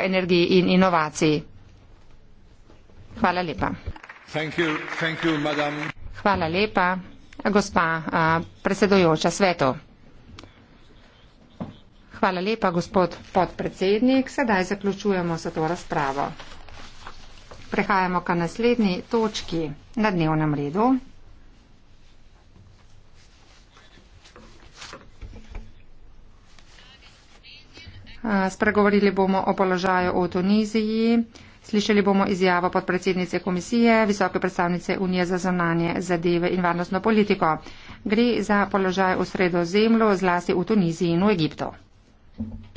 energiji in inovaciji. Hvala lepa. Thank you, thank you, Hvala lepa, gospa predsedojoča svetu. Hvala lepa, gospod podpredsednik. Sedaj zaključujemo se to razpravo. Prehajamo k naslednji točki na dnevnem redu. Spregovorili bomo o položaju v Tuniziji, slišali bomo izjavo podpredsednice komisije, visoke predstavnice Unije za zonanje zadeve in varnostno politiko. Gre za položaj v sredozemlju, zlasti v Tuniziji in v Egiptu. Thank you.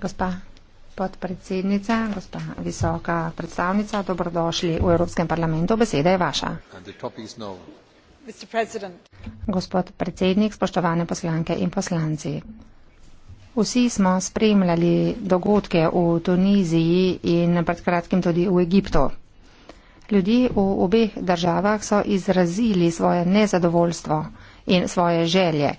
Gospa podpredsednica, gospa visoka predstavnica, dobrodošli v Evropskem parlamentu. Beseda je vaša. Gospod predsednik, spoštovane poslanke in poslanci. Vsi smo spremljali dogodke v Tuniziji in pred kratkim tudi v Egiptu. Ljudje v obeh državah so izrazili svoje nezadovoljstvo in svoje želje,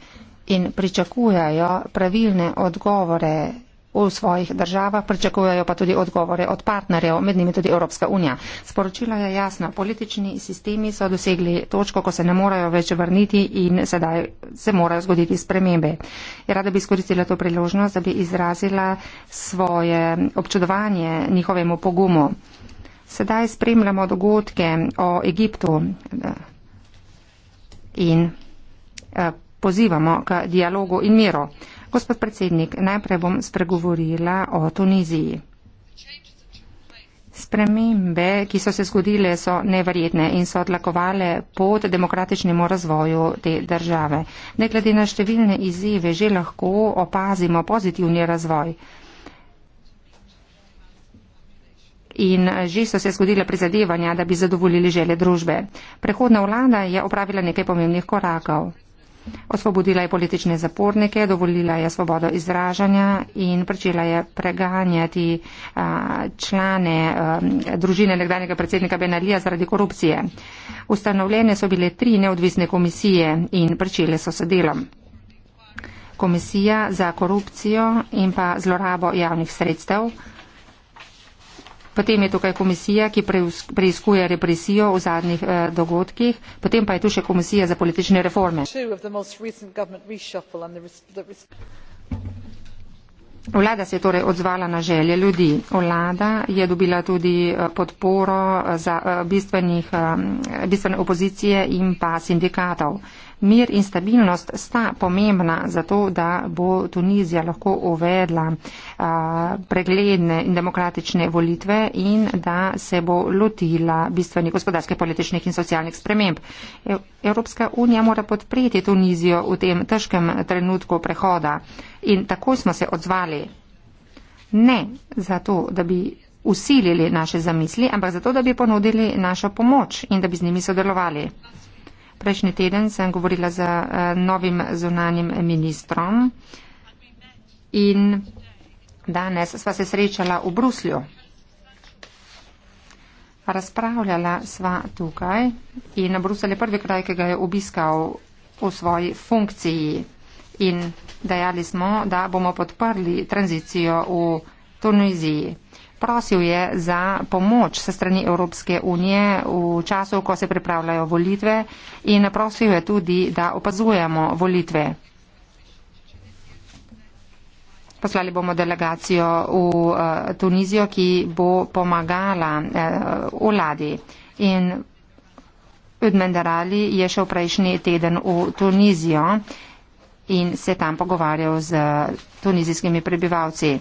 in pričakujajo pravilne odgovore v svojih državah, pričakujajo pa tudi odgovore od partnerjev, med njimi tudi Evropska unija. Sporočilo je jasno, politični sistemi so dosegli točko, ko se ne morajo več vrniti in sedaj se morajo zgoditi spremembe. Rada bi izkoristila to priložnost, da bi izrazila svoje občudovanje njihovemu pogumu. Sedaj spremljamo dogodke o Egiptu eh, in eh, pozivamo k dialogu in miru. Gospod predsednik, najprej bom spregovorila o Tuniziji. Spremembe, ki so se zgodile, so neverjetne in so odlakovale pot demokratičnemu razvoju te države. Ne glede na številne izzive, že lahko opazimo pozitivni razvoj. In že so se zgodile prizadevanja, da bi zadovoljili žele družbe. Prehodna vlada je opravila nekaj pomembnih korakov. Osvobodila je politične zapornike, dovolila je svobodo izražanja in pričela je preganjati člane družine nekdanjega predsednika Benalija zaradi korupcije. Ustanovljene so bile tri neodvisne komisije in pričele so se delom. Komisija za korupcijo in pa zlorabo javnih sredstev. Potem je tukaj komisija, ki preizkuje represijo v zadnjih eh, dogodkih, potem pa je tu še komisija za politične reforme. Vlada se je torej odzvala na želje ljudi. Vlada je dobila tudi eh, podporo eh, za eh, bistvenih, bistvene opozicije in pa sindikatov. Mir in stabilnost sta pomembna za to, da bo Tunizija lahko uvedla a, pregledne in demokratične volitve in da se bo lotila bistvenih gospodarskih, političnih in socialnih sprememb. E, Evropska unija mora podpreti Tunizijo v tem težkem trenutku prehoda in tako smo se odzvali. Ne zato, da bi usilili naše zamisli, ampak zato, da bi ponudili našo pomoč in da bi z njimi sodelovali. Prejšnji teden sem govorila z eh, novim zunanjim ministrom in danes sva se srečala v Bruslju. Razpravljala sva tukaj in Brusel je prvi kraj, ki ga je obiskal v svoji funkciji in dejali smo, da bomo podprli tranzicijo v Tuniziji. Prosil je za pomoč se strani Evropske unije v času, ko se pripravljajo volitve in prosil je tudi, da opazujemo volitve. Poslali bomo delegacijo v eh, Tunizijo, ki bo pomagala eh, vladi. In Udmenderali je šel prejšnji teden v Tunizijo in se tam pogovarjal z tunizijskimi prebivalci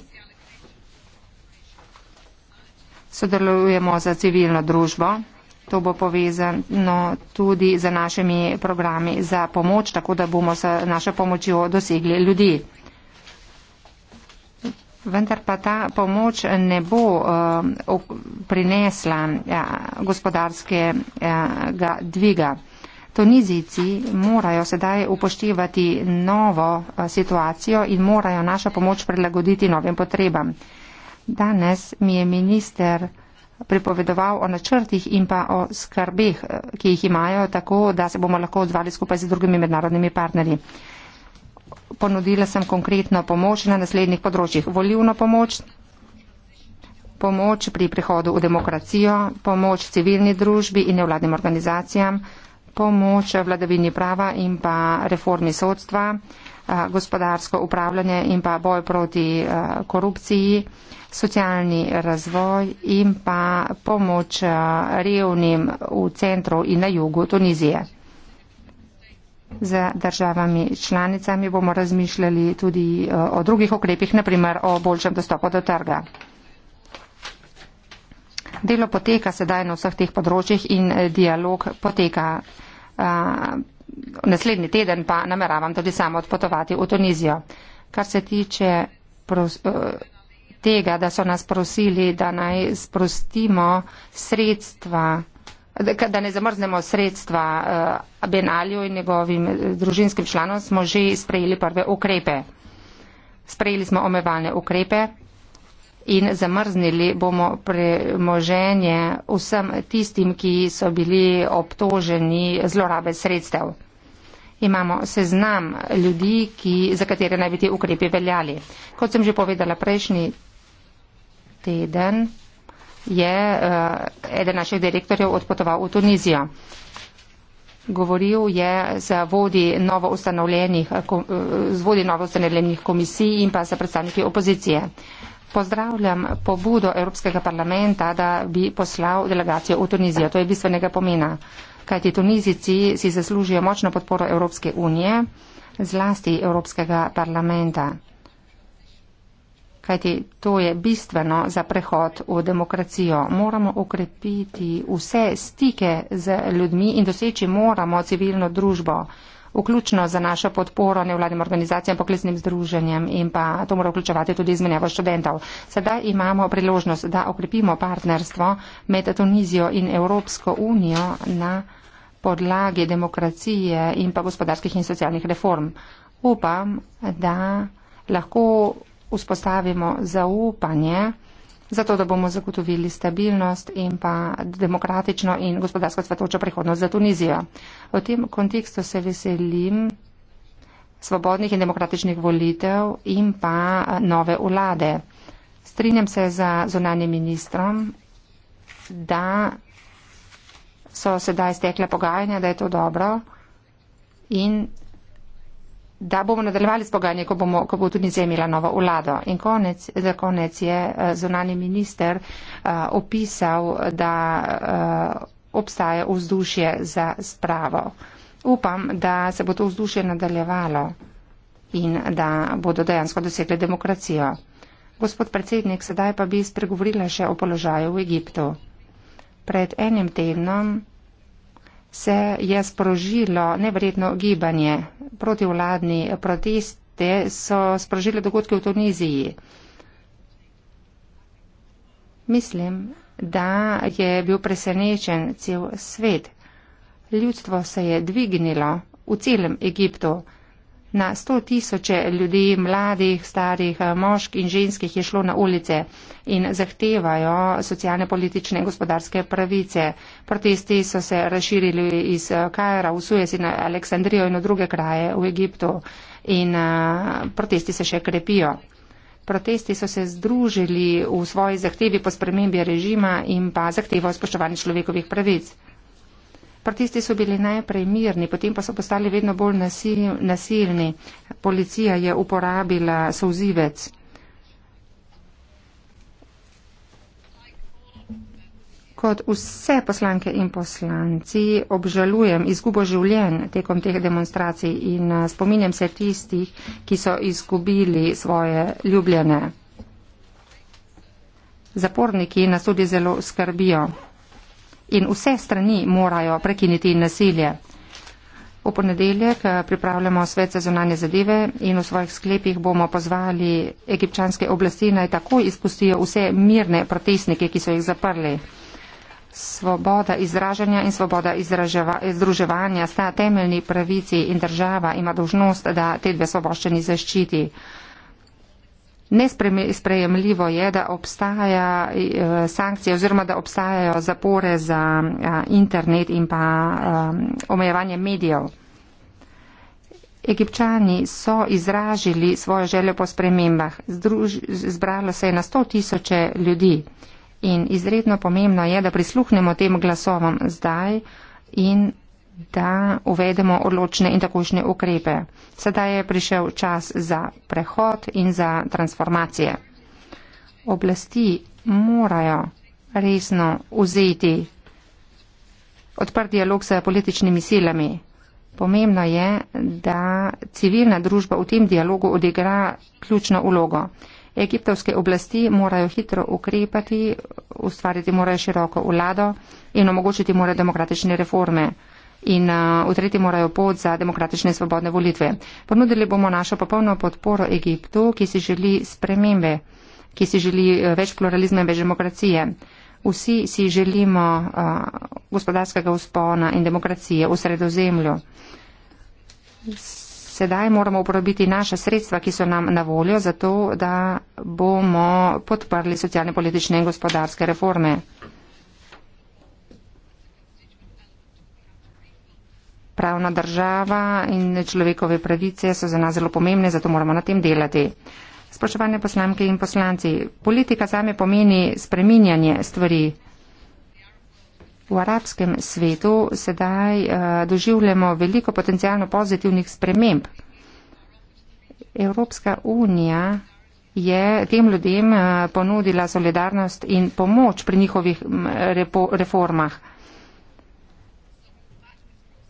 sodelujemo za civilno družbo. To bo povezano tudi z našimi programi za pomoč, tako da bomo s našo pomočjo dosegli ljudi. Vendar pa ta pomoč ne bo uh, prinesla ja, gospodarskega ja, dviga. Tunizici morajo sedaj upoštevati novo uh, situacijo in morajo našo pomoč prilagoditi novim potrebam. Uh, Danes mi je minister pripovedoval o načrtih in pa o skrbeh, ki jih imajo, tako da se bomo lahko odzvali skupaj z drugimi mednarodnimi partnerji. Ponudila sem konkretno pomoč na naslednjih področjih. Voljivno pomoč, pomoč pri prihodu v demokracijo, pomoč civilni družbi in nevladnim organizacijam, pomoč vladavini prava in pa reformi sodstva, gospodarsko upravljanje in pa boj proti korupciji, socialni razvoj in pa pomoč revnim v centru in na jugu Tunizije. Z državami članicami bomo razmišljali tudi o drugih okrepih, naprimer o boljšem dostopu do trga. Delo poteka sedaj na vseh teh področjih in dialog poteka naslednji teden pa nameravam tudi samo odpotovati v Tunizijo. Kar se tiče pros, eh, tega, da so nas prosili, da naj sprostimo sredstva, da ne zamrznemo sredstva eh, Benalju in njegovim eh, družinskim članom, smo že sprejeli prve ukrepe. Sprejeli smo omevalne ukrepe, in zamrznili bomo premoženje vsem tistim, ki so bili obtoženi zlorabe sredstev. Imamo seznam ljudi, ki, za katere naj bi ti ukrepi veljali. Kot sem že povedala prejšnji teden, je uh, eden naših direktorjev odpotoval v Tunizijo. Govoril je z vodi novo ustanovljenih eh, eh, komisij in pa z predstavniki opozicije. Uh, pozdravljam pobudo Evropskega parlamenta, da bi poslal delegacijo v Tunizijo. To je bistvenega pomena, kajti Tunizici si zaslužijo močno podporo Evropske unije, zlasti Evropskega parlamenta. Kajti to je bistveno za prehod v demokracijo. Moramo ukrepiti vse stike z ljudmi in doseči moramo civilno družbo vključno za našo podporo nevladnim organizacijam, poklicnim združenjem in pa to mora vključevati tudi izmenjavo študentov. Sedaj imamo priložnost, da okrepimo partnerstvo med Tunizijo in Evropsko unijo na podlagi demokracije in pa gospodarskih in socialnih reform. Upam, da lahko vzpostavimo zaupanje zato da bomo zagotovili stabilnost in pa demokratično in gospodarsko cvetočo prihodnost za Tunizijo. V tem kontekstu se veselim svobodnih in demokratičnih volitev in pa eh, nove vlade. Strinjam se za zunanjim ministrom, da so sedaj stekle pogajanja, da je to dobro in da bomo nadaljevali s pogajanji, ko, bomo, ko bo tudi zemila novo vlado. In konec, za konec je eh, zunani minister eh, opisal, da eh, obstaja vzdušje za spravo. Upam, da se bo to vzdušje nadaljevalo in da bodo dejansko dosegli demokracijo. Gospod predsednik, sedaj pa bi spregovorila še o položaju v Egiptu. Pred enim tednom se je sprožilo nevredno gibanje. Protivladni proteste so sprožile dogodke v Tuniziji. Mislim, da je bil presenečen cel svet. Ljudstvo se je dvignilo v celem Egiptu. Na sto tisoče ljudi, mladih, starih, moških in ženskih je šlo na ulice in zahtevajo socialne, politične in gospodarske pravice. Protesti so se razširili iz Kajra v Suez in Aleksandrijo in v druge kraje v Egiptu in protesti se še krepijo. Protesti so se združili v svoji zahtevi po spremembi režima in pa zahtevo spoštovanja človekovih pravic. Protesti so bili najprej mirni, potem pa so postali vedno bolj nasilni. Policija je uporabila souzivec. Kot vse poslanke in poslanci obžalujem izgubo življenj tekom teh demonstracij in eh, spominjam se tistih, ki so izgubili svoje ljubljene. Zaporniki nas tudi zelo skrbijo in vse strani morajo prekiniti nasilje. V ponedeljek eh, pripravljamo svet za zunanje zadeve in v svojih sklepih bomo pozvali egipčanske oblasti naj takoj izpustijo vse mirne protestnike, ki so jih zaprli. Svoboda izražanja in svoboda združevanja sta temeljni pravici in država ima dožnost, da te dve svoboščeni zaščiti. Nesprejemljivo je, da obstaja eh, sankcije oziroma da obstajajo zapore za eh, internet in pa eh, omejevanje medijev. Egipčani so izražili svojo željo po spremembah. Združ, zbralo se je na sto tisoče ljudi in izredno pomembno je, da prisluhnemo tem glasovom zdaj in da uvedemo odločne in takošne ukrepe. Sedaj je prišel čas za prehod in za transformacije. Oblasti morajo resno vzeti odprt dialog s političnimi silami. Pomembno je, da civilna družba v tem dialogu odigra ključno ulogo. Egiptovske oblasti morajo hitro ukrepati, ustvariti morajo široko vlado in omogočiti morajo demokratične reforme in uh, utreti morajo pot za demokratične svobodne volitve. Ponudili bomo našo popolno podporo Egiptu, ki si želi spremembe, ki si želi uh, več pluralizma in več demokracije. Vsi si želimo uh, gospodarskega uspona in demokracije v sredozemlju. Sedaj moramo uporabiti naša sredstva, ki so nam na voljo, zato da bomo podprli socialne, politične in gospodarske reforme. pravna država in človekove pravice so za nas zelo pomembne, zato moramo na tem delati. Spoštovane poslanke in poslanci, politika zame pomeni spreminjanje stvari. V arabskem svetu sedaj uh, doživljamo veliko potencijalno pozitivnih sprememb. Evropska unija je tem ljudem uh, ponudila solidarnost in pomoč pri njihovih repo, reformah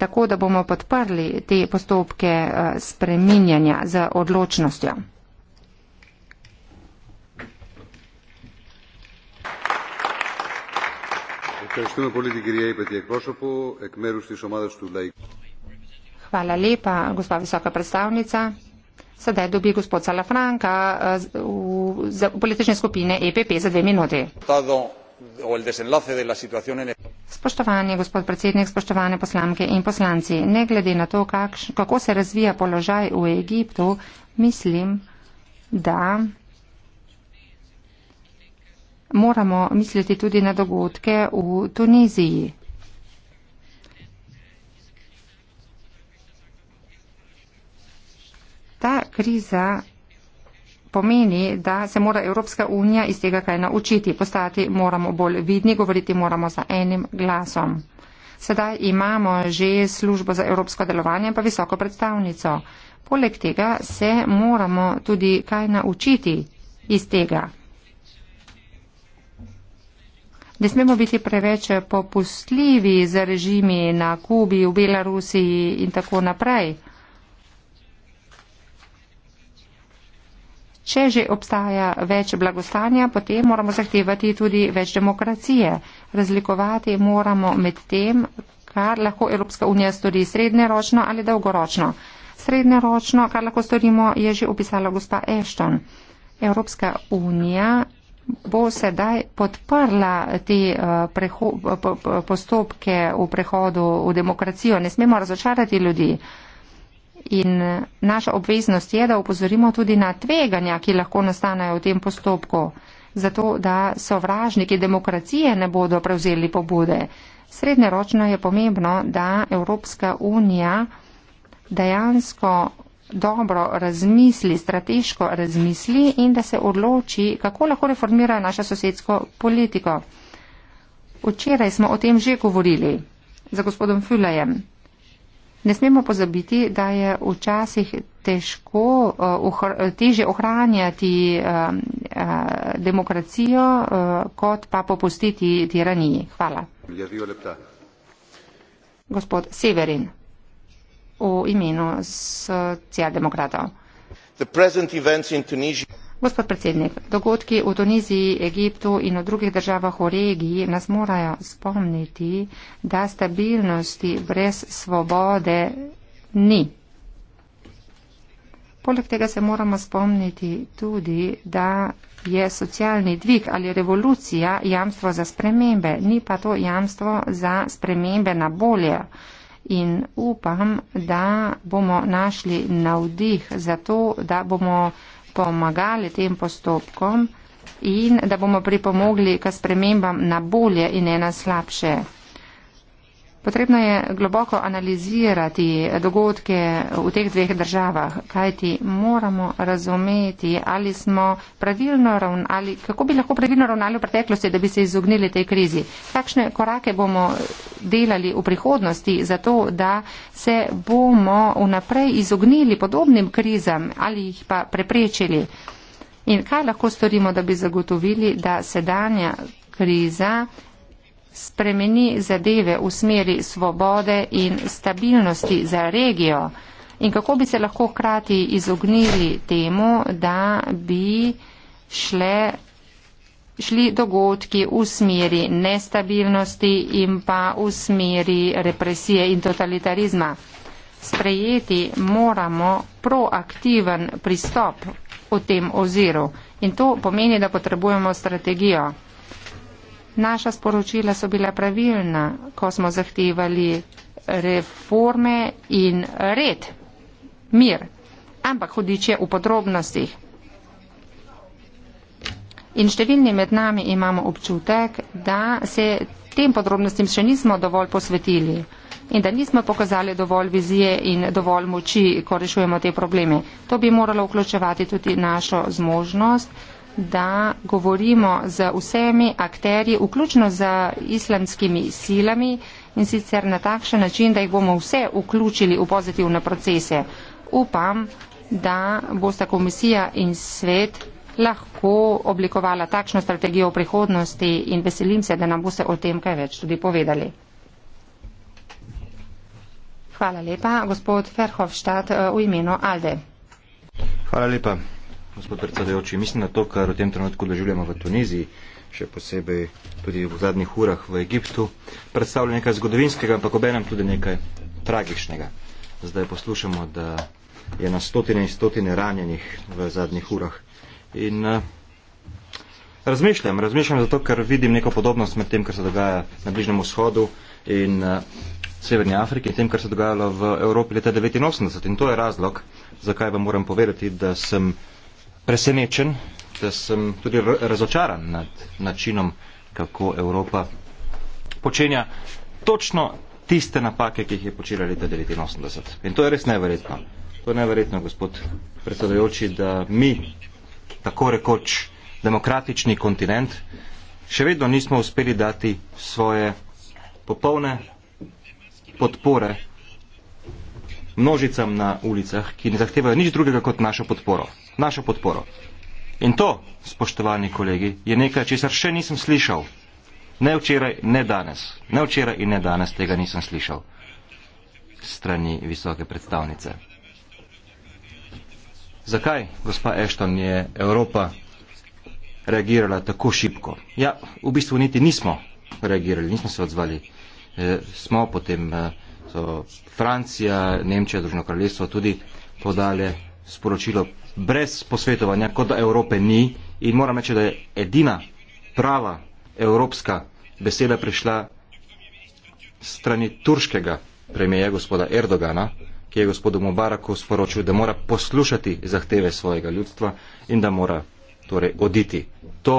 tako da bomo podprli te postopke eh, spreminjanja z odločnostjo. Hvala lepa, gospa visoka predstavnica. Sedaj dobi gospod Salafranka eh, v, v, v politične skupine EPP za dve minuti. Spoštovani gospod predsednik, spoštovane poslanke in poslanci, ne glede na to, kakš, kako se razvija položaj v Egiptu, mislim, da moramo misliti tudi na dogodke v Tuniziji. Ta kriza pomeni, da se mora Evropska unija iz tega kaj naučiti. Postati moramo bolj vidni, govoriti moramo za enim glasom. Sedaj imamo že službo za evropsko delovanje in pa visoko predstavnico. Poleg tega se moramo tudi kaj naučiti iz tega. Ne smemo biti preveč popustljivi za režimi na Kubi, v Belarusiji in tako naprej. Če že obstaja več blagostanja, potem moramo zahtevati tudi več demokracije. Razlikovati moramo med tem, kar lahko Evropska unija stori srednjeročno ali dolgoročno. Srednjeročno, kar lahko storimo, je že opisala gospa Ashton. Evropska unija bo sedaj podprla te eh, preho, postopke v prehodu v demokracijo. Ne smemo razočarati ljudi. In eh, naša obveznost je, da upozorimo tudi na tveganja, ki lahko nastanejo v tem postopku, zato da sovražniki demokracije ne bodo prevzeli pobude. Srednjeročno je pomembno, da Evropska unija dejansko dobro razmisli, strateško razmisli in da se odloči, kako lahko reformira našo sosedsko politiko. Včeraj smo o tem že govorili za gospodom Füllerjem. Ne smemo pozabiti, da je včasih težko, eh, uh, teže ohranjati uh, uh, demokracijo, uh, kot pa popustiti tiraniji. Hvala. Gospod Severin, v imenu socialdemokratov. Gospod predsednik, dogodki v Tuniziji, Egiptu in v drugih državah v regiji nas morajo spomniti, da stabilnosti brez svobode ni. Poleg tega se moramo spomniti tudi, da je socialni dvig ali revolucija jamstvo za spremembe, ni pa to jamstvo za spremembe na bolje. In upam, da bomo našli navdih za to, da bomo pomagali tem postopkom in da bomo pripomogli k spremembam na bolje in ne na slabše. Potrebno je globoko analizirati dogodke v teh dveh državah, kajti moramo razumeti, ali smo pravilno ravnali, kako bi lahko pravilno ravnali v preteklosti, da bi se izognili tej krizi. Kakšne korake bomo delali v prihodnosti za to, da se bomo vnaprej izognili podobnim krizam ali jih pa preprečili. In kaj lahko storimo, da bi zagotovili, da sedanja kriza spremeni zadeve v smeri svobode in stabilnosti za regijo in kako bi se lahko krati izognili temu, da bi šle, šli dogodki v smeri nestabilnosti in pa v smeri represije in totalitarizma. Sprejeti moramo proaktiven pristop v tem oziru in to pomeni, da potrebujemo strategijo. Naša sporočila so bila pravilna, ko smo zahtevali reforme in red, mir, ampak hudiče v podrobnostih. In številni med nami imamo občutek, da se tem podrobnostim še nismo dovolj posvetili in da nismo pokazali dovolj vizije in dovolj moči, ko rešujemo te probleme. To bi moralo vključevati tudi našo zmožnost da govorimo z vsemi akterji, vključno z islamskimi silami in sicer na takšen način, da jih bomo vse vključili v pozitivne procese. Upam, da bosta komisija in svet lahko oblikovala takšno strategijo v prihodnosti in veselim se, da nam boste o tem kaj več tudi povedali. Hvala lepa, gospod Ferhofstadt v imenu Alde. Hvala lepa gospod predsedajoči, mislim na to, kar v tem trenutku doživljamo v Tuniziji, še posebej tudi v zadnjih urah v Egiptu, predstavlja nekaj zgodovinskega, ampak obenem tudi nekaj tragičnega. Zdaj poslušamo, da je na stotine in stotine ranjenih v zadnjih urah. In eh, Razmišljam, razmišljam zato, ker vidim neko podobnost med tem, kar se dogaja na Bližnjem vzhodu in uh, Severni Afriki in tem, kar se dogajalo v Evropi leta 1989. In to je razlog, zakaj vam moram povedati, da sem presenečen, da sem tudi razočaran nad načinom, kako Evropa počenja točno tiste napake, ki jih je počela leta 1989. In to je res neverjetno. To je neverjetno, gospod predsedujoči, da mi, tako rekoč demokratični kontinent, še vedno nismo uspeli dati svoje popolne podpore množicam na ulicah, ki ne zahtevajo nič drugega kot našo podporo. Našo podporo. In to, spoštovani kolegi, je nekaj, česar še nisem slišal. Ne včeraj, ne danes. Ne včeraj in ne danes tega nisem slišal strani visoke predstavnice. Zakaj, gospa Ashton, je Evropa reagirala tako šibko? Ja, v bistvu niti nismo reagirali, nismo se odzvali. E, smo potem. E, so Francija, Nemčija, Družno kraljestvo tudi podale sporočilo brez posvetovanja, kot da Evrope ni in moram reči, da je edina prava evropska beseda prišla strani turškega premijeja gospoda Erdogana, ki je gospodu Mubaraku sporočil, da mora poslušati zahteve svojega ljudstva in da mora torej oditi. To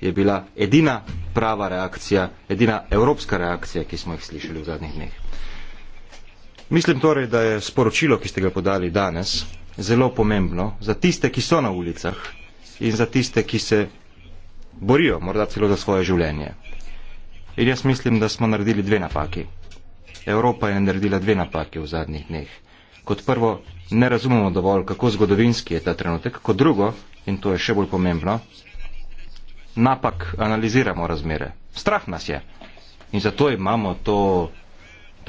je bila edina prava reakcija, edina evropska reakcija, ki smo jih slišali v zadnjih dneh. Mislim torej, da je sporočilo, ki ste ga podali danes, zelo pomembno za tiste, ki so na ulicah in za tiste, ki se borijo morda celo za svoje življenje. In jaz mislim, da smo naredili dve napaki. Evropa je naredila dve napaki v zadnjih dneh. Kot prvo, ne razumemo dovolj, kako zgodovinski je ta trenutek, kot drugo, in to je še bolj pomembno, napak analiziramo razmere. Strah nas je. In zato imamo to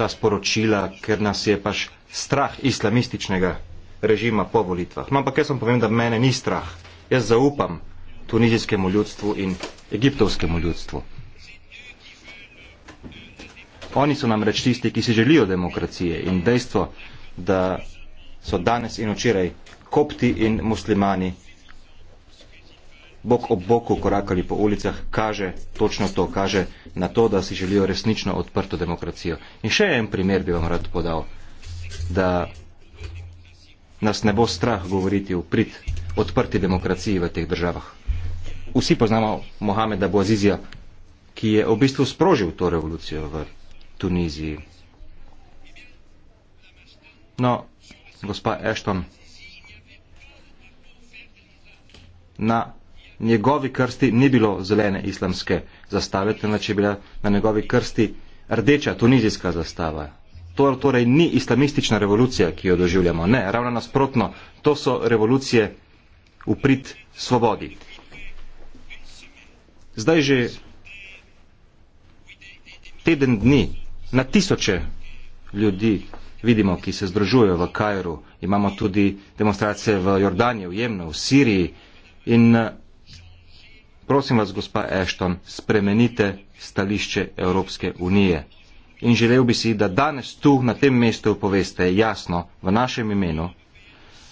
ta sporočila, ker nas je pač strah islamističnega režima po volitvah. No, ampak jaz vam povem, da mene ni strah. Jaz zaupam tunizijskemu ljudstvu in egiptovskemu ljudstvu. Oni so nam reč tisti, ki si želijo demokracije in dejstvo, da so danes in včeraj kopti in muslimani bok ob boku korakali po ulicah, kaže točno to, kaže na to, da si želijo resnično odprto demokracijo. In še en primer bi vam rad podal, da nas ne bo strah govoriti v prid odprti demokraciji v teh državah. Vsi poznamo Mohameda Boazizija, ki je v bistvu sprožil to revolucijo v Tuniziji. No, gospa Ashton, na njegovi krsti ni bilo zelene islamske zastave, temveč je bila na njegovi krsti rdeča tunizijska zastava. To torej ni islamistična revolucija, ki jo doživljamo. Ne, ravno nasprotno, to so revolucije v prid svobodi. Zdaj že teden dni na tisoče ljudi vidimo, ki se združujejo v Kajru, imamo tudi demonstracije v Jordanji, v Jemnu, v Siriji in prosim vas, gospa Ashton, spremenite stališče Evropske unije. In želel bi si, da danes tu na tem mestu poveste jasno v našem imenu,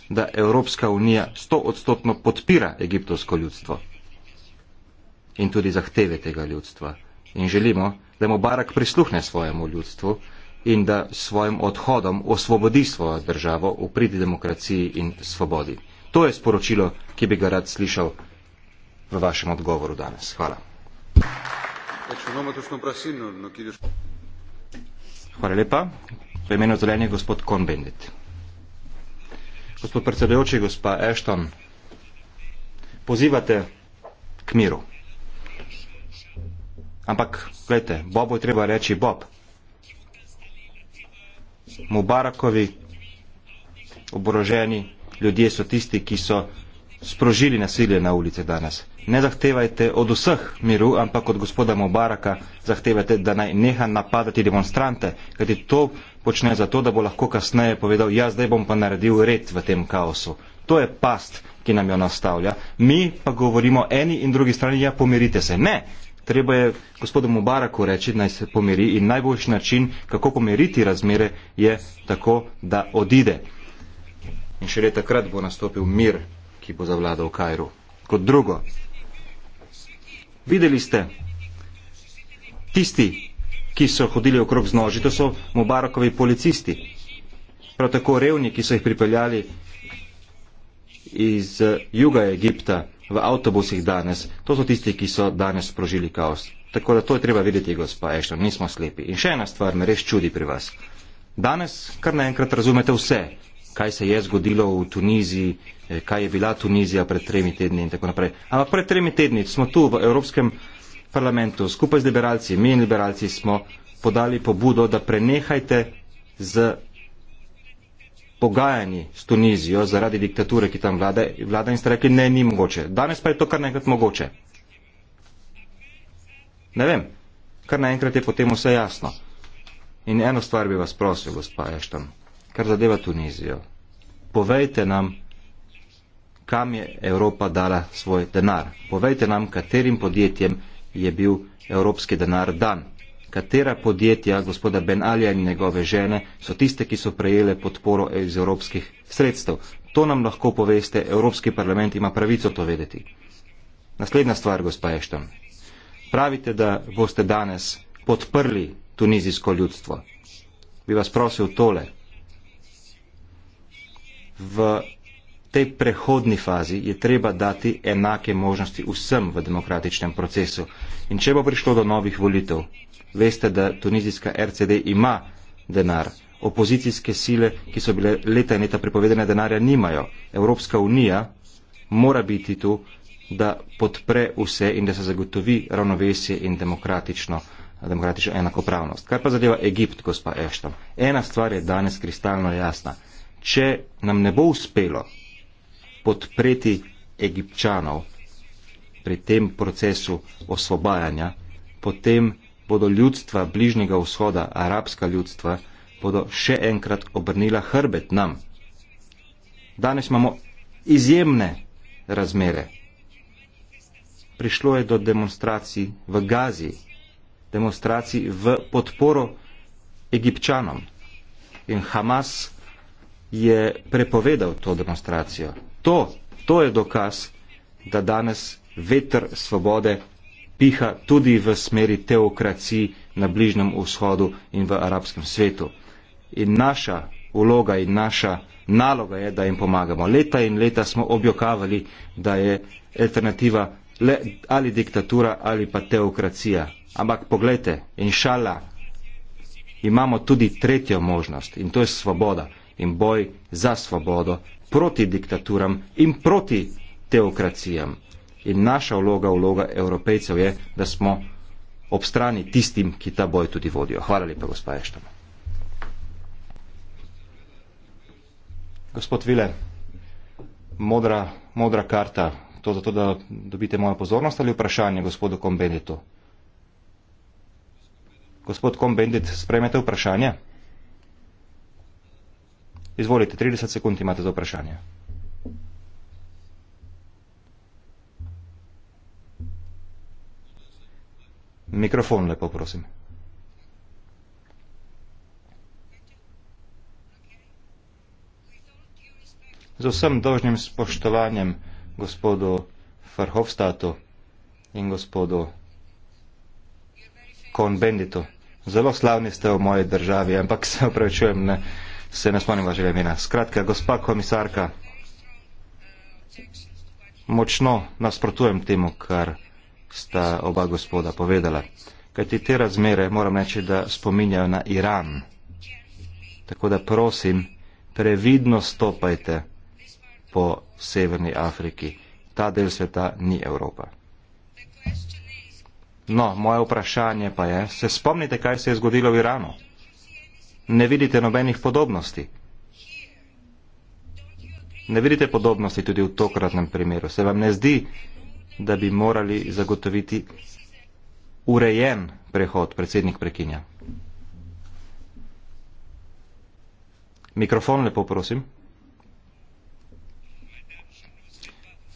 da Evropska unija sto odstotno podpira egiptovsko ljudstvo in tudi zahteve tega ljudstva. In želimo, da mu Barak prisluhne svojemu ljudstvu in da s svojim odhodom osvobodi svojo državo v pridi demokraciji in svobodi. To je sporočilo, ki bi ga rad slišal v vašem odgovoru danes. Hvala. Hvala lepa. V imenu zelenja gospod Konbendit. Gospod predsedujoči, gospa Ashton, pozivate k miru. Ampak, gledajte, Bobu je treba reči Bob. Mubarakovi oboroženi ljudje so tisti, ki so sprožili nasilje na ulici danes. Ne zahtevajte od vseh miru, ampak od gospoda Mubaraka zahtevajte, da naj neha napadati demonstrante, kajti to počne zato, da bo lahko kasneje povedal, jaz zdaj bom pa naredil red v tem kaosu. To je past, ki nam jo nastavlja. Mi pa govorimo eni in drugi strani, ja, pomirite se. Ne! Treba je gospodu Mubaraku reči, naj se pomiri in najboljši način, kako pomiriti razmere, je tako, da odide. In šele takrat bo nastopil mir ki bo zavladal v Kajru. Kot drugo, videli ste, tisti, ki so hodili okrog z noži, to so Mubarakovi policisti, prav tako revni, ki so jih pripeljali iz eh, juga Egipta v avtobusih danes, to so tisti, ki so danes sprožili kaos. Tako da to je treba videti, gospa Ešno, nismo slepi. In še ena stvar me res čudi pri vas. Danes kar naenkrat razumete vse, kaj se je zgodilo v Tuniziji, eh, kaj je bila Tunizija pred tremi tedni in tako naprej. Ampak pred tremi tedni smo tu v Evropskem parlamentu skupaj z liberalci, mi in liberalci smo podali pobudo, da prenehajte z pogajanji s Tunizijo zaradi diktature, ki tam vlada, vlada in ste rekli, ne, ni mogoče. Danes pa je to kar naenkrat mogoče. Ne vem, kar naenkrat je potem vse jasno. In eno stvar bi vas prosil, gospa Ešton, kar zadeva Tunizijo. Povejte nam, kam je Evropa dala svoj denar. Povejte nam, katerim podjetjem je bil evropski denar dan. Katera podjetja gospoda Ben Alija in njegove žene so tiste, ki so prejele podporo iz evropskih sredstev. To nam lahko poveste, Evropski parlament ima pravico to vedeti. Naslednja stvar, gospa Ešton. Pravite, da boste danes podprli tunizijsko ljudstvo. Bi vas prosil tole v tej prehodni fazi je treba dati enake možnosti vsem v demokratičnem procesu. In če bo prišlo do novih volitev, veste, da tunizijska RCD ima denar. Opozicijske sile, ki so bile leta in leta prepovedane, denarja nimajo. Evropska unija mora biti tu, da podpre vse in da se zagotovi ravnovesje in demokratično, demokratično enakopravnost. Kar pa zadeva Egipt, gospa Ešton, ena stvar je danes kristalno jasna če nam ne bo uspelo podpreti egipčanov pri tem procesu osvobajanja, potem bodo ljudstva Bližnjega vzhoda, arabska ljudstva, bodo še enkrat obrnila hrbet nam. Danes imamo izjemne razmere. Prišlo je do demonstracij v Gazi, demonstracij v podporo egipčanom. In Hamas je prepovedal to demonstracijo. To, to je dokaz, da danes veter svobode piha tudi v smeri teokraciji na Bližnjem vzhodu in v arabskem svetu. In naša uloga in naša naloga je, da jim pomagamo. Leta in leta smo objokavali, da je alternativa le ali diktatura ali pa teokracija. Ampak pogledajte, inšala, imamo tudi tretjo možnost in to je svoboda in boj za svobodo, proti diktaturam in proti teokracijam. In naša vloga, vloga evropejcev je, da smo ob strani tistim, ki ta boj tudi vodijo. Hvala lepa, gospa Ešta. Gospod Vile, modra, modra karta, to zato, da dobite mojo pozornost ali vprašanje gospodu Kombenditu? Gospod Kombendit, spremete vprašanje? Izvolite, 30 sekund imate za vprašanje. Mikrofon, lepo prosim. Z vsem dožnim spoštovanjem gospodu Farhofstatu in gospodu Konbenditu. Zelo slavni ste v moji državi, ampak se opravičujem, ne. Uh, se ne spomnim vašega imena. Skratka, gospa komisarka, močno nasprotujem temu, kar sta oba gospoda povedala. Kajti te razmere, moram reči, da spominjajo na Iran. Tako da prosim, previdno stopajte po Severni Afriki. Ta del sveta ni Evropa. No, moje vprašanje pa je, se spomnite, kaj se je zgodilo v Iranu? ne vidite nobenih podobnosti. Ne vidite podobnosti tudi v tokratnem primeru. Se vam ne zdi, da bi morali zagotoviti urejen prehod, predsednik prekinja. Mikrofon lepo prosim.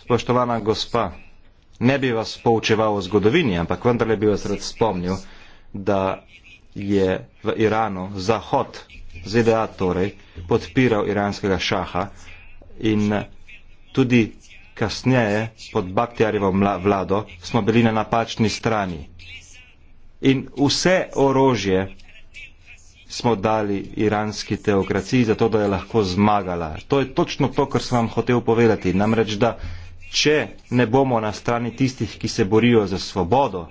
Spoštovana gospa, ne bi vas poučeval o zgodovini, ampak vendarle bi vas rad spomnil, da je v Iranu Zahod, ZDA torej, podpiral iranskega šaha in tudi kasneje pod Bakhtjarjevo vlado smo bili na napačni strani. In vse orožje smo dali iranski teokraciji, zato da je lahko zmagala. To je točno to, kar sem vam hotel povedati. Namreč, da če ne bomo na strani tistih, ki se borijo za svobodo,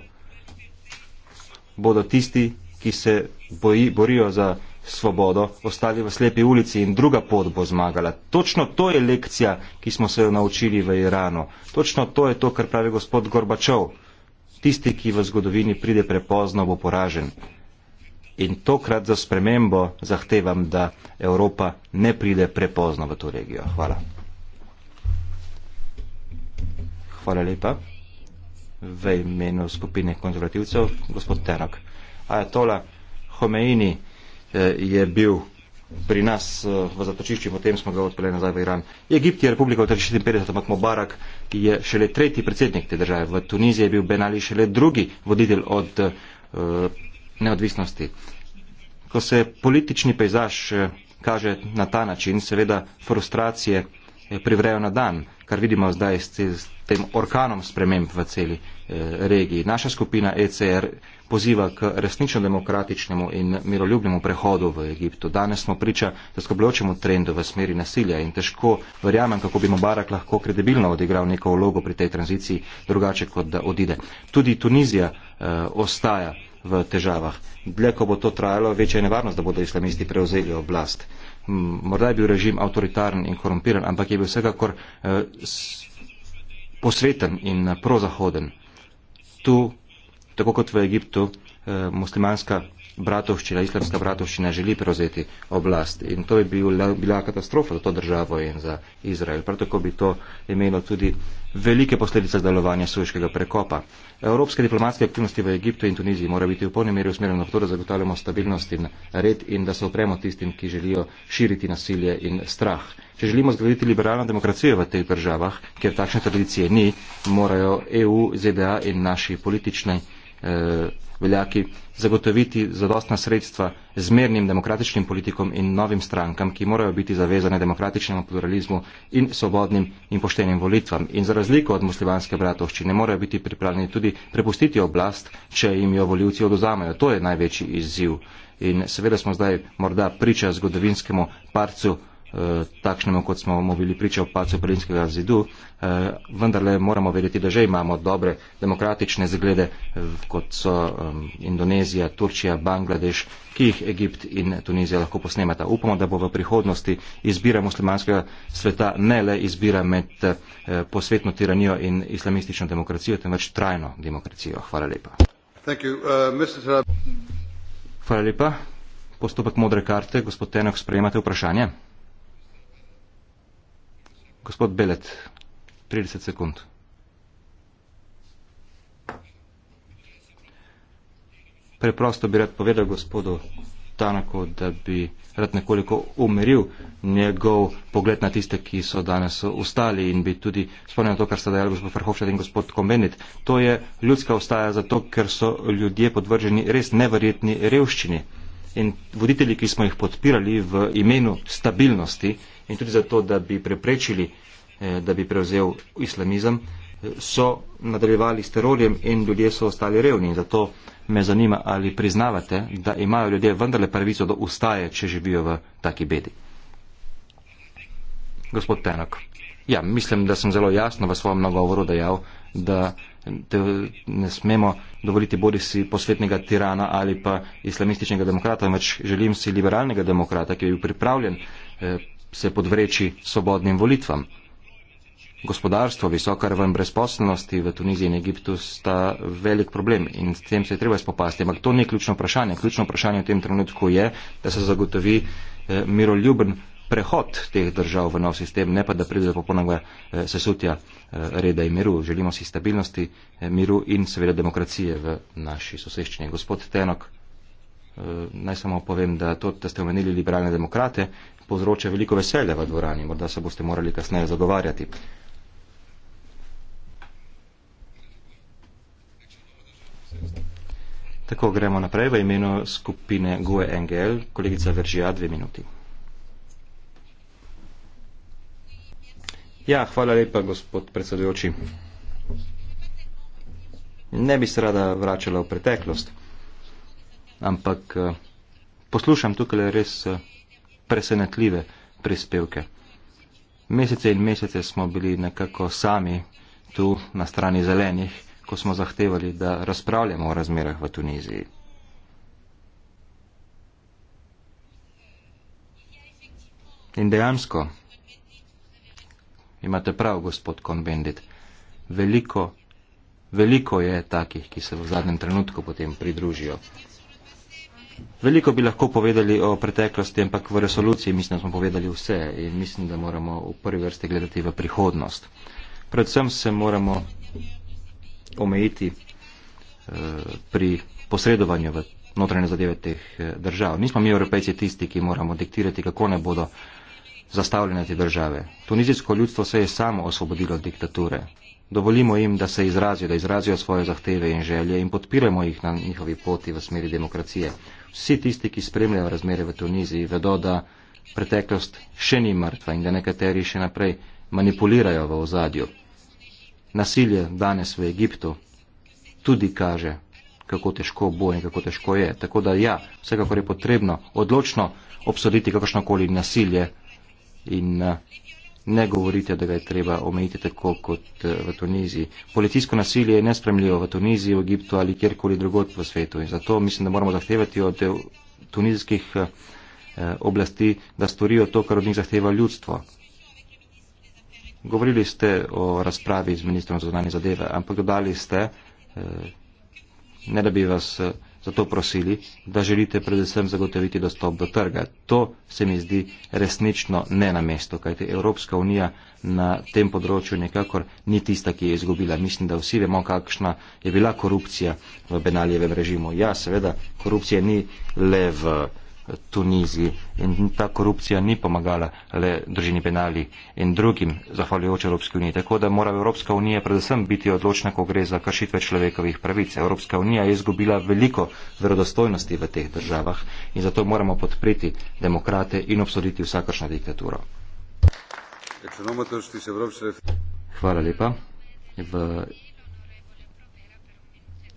bodo tisti, ki se boji, borijo za svobodo, ostali v slepi ulici in druga pot bo zmagala. Točno to je lekcija, ki smo se jo naučili v Iranu. Točno to je to, kar pravi gospod Gorbačov. Tisti, ki v zgodovini pride prepozno, bo poražen. In tokrat za spremembo zahtevam, da Evropa ne pride prepozno v to regijo. Hvala. Hvala lepa. V imenu skupine konzervativcev, gospod Tenok. Ajatola Homeini eh, je bil pri nas eh, v zatočišču, potem smo ga odpeljali nazaj v Iran. Egipt je republika v 1956, ampak Mubarak je šele tretji predsednik te države. V Tuniziji je bil Ben Ali šele drugi voditelj od eh, neodvisnosti. Ko se politični pejzaž kaže na ta način, seveda frustracije privrejo na dan, kar vidimo zdaj s tem orkanom sprememb v celi regiji. Naša skupina ECR poziva k resnično demokratičnemu in miroljubnemu prehodu v Egiptu. Danes smo priča zaskrbljujočemu trendu v smeri nasilja in težko verjamem, kako bi Mubarak lahko kredibilno odigral neko vlogo pri tej tranziciji, drugače kot da odide. Tudi Tunizija eh, ostaja v težavah. Dlje, ko bo to trajalo, večja je nevarnost, da bodo islamisti prevzeli oblast. Morda je bil režim avtoritaren in korumpiran, ampak je bil vsekakor eh, posveten in eh, prozahoden. Tu tako kot v Egiptu, eh, muslimanska bratovščina, islamska bratovščina želi prevzeti oblast. In to bi bila, bila katastrofa za to državo in za Izrael. Prav tako bi to imelo tudi velike posledice delovanja suješkega prekopa. Evropske diplomatske aktivnosti v Egiptu in Tuniziji mora biti v polni meri usmerjene na to, da zagotavljamo stabilnost in red in da se opremo tistim, ki želijo širiti nasilje in strah. Če želimo zgraditi liberalno demokracijo v teh državah, kjer takšne tradicije ni, morajo EU, ZDA in naši politični Eh, veljaki zagotoviti zadostna sredstva zmernim demokratičnim politikom in novim strankam, ki morajo biti zavezane demokratičnemu pluralizmu in svobodnim in poštenim volitvam. In za razliko od muslimanske bratovščine morajo biti pripravljeni tudi prepustiti oblast, če jim jo voljivci oduzamejo. To je največji izziv. In seveda smo zdaj morda priča zgodovinskemu parcu, eh, takšnemu kot smo mu bili priča v parcu Prinskega zidu, Eh, vendarle moramo vedeti, da že imamo dobre demokratične zglede, kot so Indonezija, Turčija, Bangladeš, ki jih Egipt in Tunizija lahko posnemata. Upamo, da bo v prihodnosti izbira muslimanskega sveta ne le izbira med eh, posvetno tiranijo in islamistično demokracijo, temveč trajno demokracijo. Hvala lepa. Uh, Hvala lepa. Postopek modre karte. Gospod Tenok, sprejemate vprašanje? Gospod Belet. 30 sekund. Preprosto bi rad povedal gospodu Tanako, da bi rad nekoliko umiril njegov pogled na tiste, ki so danes ustali in bi tudi spomnil to, kar sta dejali gospod Frhovšat in gospod Komenit. To je ljudska ostaja zato, ker so ljudje podvrženi res neverjetni revščini. In voditelji, ki smo jih podpirali v imenu stabilnosti in tudi zato, da bi preprečili Eh, da bi prevzel islamizem, so nadaljevali s terorjem in ljudje so ostali revni. In zato me zanima, ali priznavate, da imajo ljudje vendarle pravico do ustaje, če živijo v taki bedi. Gospod Tenok. Ja, mislim, da sem zelo jasno v svojem nagovoru dejal, da te, ne smemo dovoliti bodi si posvetnega tirana ali pa islamističnega demokrata, ampak želim si liberalnega demokrata, ki je bil pripravljen eh, se podvreči svobodnim volitvam gospodarstvo, visoka raven brezposobnosti v Tuniziji in Egiptu sta velik problem in s tem se je treba spopasti. Ampak to ni ključno vprašanje. Ključno vprašanje v tem trenutku je, da se zagotovi eh, miroljuben prehod teh držav v nov sistem, ne pa da pride do popolnega eh, sesutja eh, reda in miru. Želimo si stabilnosti, eh, miru in seveda demokracije v naši soseščini. Gospod Tenok, eh, naj samo povem, da to, da ste omenili liberalne demokrate, povzroča veliko veselja v dvorani, morda se boste morali kasneje zagovarjati. Tako gremo naprej v imenu skupine Gue Engel, kolegica Veržija, dve minuti. Ja, hvala lepa, gospod predsedujoči. Ne bi se rada vračala v preteklost, ampak eh, poslušam tukaj res eh, presenetljive prispevke. Mesece in mesece smo bili nekako sami tu na strani zelenih ko smo zahtevali, da razpravljamo o razmerah v Tuniziji. In dejansko, imate prav, gospod Konbendit, veliko, veliko je takih, ki se v zadnjem trenutku potem pridružijo. Veliko bi lahko povedali o preteklosti, ampak v resoluciji mislim, da smo povedali vse in mislim, da moramo v prvi vrsti gledati v prihodnost. Predvsem se moramo omejiti eh, pri posredovanju v notranje zadeve teh eh, držav. Nismo mi, evropejci, tisti, ki moramo diktirati, kako ne bodo zastavljene te države. Tunizijsko ljudstvo se je samo osvobodilo od diktature. Dovolimo jim, da se izrazijo, da izrazijo svoje zahteve in želje in podpiramo jih na njihovi poti v smeri demokracije. Vsi tisti, ki spremljajo razmere v Tuniziji, vedo, da preteklost še ni mrtva in da nekateri še naprej manipulirajo v ozadju nasilje danes v Egiptu tudi kaže, kako težko bo in kako težko je. Tako da ja, vsekakor je potrebno odločno obsoditi kakršnokoli nasilje in eh, ne govorite, da ga je treba omejiti tako kot eh, v Tuniziji. Policijsko nasilje je nespremljivo v Tuniziji, v Egiptu ali kjerkoli drugod v svetu in zato mislim, da moramo zahtevati od eh, tunizijskih oblasti, da storijo to, kar od njih zahteva ljudstvo. Govorili ste o razpravi z ministrom za zunanje zadeve, ampak dodali ste, eh, ne da bi vas eh, zato prosili, da želite predvsem zagotoviti dostop do trga. To se mi zdi resnično ne na mesto, kajte Evropska unija na tem področju nekakor ni tista, ki je izgubila. Mislim, da vsi vemo, kakšna je bila korupcija v Benalijevem režimu. Ja, seveda, korupcija ni le v. Tuniziji. In ta korupcija ni pomagala le družini Benali in drugim zahvaljujoč Evropski uniji. Tako da mora Evropska unija predvsem biti odločna, ko gre za kršitve človekovih pravic. Evropska unija je izgubila veliko verodostojnosti v teh državah in zato moramo podpreti demokrate in obsoditi vsakršno diktaturo. Hvala lepa. V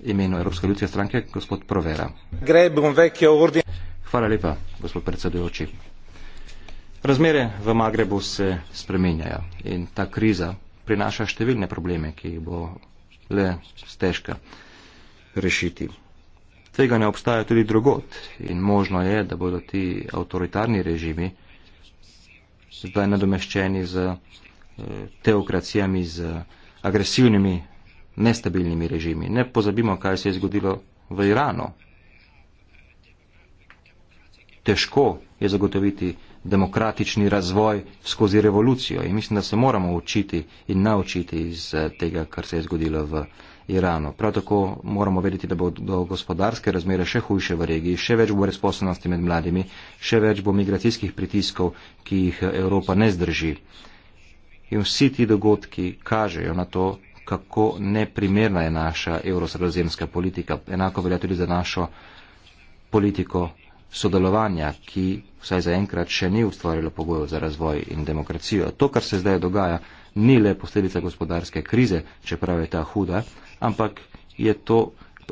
imenu Evropske ljudske stranke, gospod Provera. Gre, Hvala lepa, gospod predsedujoči. Razmere v Magrebu se spreminjajo in ta kriza prinaša številne probleme, ki jih bo le stežka rešiti. Tega ne obstaja tudi drugot in možno je, da bodo ti avtoritarni režimi zdaj nadomeščeni z eh, teokracijami, z agresivnimi, nestabilnimi režimi. Ne pozabimo, kaj se je zgodilo v Iranu težko je zagotoviti demokratični razvoj skozi revolucijo. In mislim, da se moramo učiti in naučiti iz eh, tega, kar se je zgodilo v Iranu. Prav tako moramo vedeti, da bodo gospodarske razmere še hujše v regiji, še več bo brezposobnosti med mladimi, še več bo migracijskih pritiskov, ki jih eh, Evropa ne zdrži. In vsi ti dogodki kažejo na to, kako neprimerna je naša evrosredozemska politika. Enako velja tudi za našo politiko sodelovanja, ki vsaj zaenkrat še ni ustvarilo pogojev za razvoj in demokracijo. To, kar se zdaj dogaja, ni le posledica gospodarske krize, čeprav je ta huda, ampak je to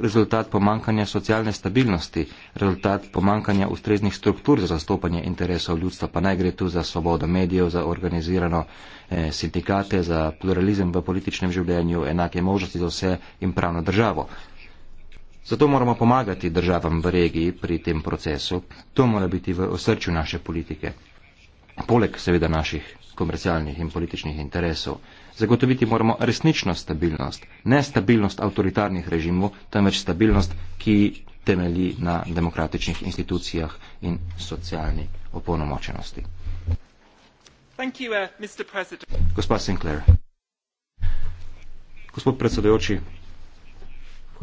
rezultat pomankanja socialne stabilnosti, rezultat pomankanja ustreznih struktur za zastopanje interesov ljudstva, pa naj gre tu za svobodo medijev, za organizirano eh, sindikate, za pluralizem v političnem življenju, enake možnosti za vse in pravno državo. Zato moramo pomagati državam v regiji pri tem procesu. To mora biti v osrčju naše politike. Poleg seveda naših komercialnih in političnih interesov. Zagotoviti moramo resnično stabilnost. Ne stabilnost avtoritarnih režimov, temveč stabilnost, ki temelji na demokratičnih institucijah in socialni opolnomočenosti. Thank you, uh, Mr. President. Gospod Sinclair. Gospod predsedujoči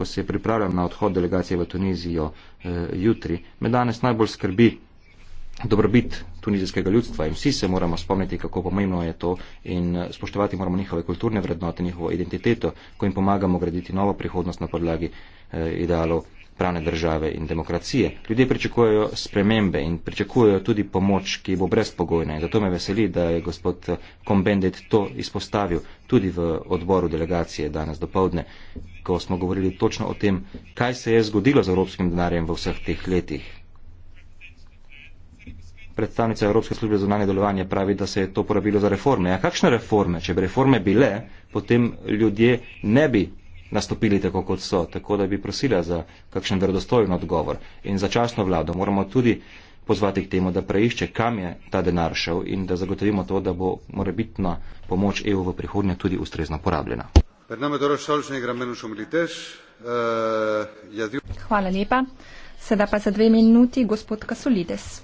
ko se pripravljam na odhod delegacije v Tunizijo eh, jutri. Me danes najbolj skrbi dobrobit tunizijskega ljudstva in vsi se moramo spomniti, kako pomembno je to in eh, spoštovati moramo njihove kulturne vrednote, njihovo identiteto, ko jim pomagamo graditi novo prihodnost na podlagi eh, idealov pravne države in demokracije. Ljudje pričakujejo spremembe in pričakujejo tudi pomoč, ki bo brezpogojna. Zato me veseli, da je gospod Kombendit to izpostavil tudi v odboru delegacije danes dopovdne, ko smo govorili točno o tem, kaj se je zgodilo z evropskim denarjem v vseh teh letih. Predstavnica Evropske službe za zunanje delovanje pravi, da se je to porabilo za reforme. A ja, kakšne reforme? Če bi reforme bile, potem ljudje ne bi nastopili tako, kot so. Tako da bi prosila za kakšen verodostojen odgovor in začasno vlado moramo tudi pozvati k temu, da preišče, kam je ta denar šel in da zagotovimo to, da bo morebitna pomoč EU v prihodnje tudi ustrezno porabljena. Hvala lepa. Sedaj pa za dve minuti gospod Kasulides.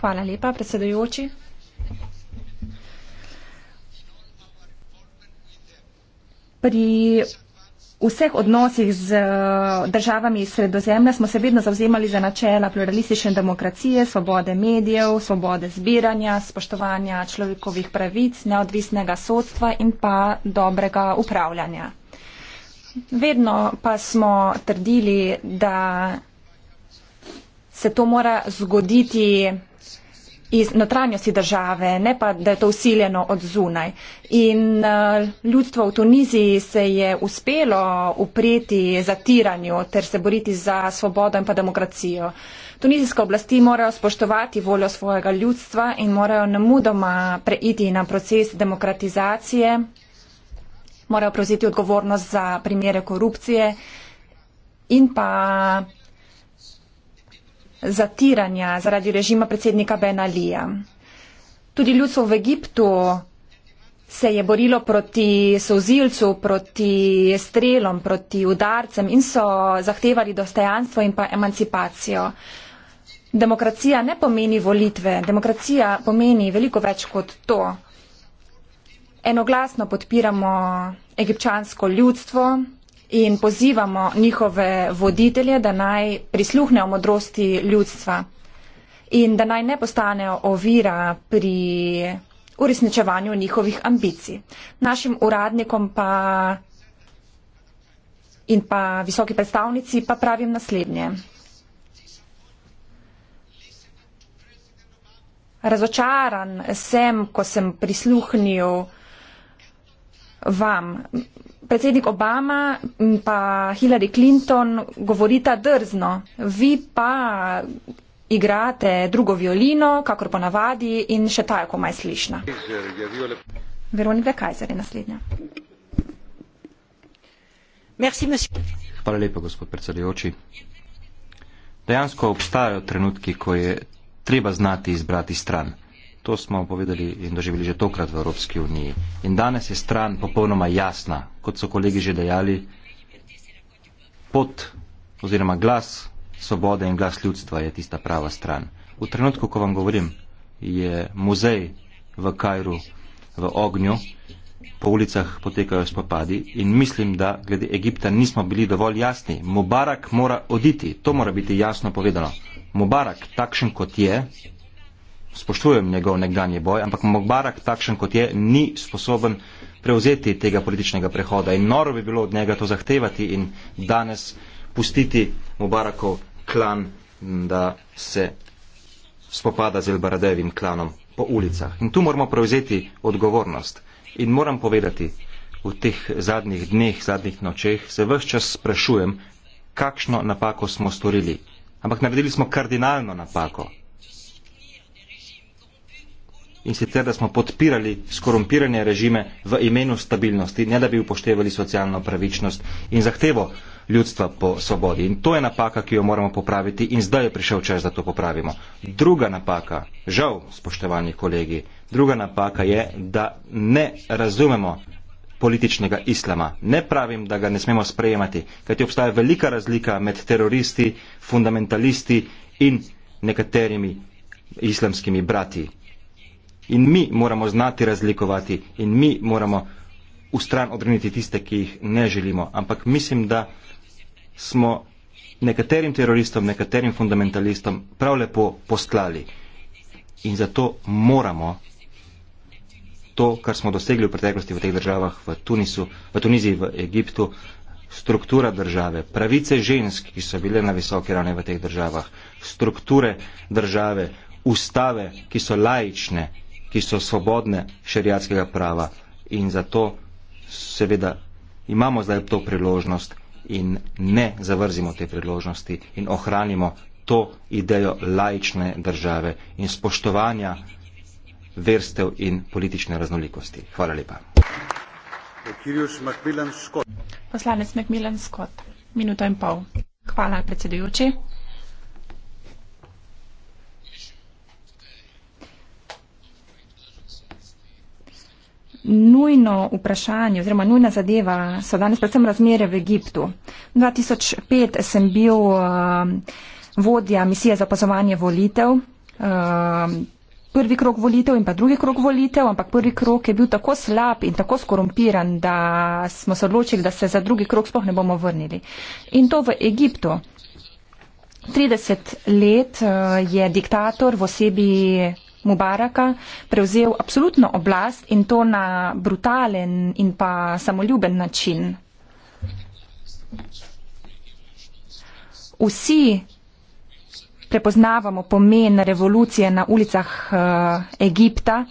Hvala lepa, predsedujoči. pri vseh odnosih z eh, državami sredozemlja smo se vedno zauzemali za načela pluralistične demokracije, svobode medijev, svobode zbiranja, spoštovanja človekovih pravic, neodvisnega sodstva in pa dobrega upravljanja. Vedno pa smo trdili, da se to mora zgoditi iz notranjosti države, ne pa da je to usiljeno od zunaj. In uh, ljudstvo v Tuniziji se je uspelo upreti zatiranju ter se boriti za svobodo in pa demokracijo. Tunizijske oblasti morajo spoštovati voljo svojega ljudstva in morajo namudoma preiti na proces demokratizacije, morajo prevzeti odgovornost za primere korupcije in pa zatiranja zaradi režima predsednika Ben Alija. Tudi ljudstvo v Egiptu se je borilo proti sozilcu, proti strelom, proti udarcem in so zahtevali dostojanstvo in pa emancipacijo. Demokracija ne pomeni volitve, demokracija pomeni veliko več kot to. Enoglasno podpiramo egipčansko ljudstvo, in pozivamo njihove voditelje, da naj prisluhnejo modrosti ljudstva in da naj ne postanejo ovira pri uresničevanju njihovih ambicij. Našim uradnikom pa in pa visoki predstavnici pa pravim naslednje. Razočaran sem, ko sem prisluhnil vsega, vam. Predsednik Obama in pa Hillary Clinton govorita drzno, vi pa igrate drugo violino, kakor ponavadi, in še ta je komaj slišna. Veronika Kajzer je naslednja. Hvala lepa, gospod predsedujoči. Dejansko obstajajo trenutki, ko je treba znati izbrati stran. To smo povedali in doživeli že tokrat v Evropski uniji. In danes je stran popolnoma jasna, kot so kolegi že dejali, pot oziroma glas svobode in glas ljudstva je tista prava stran. V trenutku, ko vam govorim, je muzej v Kajru v ognju, po ulicah potekajo spopadi in mislim, da glede Egipta nismo bili dovolj jasni. Mubarak mora oditi, to mora biti jasno povedano. Mubarak, takšen kot je, spoštujem njegov nekdanji boj, ampak Mogbarak, takšen kot je, ni sposoben prevzeti tega političnega prehoda. In noro bi bilo od njega to zahtevati in danes pustiti Mubarakov klan, da se spopada z Elbaradevim klanom po ulicah. In tu moramo prevzeti odgovornost. In moram povedati, v teh zadnjih dneh, zadnjih nočeh se vse čas sprašujem, kakšno napako smo storili. Ampak naredili smo kardinalno napako in sicer, da smo podpirali skorumpirane režime v imenu stabilnosti, ne da bi upoštevali socialno pravičnost in zahtevo ljudstva po svobodi. In to je napaka, ki jo moramo popraviti in zdaj je prišel čas, da to popravimo. Druga napaka, žal, spoštovani kolegi, druga napaka je, da ne razumemo političnega islama. Ne pravim, da ga ne smemo sprejemati, kajti obstaja velika razlika med teroristi, fundamentalisti in nekaterimi islamskimi brati. In mi moramo znati razlikovati in mi moramo v stran odrniti tiste, ki jih ne želimo. Ampak mislim, da smo nekaterim teroristom, nekaterim fundamentalistom prav lepo postlali. In zato moramo to, kar smo dosegli v preteklosti v teh državah, v, Tunisu, v Tuniziji, v Egiptu, struktura države, pravice žensk, ki so bile na visoke ravni v teh državah, strukture države, ustave, ki so lajične, ki so svobodne šariatskega prava in zato seveda imamo zdaj to priložnost in ne zavrzimo te priložnosti in ohranimo to idejo laične države in spoštovanja verstev in politične raznolikosti. Hvala lepa. Poslanec Macmillan Scott, minuto in pol. Hvala, predsedujoči. nujno vprašanje oziroma nujna zadeva so danes predvsem razmere v Egiptu. 2005 sem bil uh, vodja misije za opazovanje volitev. Uh, prvi krok volitev in pa drugi krok volitev, ampak prvi krok je bil tako slab in tako skorumpiran, da smo se odločili, da se za drugi krok sploh ne bomo vrnili. In to v Egiptu. 30 let uh, je diktator v osebi Mubaraka prevzel absolutno oblast in to na brutalen in pa samoljuben način. Vsi prepoznavamo pomen revolucije na ulicah eh, Egipta,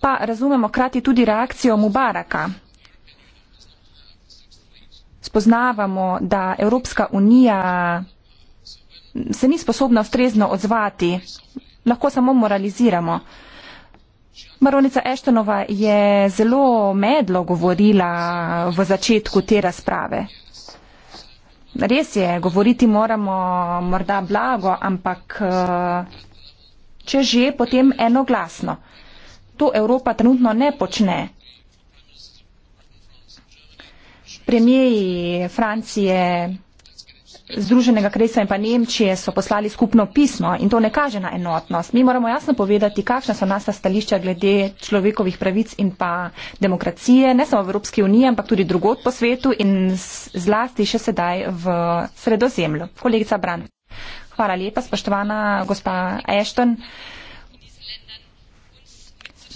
pa razumemo krati tudi reakcijo Mubaraka. Spoznavamo, da Evropska unija se ni sposobna ustrezno odzvati lahko samo moraliziramo. Baronica Eštonova je zelo medlo govorila v začetku te razprave. Res je, govoriti moramo morda blago, ampak eh, če že, potem enoglasno. To Evropa trenutno ne počne. Premijeji Francije Združenega kresa in pa Nemčije so poslali skupno pismo in to ne kaže na enotnost. Mi moramo jasno povedati, kakšna so nasta stališča glede človekovih pravic in pa demokracije, ne samo v Evropski uniji, ampak tudi drugot po svetu in zlasti še sedaj v sredozemlju. Kolegica Bran. Hvala lepa, spoštovana gospa Ashton.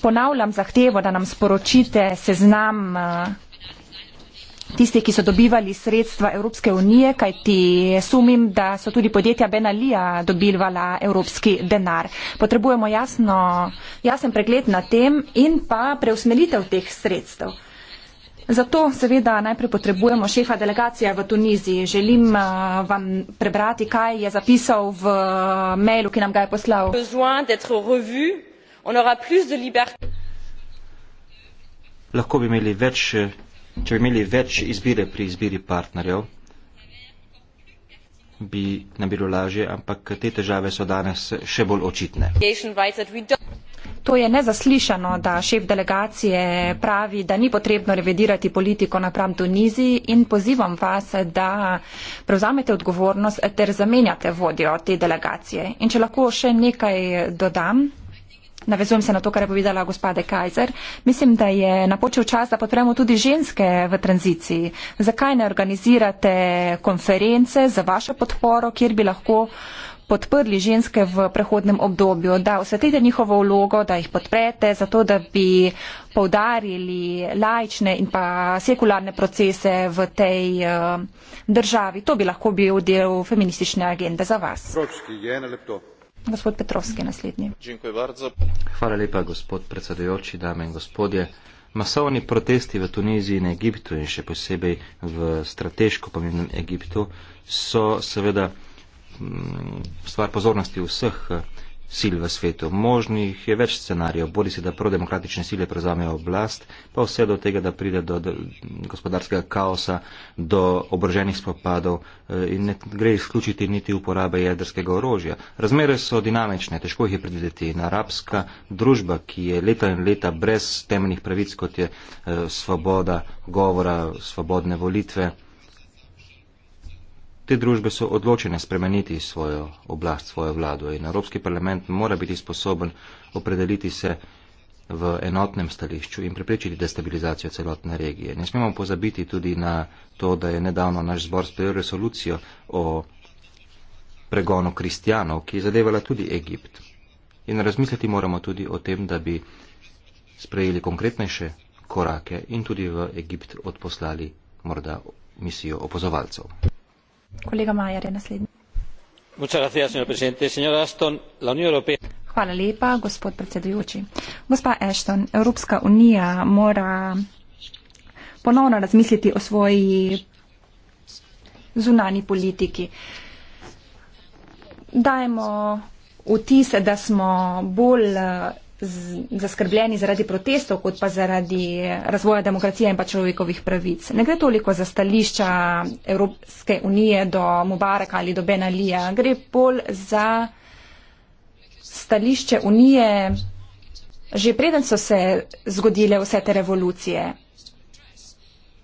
Ponavljam zahtevo, da nam sporočite seznam eh, tisti, ki so dobivali sredstva Evropske unije, kajti sumim, da so tudi podjetja Benalija dobivala evropski denar. Potrebujemo jasno, jasen pregled na tem in pa preusmeritev teh sredstev. Zato seveda najprej potrebujemo šefa delegacije v Tuniziji. Želim uh, vam prebrati, kaj je zapisal v uh, mailu, ki nam ga je poslal. Lahko bi imeli več Če bi imeli več izbire pri izbiri partnerjev, bi ne bilo lažje, ampak te težave so danes še bolj očitne. To je nezaslišano, da šef delegacije pravi, da ni potrebno revidirati politiko napram Tuniziji in pozivam vas, da prevzamete odgovornost ter zamenjate vodjo te delegacije. In če lahko še nekaj dodam. Navezujem se na to, kar je povedala gospode Kajzer. Mislim, da je napočil čas, da podpremo tudi ženske v tranziciji. Zakaj ne organizirate konference za vašo podporo, kjer bi lahko podprli ženske v prehodnem obdobju, da osvetlite njihovo vlogo, da jih podprete, zato da bi povdarili lajčne in pa sekularne procese v tej uh, državi. To bi lahko bil del feministične agende za vas. Pročki, je, Gospod Petrovski, naslednji. Hvala lepa, gospod predsedujoči, dame in gospodje. Masovni protesti v Tuniziji in Egiptu in še posebej v strateško pomembnem Egiptu so seveda mm, stvar pozornosti vseh eh, sil v svetu. Možnih je več scenarijev, bodi se, da prodemokratične sile prevzamejo oblast, pa vse do tega, da pride do, do gospodarskega kaosa, do obroženih spopadov eh, in ne gre izključiti niti uporabe jedrskega orožja. Razmere so dinamične, težko jih je predvideti. In arabska družba, ki je leta in leta brez temeljnih pravic, kot je eh, svoboda govora, svobodne volitve, Te družbe so odločene spremeniti svojo oblast, svojo vlado in Evropski parlament mora biti sposoben opredeliti se v enotnem stališču in preprečiti destabilizacijo celotne regije. Ne smemo pozabiti tudi na to, da je nedavno naš zbor sprejel resolucijo o pregonu kristijanov, ki je zadevala tudi Egipt. In razmisliti moramo tudi o tem, da bi sprejeli konkretnejše korake in tudi v Egipt odposlali morda misijo opozovalcev. Hvala lepa, gospod predsedujoči. Gospa Ashton, Evropska unija mora ponovno razmisliti o svoji zunani politiki. Dajemo vtise, da smo bolj zaskrbljeni zaradi protestov, kot pa zaradi razvoja demokracije in pa človekovih pravic. Ne gre toliko za stališča Evropske unije do Mubaraka ali do Benalija, gre bolj za stališče unije, že preden so se zgodile vse te revolucije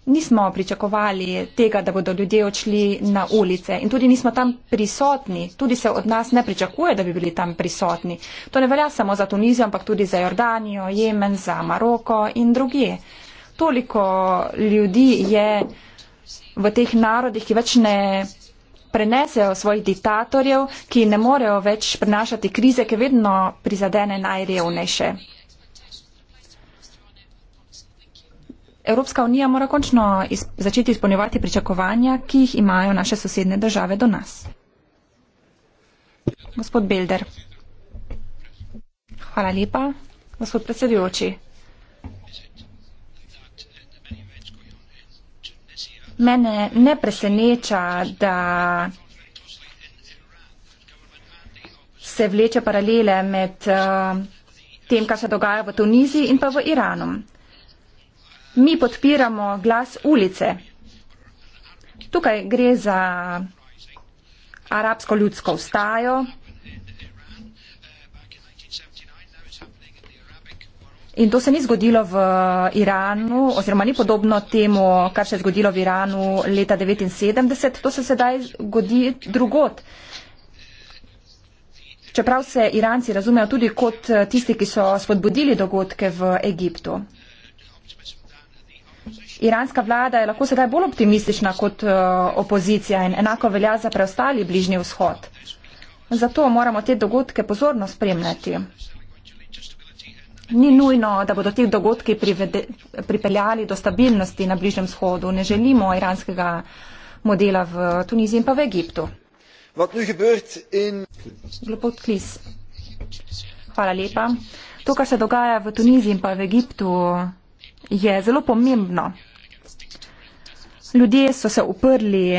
nismo pričakovali tega, da bodo ljudje odšli na ulice in tudi nismo tam prisotni, tudi se od nas ne pričakuje, da bi bili tam prisotni. To ne velja samo za Tunizijo, ampak tudi za Jordanijo, Jemen, za Maroko in druge. Toliko ljudi je v teh narodih, ki več ne prenesejo svojih diktatorjev, ki ne morejo več prenašati krize, ki vedno prizadene najrevnejše. Evropska unija mora končno iz, začeti izpolnjevati pričakovanja, ki jih imajo naše sosedne države do nas. Gospod Belder. Hvala lepa. Gospod predsedujoči. Mene ne preseneča, da se vleče paralele med uh, tem, kar se dogaja v Tuniziji in pa v Iranu mi podpiramo glas ulice. Tukaj gre za arabsko ljudsko vstajo. In to se ni zgodilo v Iranu, oziroma ni podobno temu, kar se je zgodilo v Iranu leta 1979, to se sedaj zgodi drugot. Čeprav se Iranci razumejo tudi kot tisti, ki so spodbudili dogodke v Egiptu. Iranska vlada je lahko sedaj bolj optimistična kot eh, opozicija in enako velja za preostali bližnji vzhod. Zato moramo te dogodke pozorno spremljati. Ni nujno, da bodo te dogodke privede, pripeljali do stabilnosti na bližnjem vzhodu. Ne želimo iranskega modela v Tuniziji in pa v Egiptu. In... Hvala lepa. To, kar se dogaja v Tuniziji in pa v Egiptu, je zelo pomembno. Ljudje so se uprli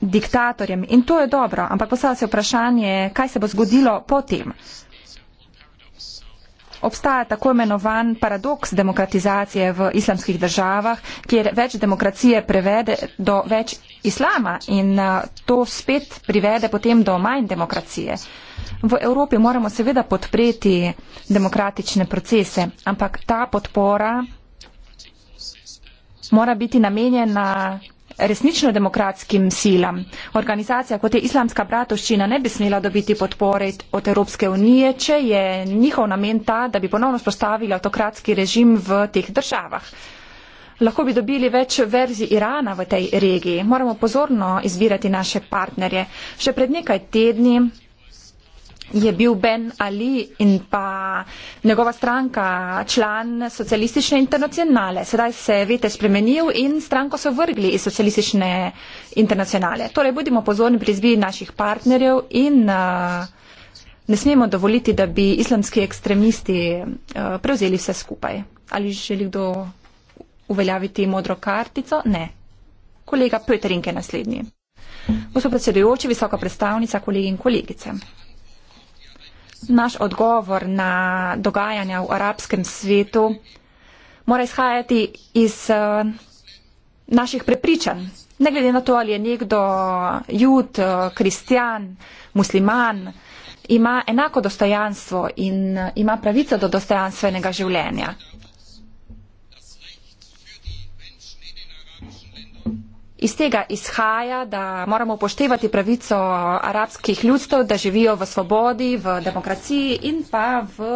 diktatorjem in to je dobro, ampak postavlja se vprašanje, kaj se bo zgodilo potem obstaja tako imenovan paradoks demokratizacije v islamskih državah, kjer več demokracije prevede do več islama in eh, to spet privede potem do manj demokracije. V Evropi moramo seveda podpreti demokratične procese, ampak ta podpora mora biti namenjena resnično demokratskim silam. Organizacija kot je Islamska bratovščina ne bi smela dobiti podpore od Evropske unije, če je njihov namen ta, da bi ponovno spostavili avtokratski režim v teh državah. Lahko bi dobili več verzij Irana v tej regiji. Moramo pozorno izbirati naše partnerje. Še pred nekaj tedni je bil Ben Ali in pa njegova stranka član socialistične internacionale. Sedaj se je vete spremenil in stranko so vrgli iz socialistične internacionale. Torej, budimo pozorni pri izbiri naših partnerjev in uh, ne smemo dovoliti, da bi islamski ekstremisti uh, prevzeli vse skupaj. Ali želi kdo uveljaviti modro kartico? Ne. Kolega Petrinke naslednji. Gospod predsedujoči, visoka predstavnica, kolegi in kolegice naš odgovor na dogajanja v arabskem svetu mora izhajati iz uh, naših prepričanj. Ne glede na to, ali je nekdo jud, eh, kristjan, musliman, ima enako dostojanstvo in eh, ima pravico do dostojanstvenega življenja. Iz tega izhaja, da moramo upoštevati pravico arabskih ljudstv, da živijo v svobodi, v demokraciji in pa v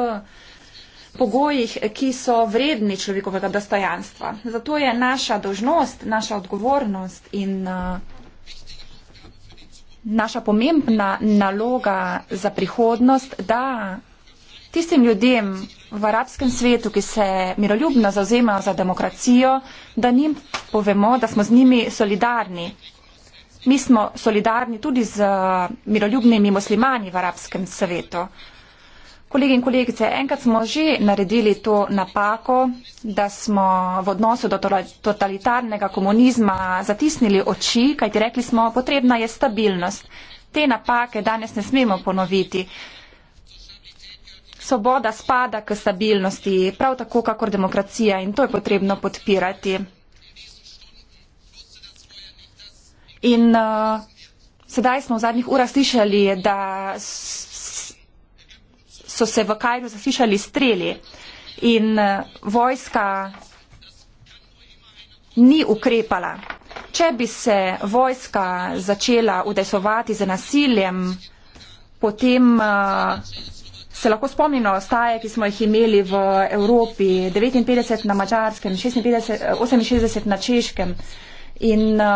pogojih, ki so vredni človekovega dostojanstva. Zato je naša dožnost, naša odgovornost in uh, naša pomembna naloga za prihodnost, da tistim ljudem, v arabskem svetu, ki se miroljubno zauzemajo za demokracijo, da njim povemo, da smo z njimi solidarni. Mi smo solidarni tudi z miroljubnimi muslimani v arabskem svetu. Kolegi in kolegice, enkrat smo že naredili to napako, da smo v odnosu do totalitarnega komunizma zatisnili oči, kajti rekli smo, potrebna je stabilnost. Te napake danes ne smemo ponoviti svoboda spada k stabilnosti, prav tako kakor demokracija in to je potrebno podpirati. In uh, sedaj smo v zadnjih urah slišali, da so se v Kajru zaslišali streli in uh, vojska ni ukrepala. Če bi se vojska začela udesovati z nasiljem, potem uh, se lahko spomnimo staje, ki smo jih imeli v Evropi, 59 na Mačarskem, 56, 68 na Češkem. In uh,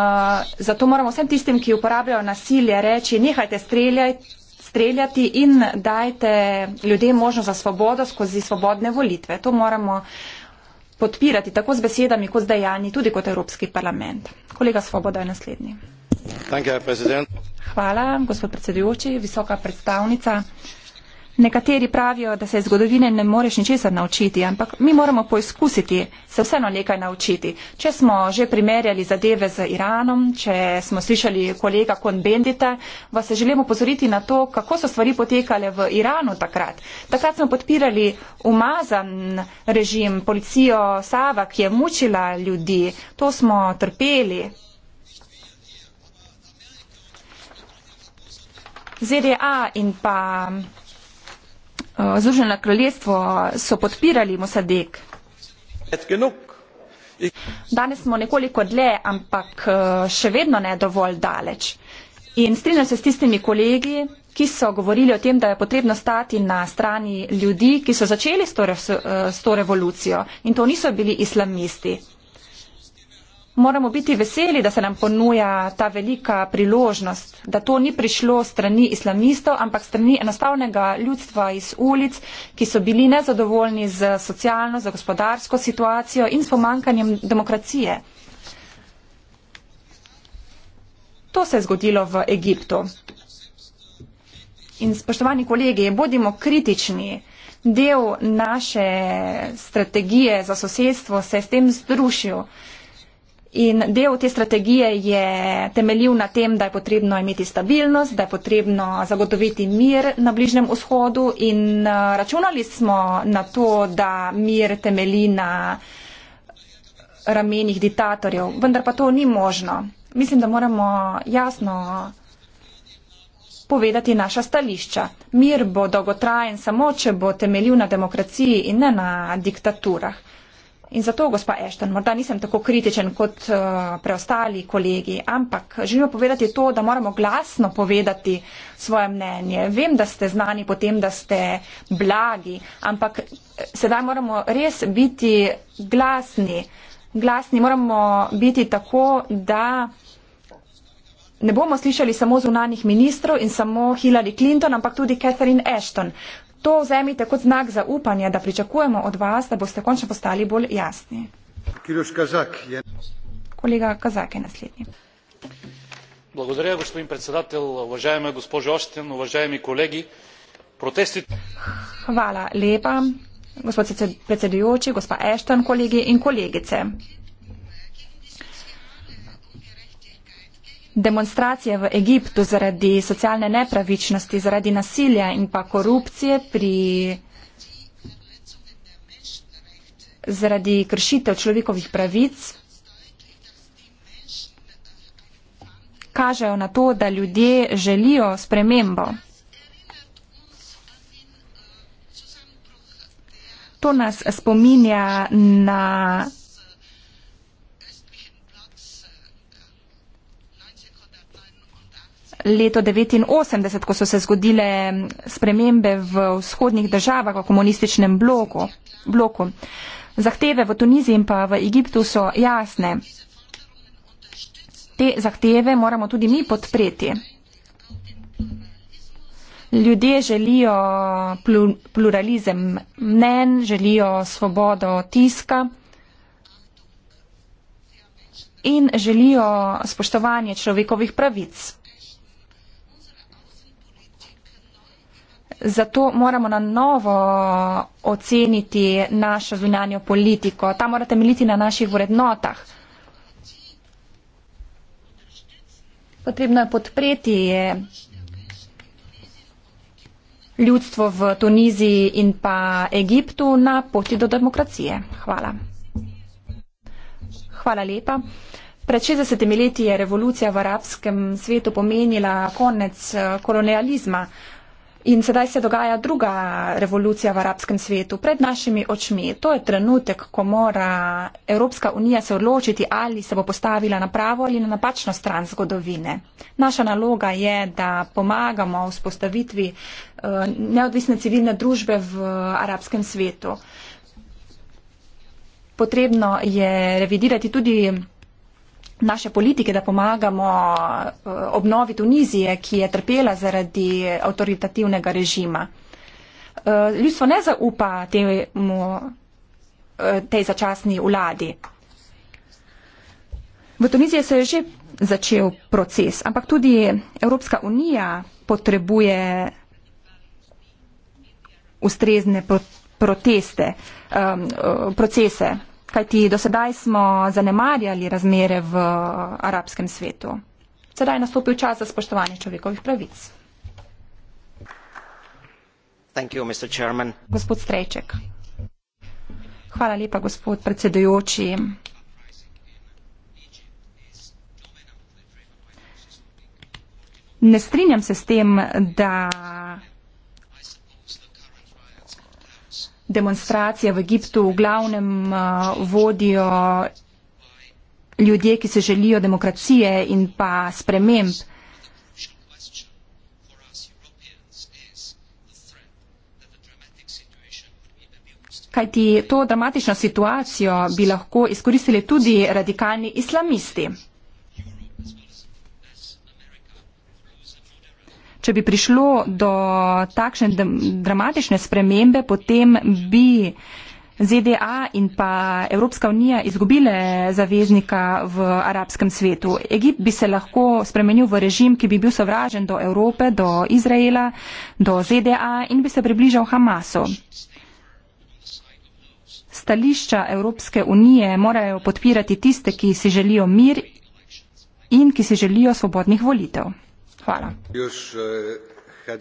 zato moramo vsem tistim, ki uporabljajo nasilje, reči, nehajte streljati in dajte ljudem možnost za svobodo skozi svobodne volitve. To moramo podpirati tako z besedami kot z dejanji, tudi kot Evropski parlament. Kolega Svoboda je naslednji. Hvala, gospod predsedujoči, visoka predstavnica. Uh, Nekateri pravijo, da se iz zgodovine ne moreš ničesar naučiti, ampak mi moramo poizkusiti, se vseeno nekaj naučiti. Če smo že primerjali zadeve z Iranom, če smo slišali kolega Kon Bendita, vas se želimo pozoriti na to, kako so stvari potekale v Iranu takrat. Takrat smo podpirali umazan režim, policijo Sava, ki je mučila ljudi. To smo trpeli. ZDA e in pa Eh, Združeno kraljestvo so podpirali Mosadek. Danes smo nekoliko dlje, ampak eh, še vedno ne dovolj daleč. In strinjam se s tistimi kolegi, ki so govorili o tem, da je potrebno stati na strani ljudi, ki so začeli s to, revo, eh, s to revolucijo. In to niso bili islamisti moramo biti veseli, da se nam ponuja ta velika priložnost, da to ni prišlo strani islamistov, ampak strani enostavnega ljudstva iz ulic, ki so bili nezadovoljni z socialno, z gospodarsko situacijo in s pomankanjem demokracije. To se je zgodilo v Egiptu. In spoštovani kolegi, bodimo kritični. Del naše strategije za sosedstvo se je s tem združil. In del te strategije je temeljil na tem, da je potrebno imeti stabilnost, da je potrebno zagotoviti mir na Bližnjem vzhodu in eh, računali smo na to, da mir temelji na ramenih diktatorjev, vendar pa to ni možno. Mislim, da moramo jasno povedati naša stališča. Mir bo dolgotrajen samo, če bo temeljil na demokraciji in ne na diktaturah. In zato, gospa Ešten, morda nisem tako kritičen kot eh, preostali kolegi, ampak želim povedati to, da moramo glasno povedati svoje mnenje. Vem, da ste znani potem, da ste blagi, ampak eh, sedaj moramo res biti glasni. Glasni moramo biti tako, da. Ne bomo slišali samo zunanih ministrov in samo Hillary Clinton, ampak tudi Catherine Ashton to vzemite kot znak zaupanja, da pričakujemo od vas, da boste končno postali bolj jasni. Kazak je... Kolega Kazak je naslednji. Благодаря, господин председател. Уважаема госпожо Остин, уважаеми колеги, протести... Хвала лепа, господин председател, госпожа Ештан, колеги и колегице. Demonstracije v Egiptu zaradi socialne nepravičnosti, zaradi nasilja in pa korupcije pri zaradi kršitev človekovih pravic kažejo na to, da ljudje želijo spremembo. To nas spominja na leto 1989, ko so se zgodile spremembe v vzhodnih državah, v komunističnem bloku. bloku. Zahteve v Tuniziji in pa v Egiptu so jasne. Te zahteve moramo tudi mi podpreti. Ljudje želijo pluralizem mnen, želijo svobodo tiska in želijo spoštovanje človekovih pravic. zato moramo na novo oceniti našo zunanjo politiko. Ta mora temeljiti na naših vrednotah. Potrebno je podpreti eh, ljudstvo v Tuniziji in pa Egiptu na poti do demokracije. Hvala. Hvala lepa. Pred 60 leti je revolucija v arabskem svetu pomenila konec kolonializma. In sedaj se dogaja druga revolucija v arabskem svetu. Pred našimi očmi to je trenutek, ko mora Evropska unija se odločiti, ali se bo postavila na pravo ali na napačno stran zgodovine. Naša naloga je, da pomagamo vzpostavitvi eh, neodvisne civilne družbe v arabskem svetu. Potrebno je revidirati tudi naše politike, da pomagamo eh, obnovi Tunizije, ki je trpela zaradi avtoritativnega režima. Eh, ljudstvo ne zaupa temu, eh, tej začasni vladi. V Tunizije se je že začel proces, ampak tudi Evropska unija potrebuje ustrezne proteste, procese kajti do sedaj smo zanemarjali razmere v arabskem svetu. Sedaj je nastopil čas za spoštovanje človekovih pravic. You, gospod Strejček. Hvala lepa, gospod predsedujoči. Ne strinjam se s tem, da demonstracije v Egiptu v glavnem eh, vodijo ljudje, ki se želijo demokracije in pa sprememb. Kajti to dramatično situacijo bi lahko izkoristili tudi radikalni islamisti. Če bi prišlo do takšne dramatične spremembe, potem bi ZDA in pa Evropska unija izgubile zaveznika v arabskem svetu. Egipt bi se lahko spremenil v režim, ki bi bil sovražen do Evrope, do Izraela, do ZDA in bi se približal Hamasu. Stališča Evropske unije morajo podpirati tiste, ki si želijo mir in ki si želijo svobodnih volitev. Hvala. Eh,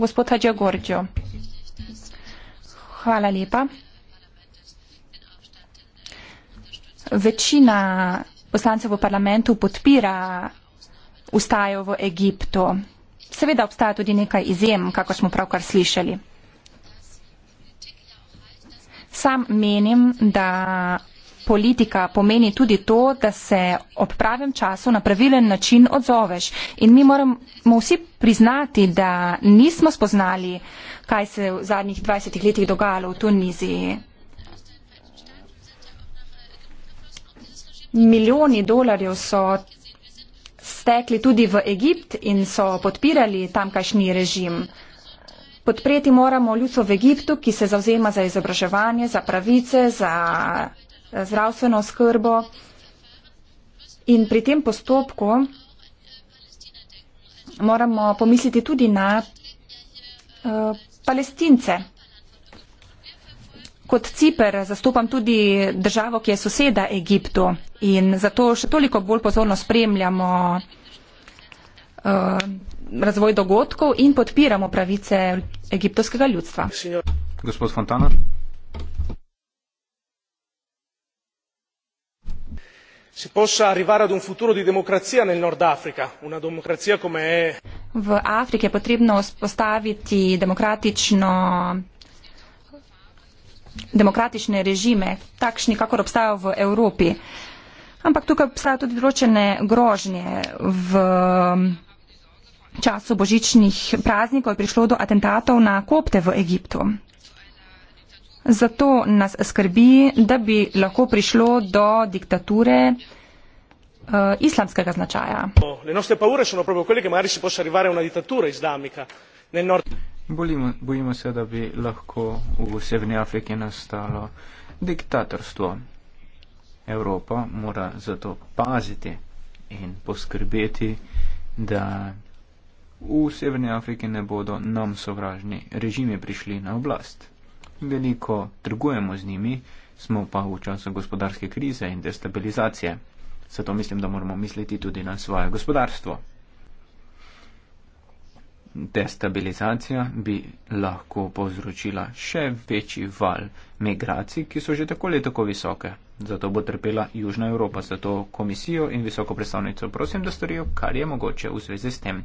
Gospod Hadžagorđo, hvala lepa. Večina poslancev v parlamentu podpira ustajo v Egiptu. Seveda obstaja tudi nekaj izjem, kako smo pravkar slišali. Sam menim, da politika pomeni tudi to, da se ob pravem času na pravilen način odzoveš. In mi moramo vsi priznati, da nismo spoznali, kaj se v zadnjih 20 letih dogajalo v Tuniziji. Milijoni dolarjev so stekli tudi v Egipt in so podpirali tamkajšnji režim. Podpreti moramo ljudstvo v Egiptu, ki se zauzema za izobraževanje, za pravice, za zdravstveno skrbo in pri tem postopku moramo pomisliti tudi na eh, palestince. Kot Cipr zastopam tudi državo, ki je soseda Egiptu in zato še toliko bolj pozorno spremljamo eh, razvoj dogodkov in podpiramo pravice egiptovskega ljudstva. Gospod Fontana. si possa arrivare ad un futuro di democrazia nel Nord Africa, una democrazia come è. V Afriki je potrebno spostaviti demokratično, demokratične režime, takšni, kakor obstajajo v Evropi. Ampak tukaj obstajajo tudi določene grožnje. V času božičnih praznikov je prišlo do atentatov na kopte v Egiptu. Zato nas skrbi, da bi lahko prišlo do diktature uh, islamskega značaja. Bolimo, bojimo se, da bi lahko v Severni Afriki nastalo diktatorstvo. Evropa mora zato paziti in poskrbeti, da v Severni Afriki ne bodo nam sovražni režimi prišli na oblast veliko trgujemo z njimi, smo pa v času gospodarske krize in destabilizacije. Zato mislim, da moramo misliti tudi na svoje gospodarstvo. Destabilizacija bi lahko povzročila še večji val migracij, ki so že tako ali tako visoke. Zato bo trpela Južna Evropa. Zato komisijo in visoko predstavnico prosim, da storijo, kar je mogoče v zvezi s tem.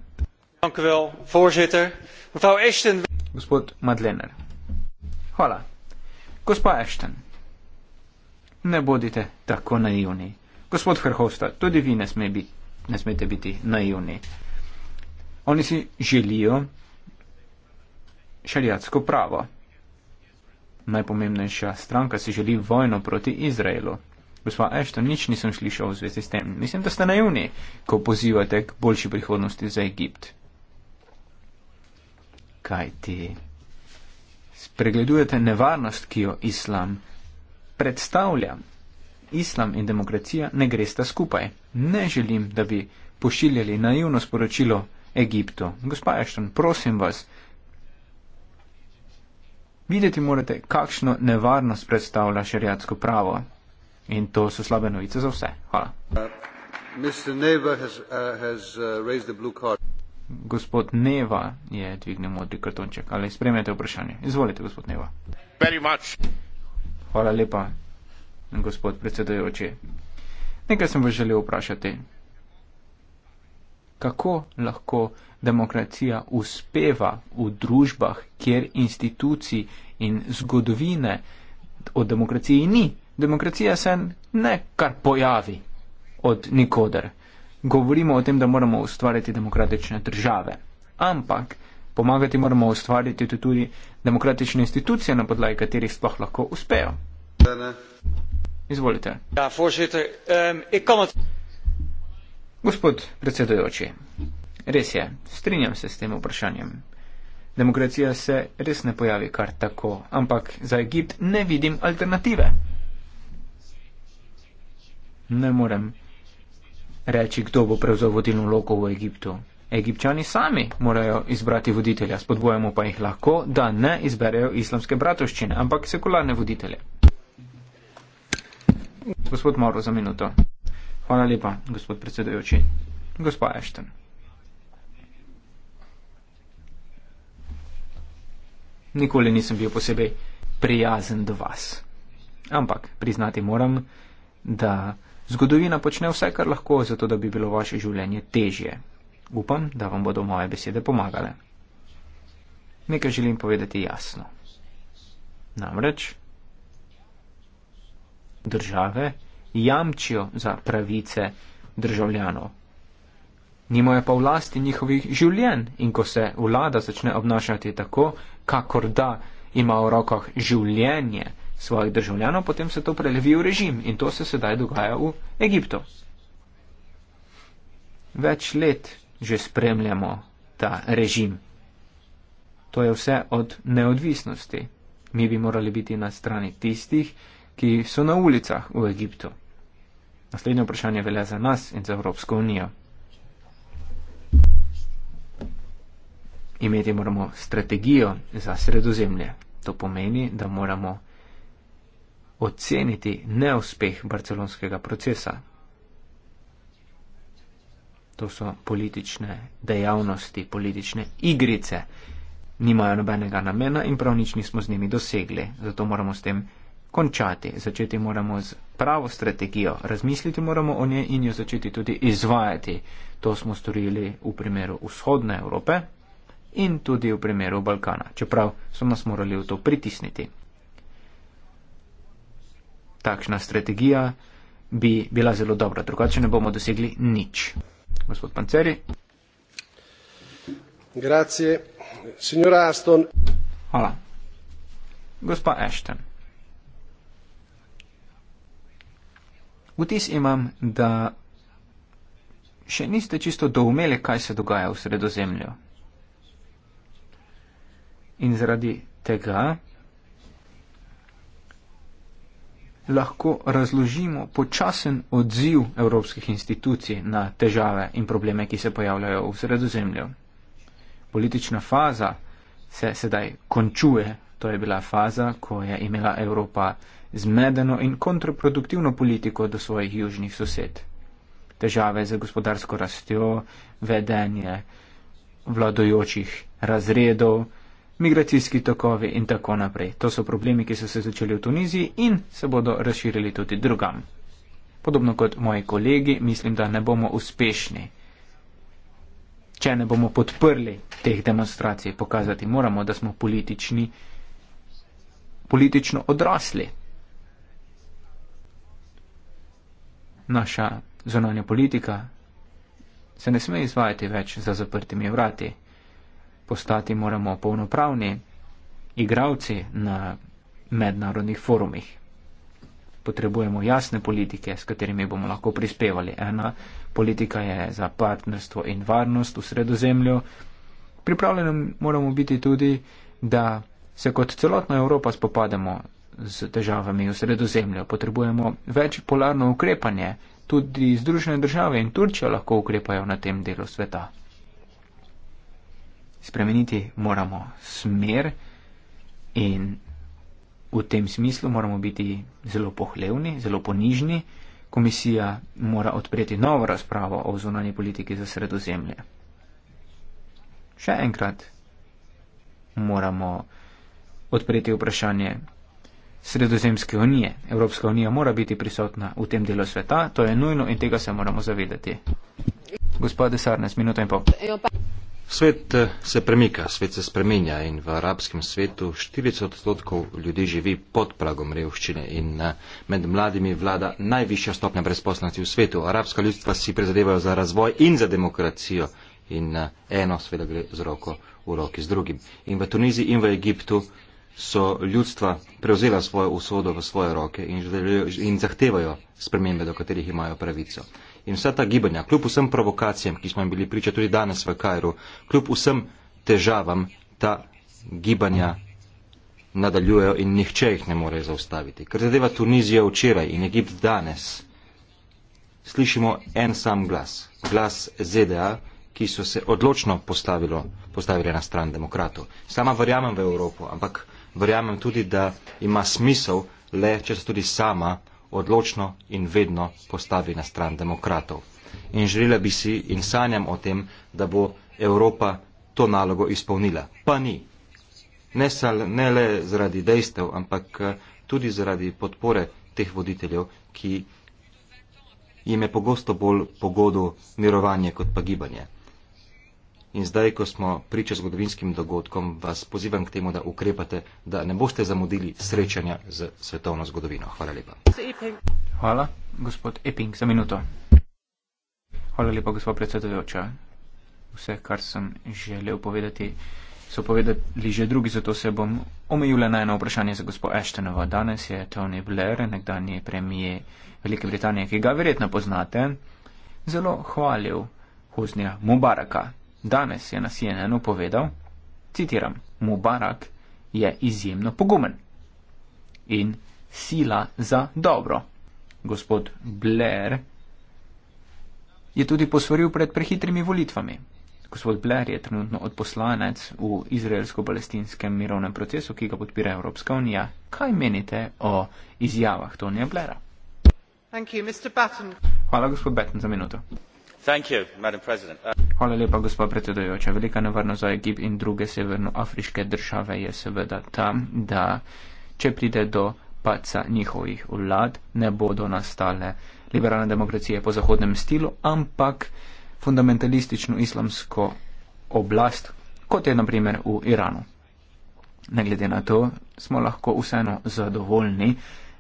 Gospod Madlener. Hvala. Gospa Ešten, ne bodite tako naivni. Gospod Hrhovsta, tudi vi ne, sme biti, ne smete biti naivni. Oni si želijo šariatsko pravo. Najpomembnejša stranka si želi vojno proti Izraelu. Gospa Ešton, nič nisem slišal v zvezi s tem. Mislim, da ste naivni, ko pozivate k boljši prihodnosti za Egipt. Kaj ti? spregledujete nevarnost, ki jo islam predstavlja. Islam in demokracija ne gresta skupaj. Ne želim, da bi pošiljali naivno sporočilo Egiptu. Gospa Ashton, prosim vas, videti morate, kakšno nevarnost predstavlja šariatsko pravo. In to so slabe novice za vse. Hvala. Uh, Gospod Neva je dvignil modri kartonček. Ali spremljate vprašanje? Izvolite, gospod Neva. Hvala lepa, gospod predsedojoči. Nekaj sem vas želel vprašati. Kako lahko demokracija uspeva v družbah, kjer institucij in zgodovine o demokraciji ni? Demokracija se ne kar pojavi od nikoder govorimo o tem, da moramo ustvarjati demokratične države. Ampak pomagati moramo ustvarjati tudi demokratične institucije, na podlagi katerih sploh lahko uspejo. Izvolite. Ja, voorzitter, um, het... Gospod predsedujoči, res je, strinjam se s tem vprašanjem. Demokracija se res ne pojavi kar tako, ampak za Egipt ne vidim alternative. Ne morem reči, kdo bo prevzel vodilno vlogo v Egiptu. Egipčani sami morajo izbrati voditelja, spodbojamo pa jih lahko, da ne izberejo islamske bratovščine, ampak sekularne voditelje. Gospod Moro, za minuto. Hvala lepa, gospod predsedujoči. Gospa Ešten. Nikoli nisem bil posebej prijazen do vas. Ampak priznati moram, da. Zgodovina počne vse, kar lahko, zato da bi bilo vaše življenje težje. Upam, da vam bodo moje besede pomagale. Nekaj želim povedati jasno. Namreč, države jamčijo za pravice državljanov. Nimajo pa vlasti njihovih življenj in ko se vlada začne obnašati tako, kakor da ima v rokah življenje, svojih državljanov, potem se to prelevi v režim in to se sedaj dogaja v Egiptu. Več let že spremljamo ta režim. To je vse od neodvisnosti. Mi bi morali biti na strani tistih, ki so na ulicah v Egiptu. Naslednje vprašanje velja za nas in za Evropsko unijo. Imeti moramo strategijo za sredozemlje. To pomeni, da moramo oceniti neuspeh barcelonskega procesa. To so politične dejavnosti, politične igrice, nimajo nobenega namena in prav nič nismo z njimi dosegli. Zato moramo s tem končati. Začeti moramo z pravo strategijo, razmisliti moramo o njej in jo začeti tudi izvajati. To smo storili v primeru vzhodne Evrope in tudi v primeru Balkana, čeprav so nas morali v to pritisniti takšna strategija bi bila zelo dobra, drugače ne bomo dosegli nič. Gospod Panceri. Grazie. Signor Aston. Hvala. Gospa Ashton. Vtis imam, da še niste čisto doumeli, kaj se dogaja v sredozemlju. In zaradi tega lahko razložimo počasen odziv evropskih institucij na težave in probleme, ki se pojavljajo v sredozemlju. Politična faza se sedaj končuje. To je bila faza, ko je imela Evropa zmedeno in kontraproduktivno politiko do svojih južnih sosed. Težave z gospodarsko rastjo, vedenje vladojočih razredov, migracijski tokovi in tako naprej. To so problemi, ki so se začeli v Tuniziji in se bodo razširili tudi drugam. Podobno kot moji kolegi, mislim, da ne bomo uspešni, če ne bomo podprli teh demonstracij. Pokazati moramo, da smo politični, politično odrasli. Naša zonanja politika se ne sme izvajati več za zaprtimi vrati postati moramo polnopravni igravci na mednarodnih forumih. Potrebujemo jasne politike, s katerimi bomo lahko prispevali. Ena politika je za partnerstvo in varnost v sredozemlju. Pripravljeni moramo biti tudi, da se kot celotna Evropa spopademo z težavami v sredozemlju. Potrebujemo več polarno ukrepanje. Tudi Združene države in Turčija lahko ukrepajo na tem delu sveta spremeniti moramo smer in v tem smislu moramo biti zelo pohlevni, zelo ponižni. Komisija mora odpreti novo razpravo o zunanji politiki za sredozemlje. Še enkrat moramo odpreti vprašanje sredozemske unije. Evropska unija mora biti prisotna v tem delu sveta, to je nujno in tega se moramo zavedati. Gospod Desarnes, minuto in pol. Svet eh, se premika, svet se spremenja in v arabskem svetu 40 odstotkov ljudi živi pod pragom revščine in eh, med mladimi vlada najvišja stopnja brezposlenosti v svetu. Arabska ljudstva si prizadevajo za razvoj in za demokracijo in eh, eno sveda gre z roko v roki z drugim. In v Tuniziji in v Egiptu so ljudstva prevzela svojo usodo v svoje roke in, želejo, in zahtevajo spremembe, do katerih imajo pravico. In vsa ta gibanja, kljub vsem provokacijam, ki smo jim bili priča tudi danes v Kajru, kljub vsem težavam, ta gibanja nadaljujejo in nihče jih ne more zaustaviti. Ker zadeva Tunizija včeraj in Egipt danes, slišimo en sam glas, glas ZDA, ki so se odločno postavili na stran demokratov. Sama verjamem v Evropo, ampak verjamem tudi, da ima smisel le, če se tudi sama odločno in vedno postavi na stran demokratov. In želela bi si in sanjam o tem, da bo Evropa to nalogo izpolnila. Pa ni. Ne, sal, ne le zaradi dejstev, ampak eh, tudi zaradi podpore teh voditeljev, ki jim je pogosto bolj pogodo mirovanje kot pa gibanje. In zdaj, ko smo priča zgodovinskim dogodkom, vas pozivam k temu, da ukrepate, da ne boste zamudili srečanja z svetovno zgodovino. Hvala lepa. Hvala, gospod Epping, za minuto. Hvala lepa, gospod predsedujoča. Vse, kar sem želel povedati, so povedali že drugi, zato se bom omejila na eno vprašanje za gospod Eštenova. Danes je Tony Blair, nekdanji premije Velike Britanije, ki ga verjetno poznate, zelo hvalil Huznija Mubaraka. Danes je na CNN-u povedal, citiram, Mubarak je izjemno pogumen in sila za dobro. Gospod Blair je tudi posvoril pred prehitrimi volitvami. Gospod Blair je trenutno odposlanec v izraelsko-palestinskem mirovnem procesu, ki ga podpira Evropska unija. Kaj menite o izjavah Tonija Blaira? Hvala, gospod Batten, za minuto. Uh, velika nevarnost za egipt in druge severnoafriške države je seveda ta da če pride do paca njihovih vlad ne bodo nastale liberalne demokracije po zahodnem stilu ampak fundamentalistično islamsko oblast kot je na primer v iranu ne glede na to smo lahko vseeno zadovoljni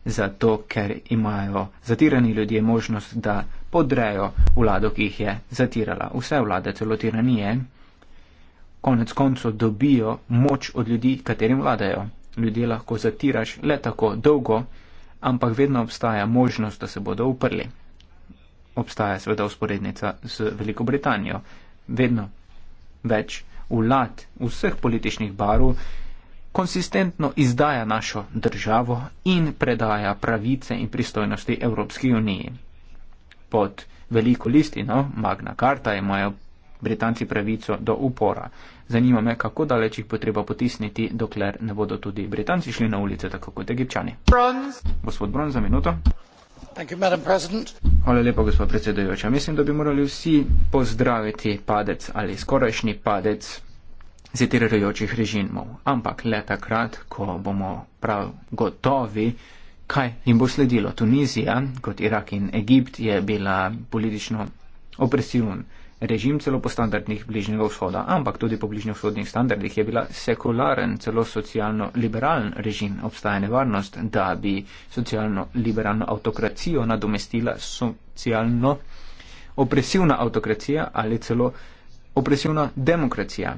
zato ker imajo zatirani ljudje možnost, da podrejo vlado, ki jih je zatirala. Vse vlade, celo tiranije, konec konco dobijo moč od ljudi, katerim vladajo. Ljudje lahko zatiraš le tako dolgo, ampak vedno obstaja možnost, da se bodo uprli. Obstaja seveda usporednica z Veliko Britanijo. Vedno več vlad vseh političnih barov konsistentno izdaja našo državo in predaja pravice in pristojnosti Evropski uniji. Pod veliko listino, Magna Carta, imajo Britanci pravico do upora. Zanima me, kako daleč jih bo treba potisniti, dokler ne bodo tudi Britanci šli na ulice, tako kot Egipčani. Gospod Bron, za minuto. Hvala lepa, gospod predsedujoča. Mislim, da bi morali vsi pozdraviti padec ali skorajšnji padec zitirajočih režimov, ampak le takrat, ko bomo prav gotovi, kaj jim bo sledilo. Tunizija, kot Irak in Egipt, je bila politično opresivna. Režim celo po standardnih bližnjega vzhoda, ampak tudi po bližnjih vzhodnih standardih je bila sekularen, celo socialno-liberalen režim. Obstaja nevarnost, da bi socialno-liberalno avtokracijo nadomestila socialno-opresivna avtokracija ali celo opresivna demokracija.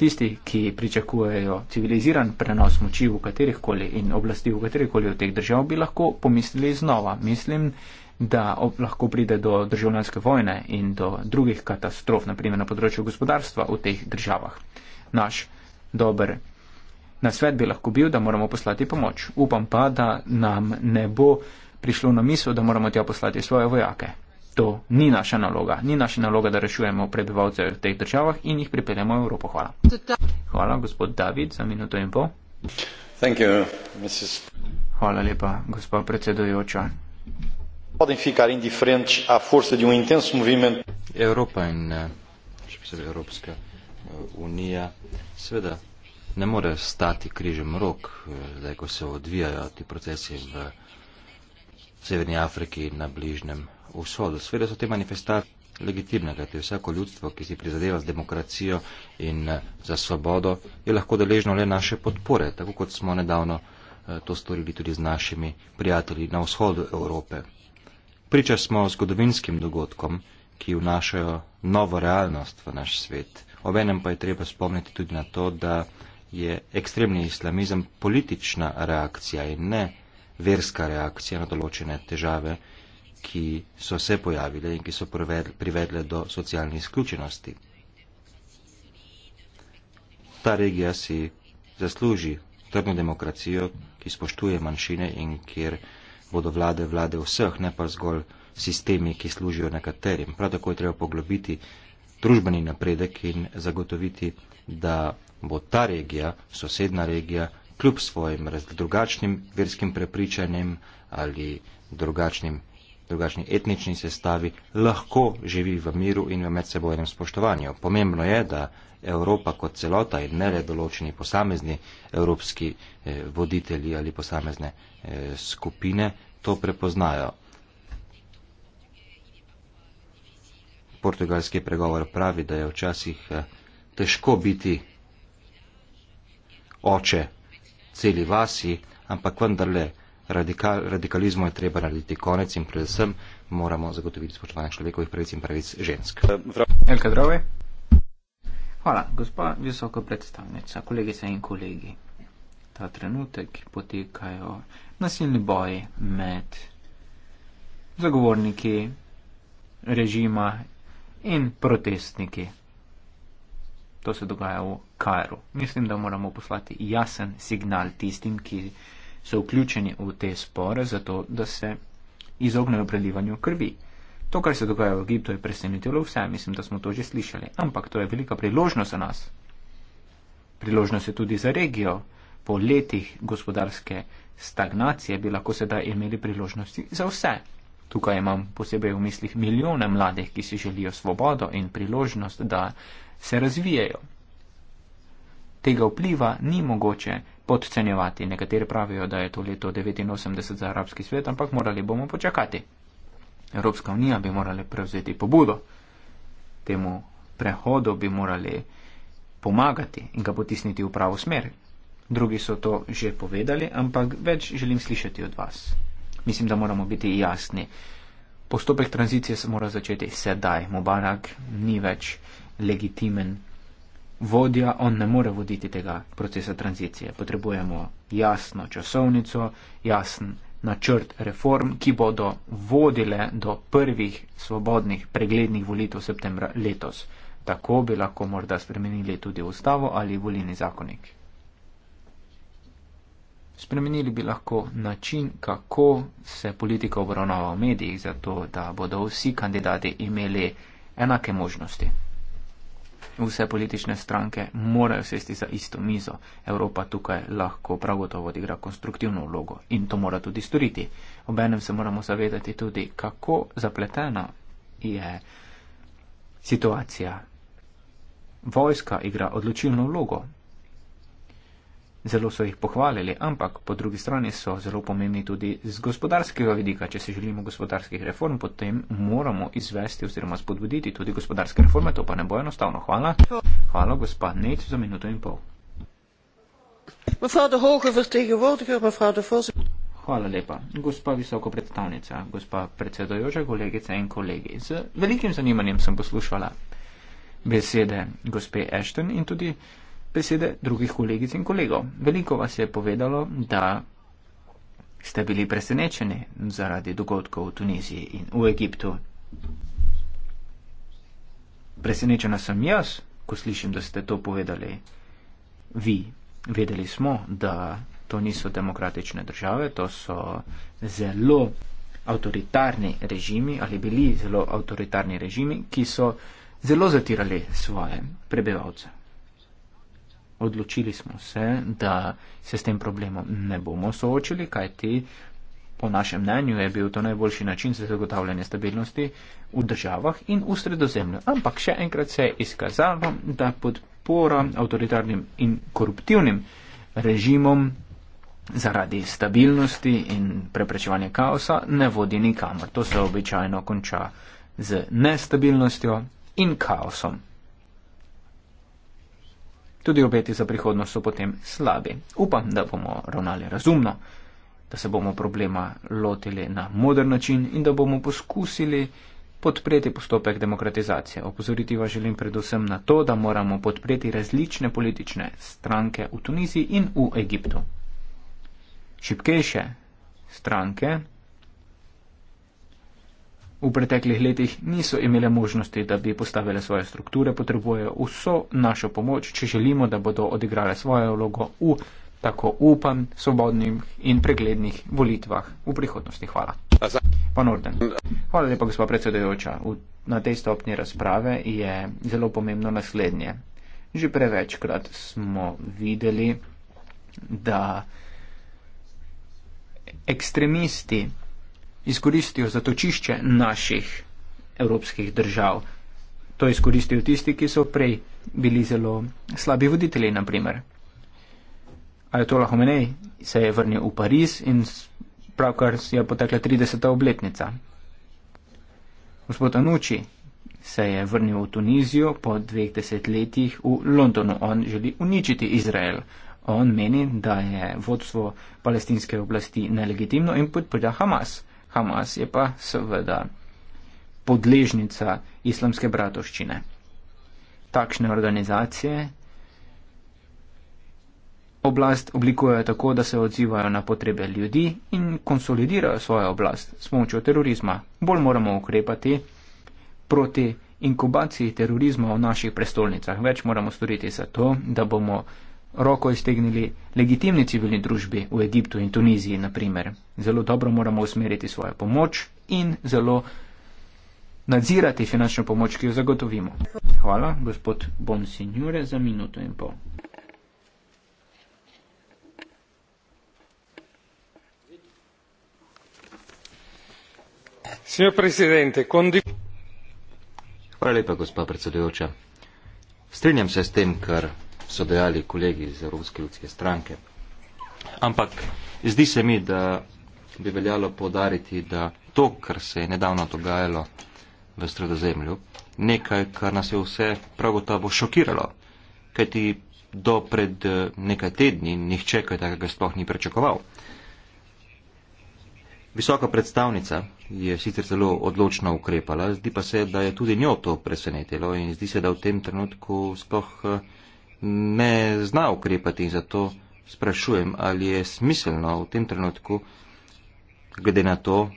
Tisti, ki pričakujejo civiliziran prenos moči v katerih koli in oblasti v katerih koli od teh držav, bi lahko pomislili znova. Mislim, da lahko pride do državljanske vojne in do drugih katastrof, naprimer na področju gospodarstva v teh državah. Naš dober nasvet bi lahko bil, da moramo poslati pomoč. Upam pa, da nam ne bo prišlo na misel, da moramo tja poslati svoje vojake to ni naša naloga. Ni naša naloga, da rešujemo prebivalce v teh državah in jih pripeljemo v Evropo. Hvala. Hvala, gospod David, za minuto in pol. You, Hvala lepa, gospod predsedujoča. Evropa in, če bi se rekel, Evropska eh, unija, seveda ne more stati križem rok, eh, zdaj ko se odvijajo ti procesi v Severni Afriki in na bližnjem usodo. Sveda so te manifestacije legitimne, kajti vsako ljudstvo, ki si prizadeva z demokracijo in eh, za svobodo, je lahko deležno le naše podpore, tako kot smo nedavno eh, to storili tudi z našimi prijatelji na vzhodu Evrope. Priča smo zgodovinskim dogodkom, ki vnašajo novo realnost v naš svet. Obenem pa je treba spomniti tudi na to, da je ekstremni islamizem politična reakcija in ne verska reakcija na določene težave ki so se pojavile in ki so privedle do socialne izključenosti. Ta regija si zasluži trdno demokracijo, ki spoštuje manjšine in kjer bodo vlade vlade vseh, ne pa zgolj sistemi, ki služijo nekaterim. Prav tako je treba poglobiti družbeni napredek in zagotoviti, da bo ta regija, sosedna regija, kljub svojim drugačnim verskim prepričanjem ali drugačnim drugačni etnični sestavi, lahko živi v miru in v medsebojnem spoštovanju. Pomembno je, da Evropa kot celota in ne le določeni posamezni evropski eh, voditelji ali posamezne eh, skupine to prepoznajo. Portugalski pregovor pravi, da je včasih eh, težko biti oče celi vasi, ampak vendarle radikal, radikalizmu je treba narediti konec in predvsem moramo zagotoviti spoštovanje človekovih pravic in pravic žensk. Elka Drove. Hvala, gospa visoko predstavnica, kolegice in kolegi. Ta trenutek potekajo nasilni boji med zagovorniki režima in protestniki. To se dogaja v Kajru. Mislim, da moramo poslati jasen signal tistim, ki so vključeni v te spore, zato da se izognejo prelivanju krvi. To, kar se dogaja v Egiptu, je presenetilo vse, mislim, da smo to že slišali. Ampak to je velika priložnost za nas. Priložnost je tudi za regijo. Po letih gospodarske stagnacije bi lahko sedaj imeli priložnosti za vse. Tukaj imam posebej v mislih milijone mladih, ki si želijo svobodo in priložnost, da se razvijajo. Tega vpliva ni mogoče podcenjevati. Nekateri pravijo, da je to leto 89 za arabski svet, ampak morali bomo počakati. Evropska unija bi morala prevzeti pobudo temu prehodu, bi morali pomagati in ga potisniti v pravo smer. Drugi so to že povedali, ampak več želim slišati od vas. Mislim, da moramo biti jasni. Postopek tranzicije se mora začeti sedaj. Mubarak ni več legitimen vodja, on ne more voditi tega procesa tranzicije. Potrebujemo jasno časovnico, jasen načrt reform, ki bodo vodile do prvih svobodnih preglednih volitev septembra letos. Tako bi lahko morda spremenili tudi ustavo ali volilni zakonik. Spremenili bi lahko način, kako se politika obravnava v medijih, zato da bodo vsi kandidati imeli enake možnosti vse politične stranke morajo sesti za isto mizo. Evropa tukaj lahko prav gotovo odigra konstruktivno vlogo in to mora tudi storiti. Obenem se moramo zavedati tudi, kako zapletena je situacija. Vojska igra odločilno vlogo, Zelo so jih pohvalili, ampak po drugi strani so zelo pomembni tudi z gospodarskega vidika. Če se želimo gospodarskih reform, potem moramo izvesti oziroma spodbuditi tudi gospodarske reforme. To pa ne bo enostavno. Hvala. Hvala, gospa Nejc, za minuto in pol. Hvala lepa. Gospa visoko predstavnica, gospa predsedojoča, kolegice in kolegi. Z velikim zanimanjem sem poslušala besede gospe Ashton in tudi besede drugih kolegic in kolegov. Veliko vas je povedalo, da ste bili presenečeni zaradi dogodkov v Tuniziji in v Egiptu. Presenečena sem jaz, ko slišim, da ste to povedali vi. Vedeli smo, da to niso demokratične države, to so zelo avtoritarni režimi ali bili zelo avtoritarni režimi, ki so zelo zatirali svoje prebivalce odločili smo se, da se s tem problemom ne bomo soočili, kajti po našem mnenju je bil to najboljši način za zagotavljanje stabilnosti v državah in v sredozemlju. Ampak še enkrat se je izkazalo, da podpora avtoritarnim in koruptivnim režimom zaradi stabilnosti in preprečevanja kaosa ne vodi nikamor. To se običajno konča z nestabilnostjo in kaosom. Tudi obeti za prihodnost so potem slabi. Upam, da bomo ravnali razumno, da se bomo problema lotili na modern način in da bomo poskusili podpreti postopek demokratizacije. Opozoriti vas želim predvsem na to, da moramo podpreti različne politične stranke v Tuniziji in v Egiptu. Šipkejše stranke v preteklih letih niso imele možnosti, da bi postavile svoje strukture, potrebujejo vso našo pomoč, če želimo, da bodo odigrale svojo vlogo v tako upam, svobodnim in preglednih volitvah v prihodnosti. Hvala. Pan Orden. Hvala lepa, gospod predsedujoča. Na tej stopni razprave je zelo pomembno naslednje. Že prevečkrat smo videli, da ekstremisti izkoristijo zatočišče naših evropskih držav. To izkoristijo tisti, ki so prej bili zelo slabi voditelji, naprimer. Ajatola Homenej se je vrnil v Pariz in pravkar je potekla 30. obletnica. Gospod Anuči se je vrnil v Tunizijo po dveh desetletjih v Londonu. On želi uničiti Izrael. On meni, da je vodstvo palestinske oblasti nelegitimno in podpira Hamas. Hamas je pa seveda podležnica islamske bratovščine. Takšne organizacije oblast oblikujejo tako, da se odzivajo na potrebe ljudi in konsolidirajo svojo oblast s pomočjo terorizma. Bolj moramo ukrepati proti inkubaciji terorizma v naših prestolnicah. Več moramo storiti za to, da bomo roko iztegnili legitimni civilni družbi v Egiptu in Tuniziji, naprimer. Zelo dobro moramo usmeriti svojo pomoč in zelo nadzirati finančno pomoč, ki jo zagotovimo. Hvala, gospod Bonsignore, za minuto in pol. Signor Presidente, condivido. Hvala lepa, gospa predsedujoča. Strinjam se s tem, kar so dejali kolegi iz Evropske ljudske stranke. Ampak zdi se mi, da bi veljalo podariti, da to, kar se je nedavno dogajalo v sredozemlju, nekaj, kar nas je vse prav gotovo šokiralo. Kajti do pred eh, nekaj tedni nihče kaj takega sploh ni prečakoval. Visoka predstavnica je sicer zelo odločno ukrepala, zdi pa se, da je tudi njo to presenetilo in zdi se, da v tem trenutku sploh eh, ne zna ukrepati in zato sprašujem, ali je smiselno v tem trenutku, glede na to,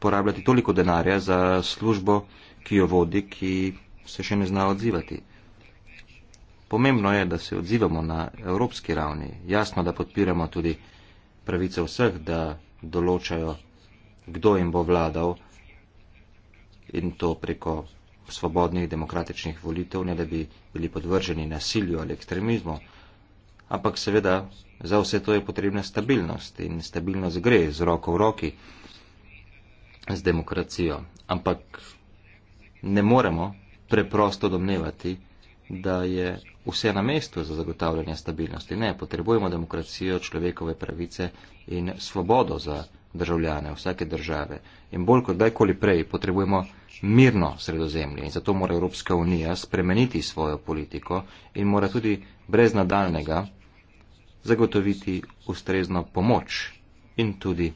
porabljati toliko denarja za službo, ki jo vodi, ki se še ne zna odzivati. Pomembno je, da se odzivamo na evropski ravni. Jasno, da podpiramo tudi pravice vseh, da določajo, kdo jim bo vladal in to preko svobodnih demokratičnih volitev, ne da bi bili podvrženi nasilju ali ekstremizmu, ampak seveda za vse to je potrebna stabilnost in stabilnost gre z roko v roki z demokracijo. Ampak ne moremo preprosto domnevati, da je vse na mestu za zagotavljanje stabilnosti. Ne, potrebujemo demokracijo, človekove pravice in svobodo za državljane vsake države. In bolj kot dajkoli prej potrebujemo mirno sredozemlje in zato mora Evropska unija spremeniti svojo politiko in mora tudi brez nadaljnega zagotoviti ustrezno pomoč in tudi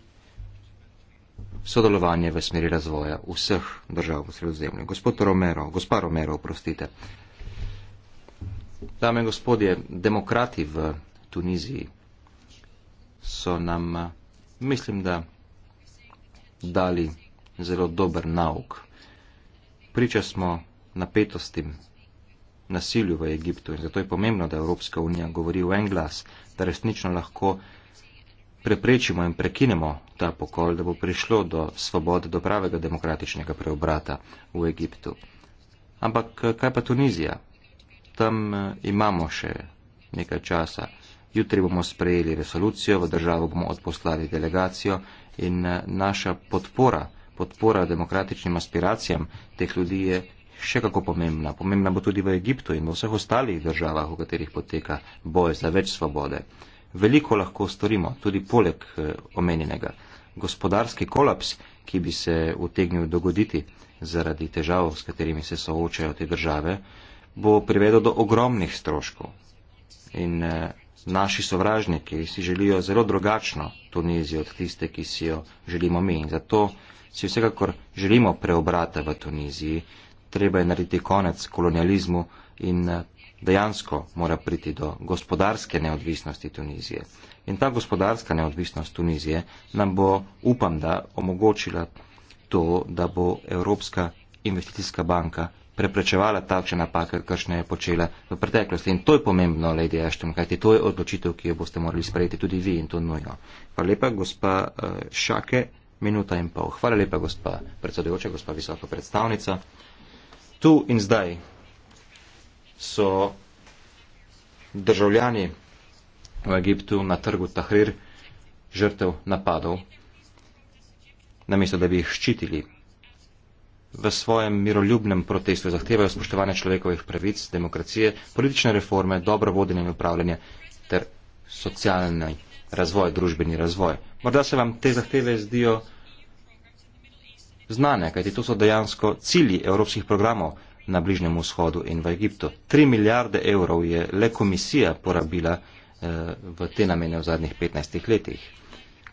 sodelovanje v smeri razvoja vseh držav v sredozemlju. Gospod Romero, gospa Romero, oprostite. Dame in gospodje, demokrati v Tuniziji so nam, mislim, da dali zelo dober nauk priča smo napetostim, nasilju v Egiptu in zato je pomembno, da Evropska unija govori v en glas, da resnično lahko preprečimo in prekinemo ta pokol, da bo prišlo do svobode, do pravega demokratičnega preobrata v Egiptu. Ampak kaj pa Tunizija? Tam eh, imamo še nekaj časa. Jutri bomo sprejeli resolucijo, v državo bomo odposlali delegacijo in eh, naša podpora podpora demokratičnim aspiracijam teh ljudi je še kako pomembna. Pomembna bo tudi v Egiptu in v vseh ostalih državah, v katerih poteka boj za več svobode. Veliko lahko storimo, tudi poleg eh, omenjenega. Gospodarski kolaps, ki bi se utegnil dogoditi zaradi težav, s katerimi se soočajo te države, bo privedel do ogromnih stroškov. In eh, naši sovražniki si želijo zelo drugačno Tunizijo od tiste, ki si jo želimo mi. In zato si vsekakor želimo preobrata v Tuniziji, treba je narediti konec kolonializmu in eh, dejansko mora priti do gospodarske neodvisnosti Tunizije. In ta gospodarska neodvisnost Tunizije nam bo, upam da, omogočila to, da bo Evropska investicijska banka preprečevala takšne napake, kakšne je počela v preteklosti. In to je pomembno, Lady Ashton, kajti to je odločitev, ki jo boste morali sprejeti tudi vi in to nujno. Hvala lepa, gospa uh, Šake minuta in pol. Hvala lepa, gospa predsedujoča, gospa visoka predstavnica. Tu in zdaj so državljani v Egiptu na trgu Tahrir žrtev napadov, namesto da bi jih ščitili. V svojem miroljubnem protestu zahtevajo spoštovanje človekovih pravic, demokracije, politične reforme, dobro vodenje in upravljanje ter socialni razvoj, družbeni razvoj. Morda se vam te zahteve zdijo znane, kajti to so dejansko cilji evropskih programov na Bližnjem vzhodu in v Egiptu. 3 milijarde evrov je le komisija porabila eh, v te namene v zadnjih 15 letih.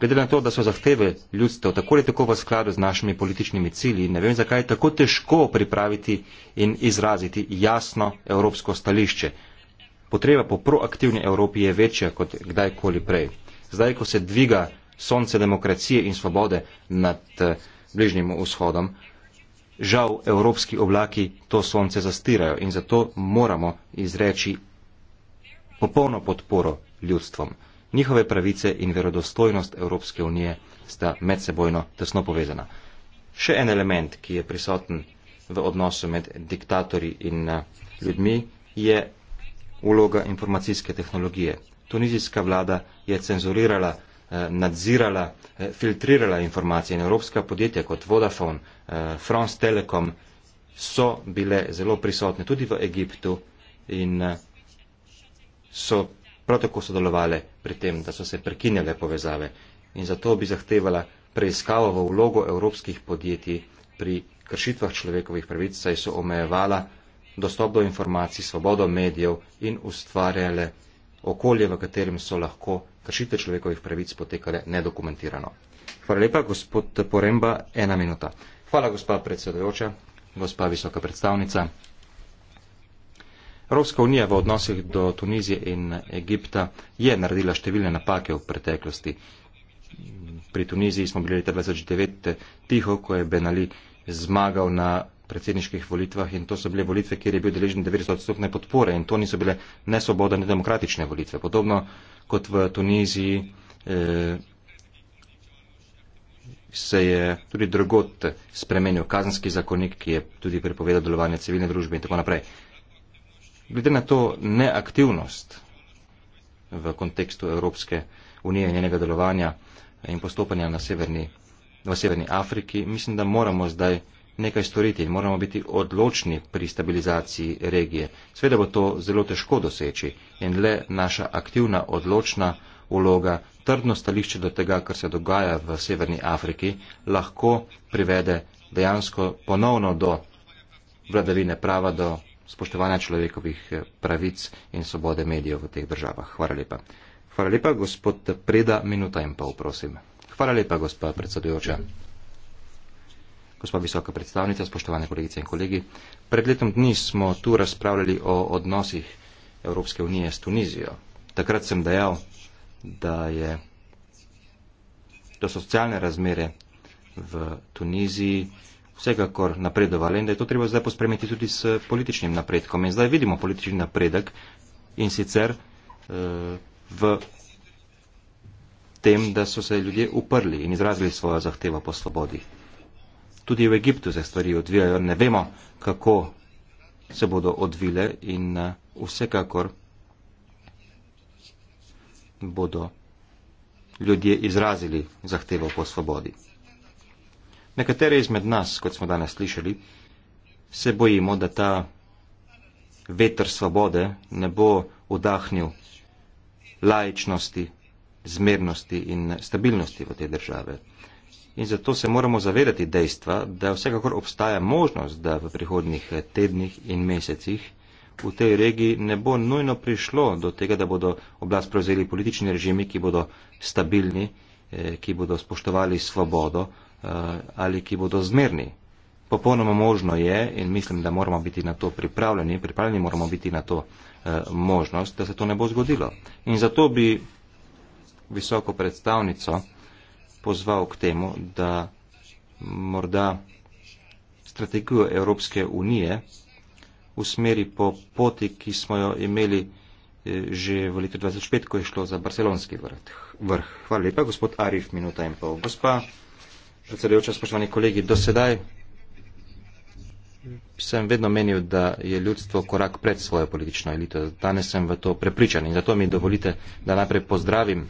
Glede na to, da so zahteve ljudstev tako ali tako v skladu z našimi političnimi cilji, ne vem, zakaj je tako težko pripraviti in izraziti jasno evropsko stališče. Potreba po proaktivni Evropi je večja kot kdajkoli prej zdaj, ko se dviga sonce demokracije in svobode nad eh, bližnjim vzhodom, žal evropski oblaki to sonce zastirajo in zato moramo izreči popolno podporo ljudstvom. Njihove pravice in verodostojnost Evropske unije sta medsebojno tesno povezana. Še en element, ki je prisoten v odnosu med diktatorji in eh, ljudmi, je uloga informacijske tehnologije tunizijska vlada je cenzurirala, eh, nadzirala, eh, filtrirala informacije in evropska podjetja kot Vodafone, eh, France Telecom so bile zelo prisotne tudi v Egiptu in so prav tako sodelovale pri tem, da so se prekinjale povezave in zato bi zahtevala preiskavo v vlogo evropskih podjetij pri kršitvah človekovih pravic, saj so omejevala dostop do informacij, svobodo medijev in ustvarjale okolje, v katerem so lahko kršite človekovih pravic potekale nedokumentirano. Hvala lepa, gospod Poremba, ena minuta. Hvala, gospa predsedujoča, gospa visoka predstavnica. Evropska unija v odnosih do Tunizije in Egipta je naredila številne napake v preteklosti. Pri Tuniziji smo bili leta 2009 tiho, ko je Benali zmagal na predsedniških volitvah in to so bile volitve, kjer je bil deležen 900 odstotne podpore in to niso bile nesvobodne, nedemokratične volitve. Podobno kot v Tuniziji eh, se je tudi drugot spremenil kazenski zakonik, ki je tudi prepovedal delovanje civilne družbe in tako naprej. Glede na to neaktivnost v kontekstu Evropske unije in njenega delovanja in postopanja na severni, v Severni Afriki, mislim, da moramo zdaj nekaj storiti in moramo biti odločni pri stabilizaciji regije. Sveda bo to zelo težko doseči in le naša aktivna, odločna vloga, trdno stališče do tega, kar se dogaja v Severni Afriki, lahko privede dejansko ponovno do vladavine prava, do spoštovanja človekovih eh, pravic in svobode medijev v teh državah. Hvala lepa. Hvala lepa, gospod Preda, minuta in pol, prosim. Hvala lepa, gospod predsedujoča gospa visoka predstavnica, spoštovane kolegice in kolegi. Pred letom dni smo tu razpravljali o odnosih Evropske unije s Tunizijo. Takrat sem dejal, da, je, da so socialne razmere v Tuniziji vsekakor napredovali in da je to treba zdaj pospremiti tudi s političnim napredkom. In zdaj vidimo politični napredek in sicer uh, v tem, da so se ljudje uprli in izrazili svojo zahtevo po svobodi tudi v Egiptu se stvari odvijajo, ne vemo, kako se bodo odvile in eh, vsekakor bodo ljudje izrazili zahtevo po svobodi. Nekateri izmed nas, kot smo danes slišali, se bojimo, da ta veter svobode ne bo vdahnil laičnosti, zmernosti in stabilnosti v te države. In zato se moramo zavedati dejstva, da vsekakor obstaja možnost, da v prihodnih tednih in mesecih v tej regiji ne bo nujno prišlo do tega, da bodo oblast prevzeli politični režimi, ki bodo stabilni, eh, ki bodo spoštovali svobodo eh, ali ki bodo zmerni. Popolnoma možno je in mislim, da moramo biti na to pripravljeni, pripravljeni moramo biti na to eh, možnost, da se to ne bo zgodilo. In zato bi visoko predstavnico pozval k temu, da morda strategijo Evropske unije usmeri po poti, ki smo jo imeli eh, že v letu 2005, ko je šlo za barcelonski vrh. Hvala lepa, gospod Arif, minuta in pol. Gospa predsedujoča, spoštovani kolegi, do sedaj sem vedno menil, da je ljudstvo korak pred svojo politično elito. Danes sem v to prepričan in zato mi dovolite, da najprej pozdravim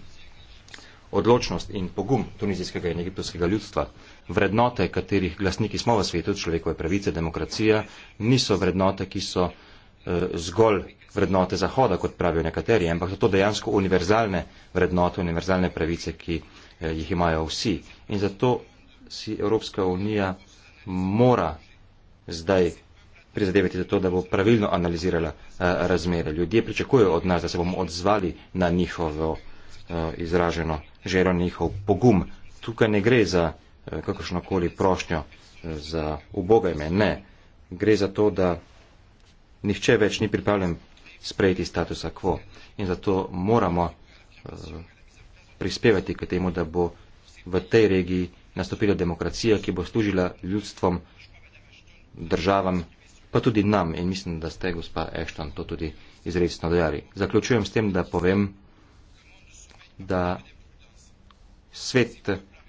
odločnost in pogum tunizijskega in egiptovskega ljudstva, vrednote, katerih glasniki smo v svetu, človekove pravice, demokracija, niso vrednote, ki so eh, zgolj vrednote Zahoda, kot pravijo nekateri, ampak so to dejansko univerzalne vrednote, univerzalne pravice, ki eh, jih imajo vsi. In zato si Evropska unija mora zdaj prizadevati za to, da bo pravilno analizirala eh, razmere. Ljudje pričakujejo od nas, da se bomo odzvali na njihovo eh, izraženo željo njihov pogum. Tukaj ne gre za eh, kakršnokoli prošnjo eh, za uboga ime, ne. Gre za to, da nihče več ni pripravljen sprejeti statusa quo in zato moramo eh, prispevati k temu, da bo v tej regiji nastopila demokracija, ki bo služila ljudstvom, državam, pa tudi nam in mislim, da ste, gospa Ešton, to tudi izredno dejali. Zaključujem s tem, da povem, da svet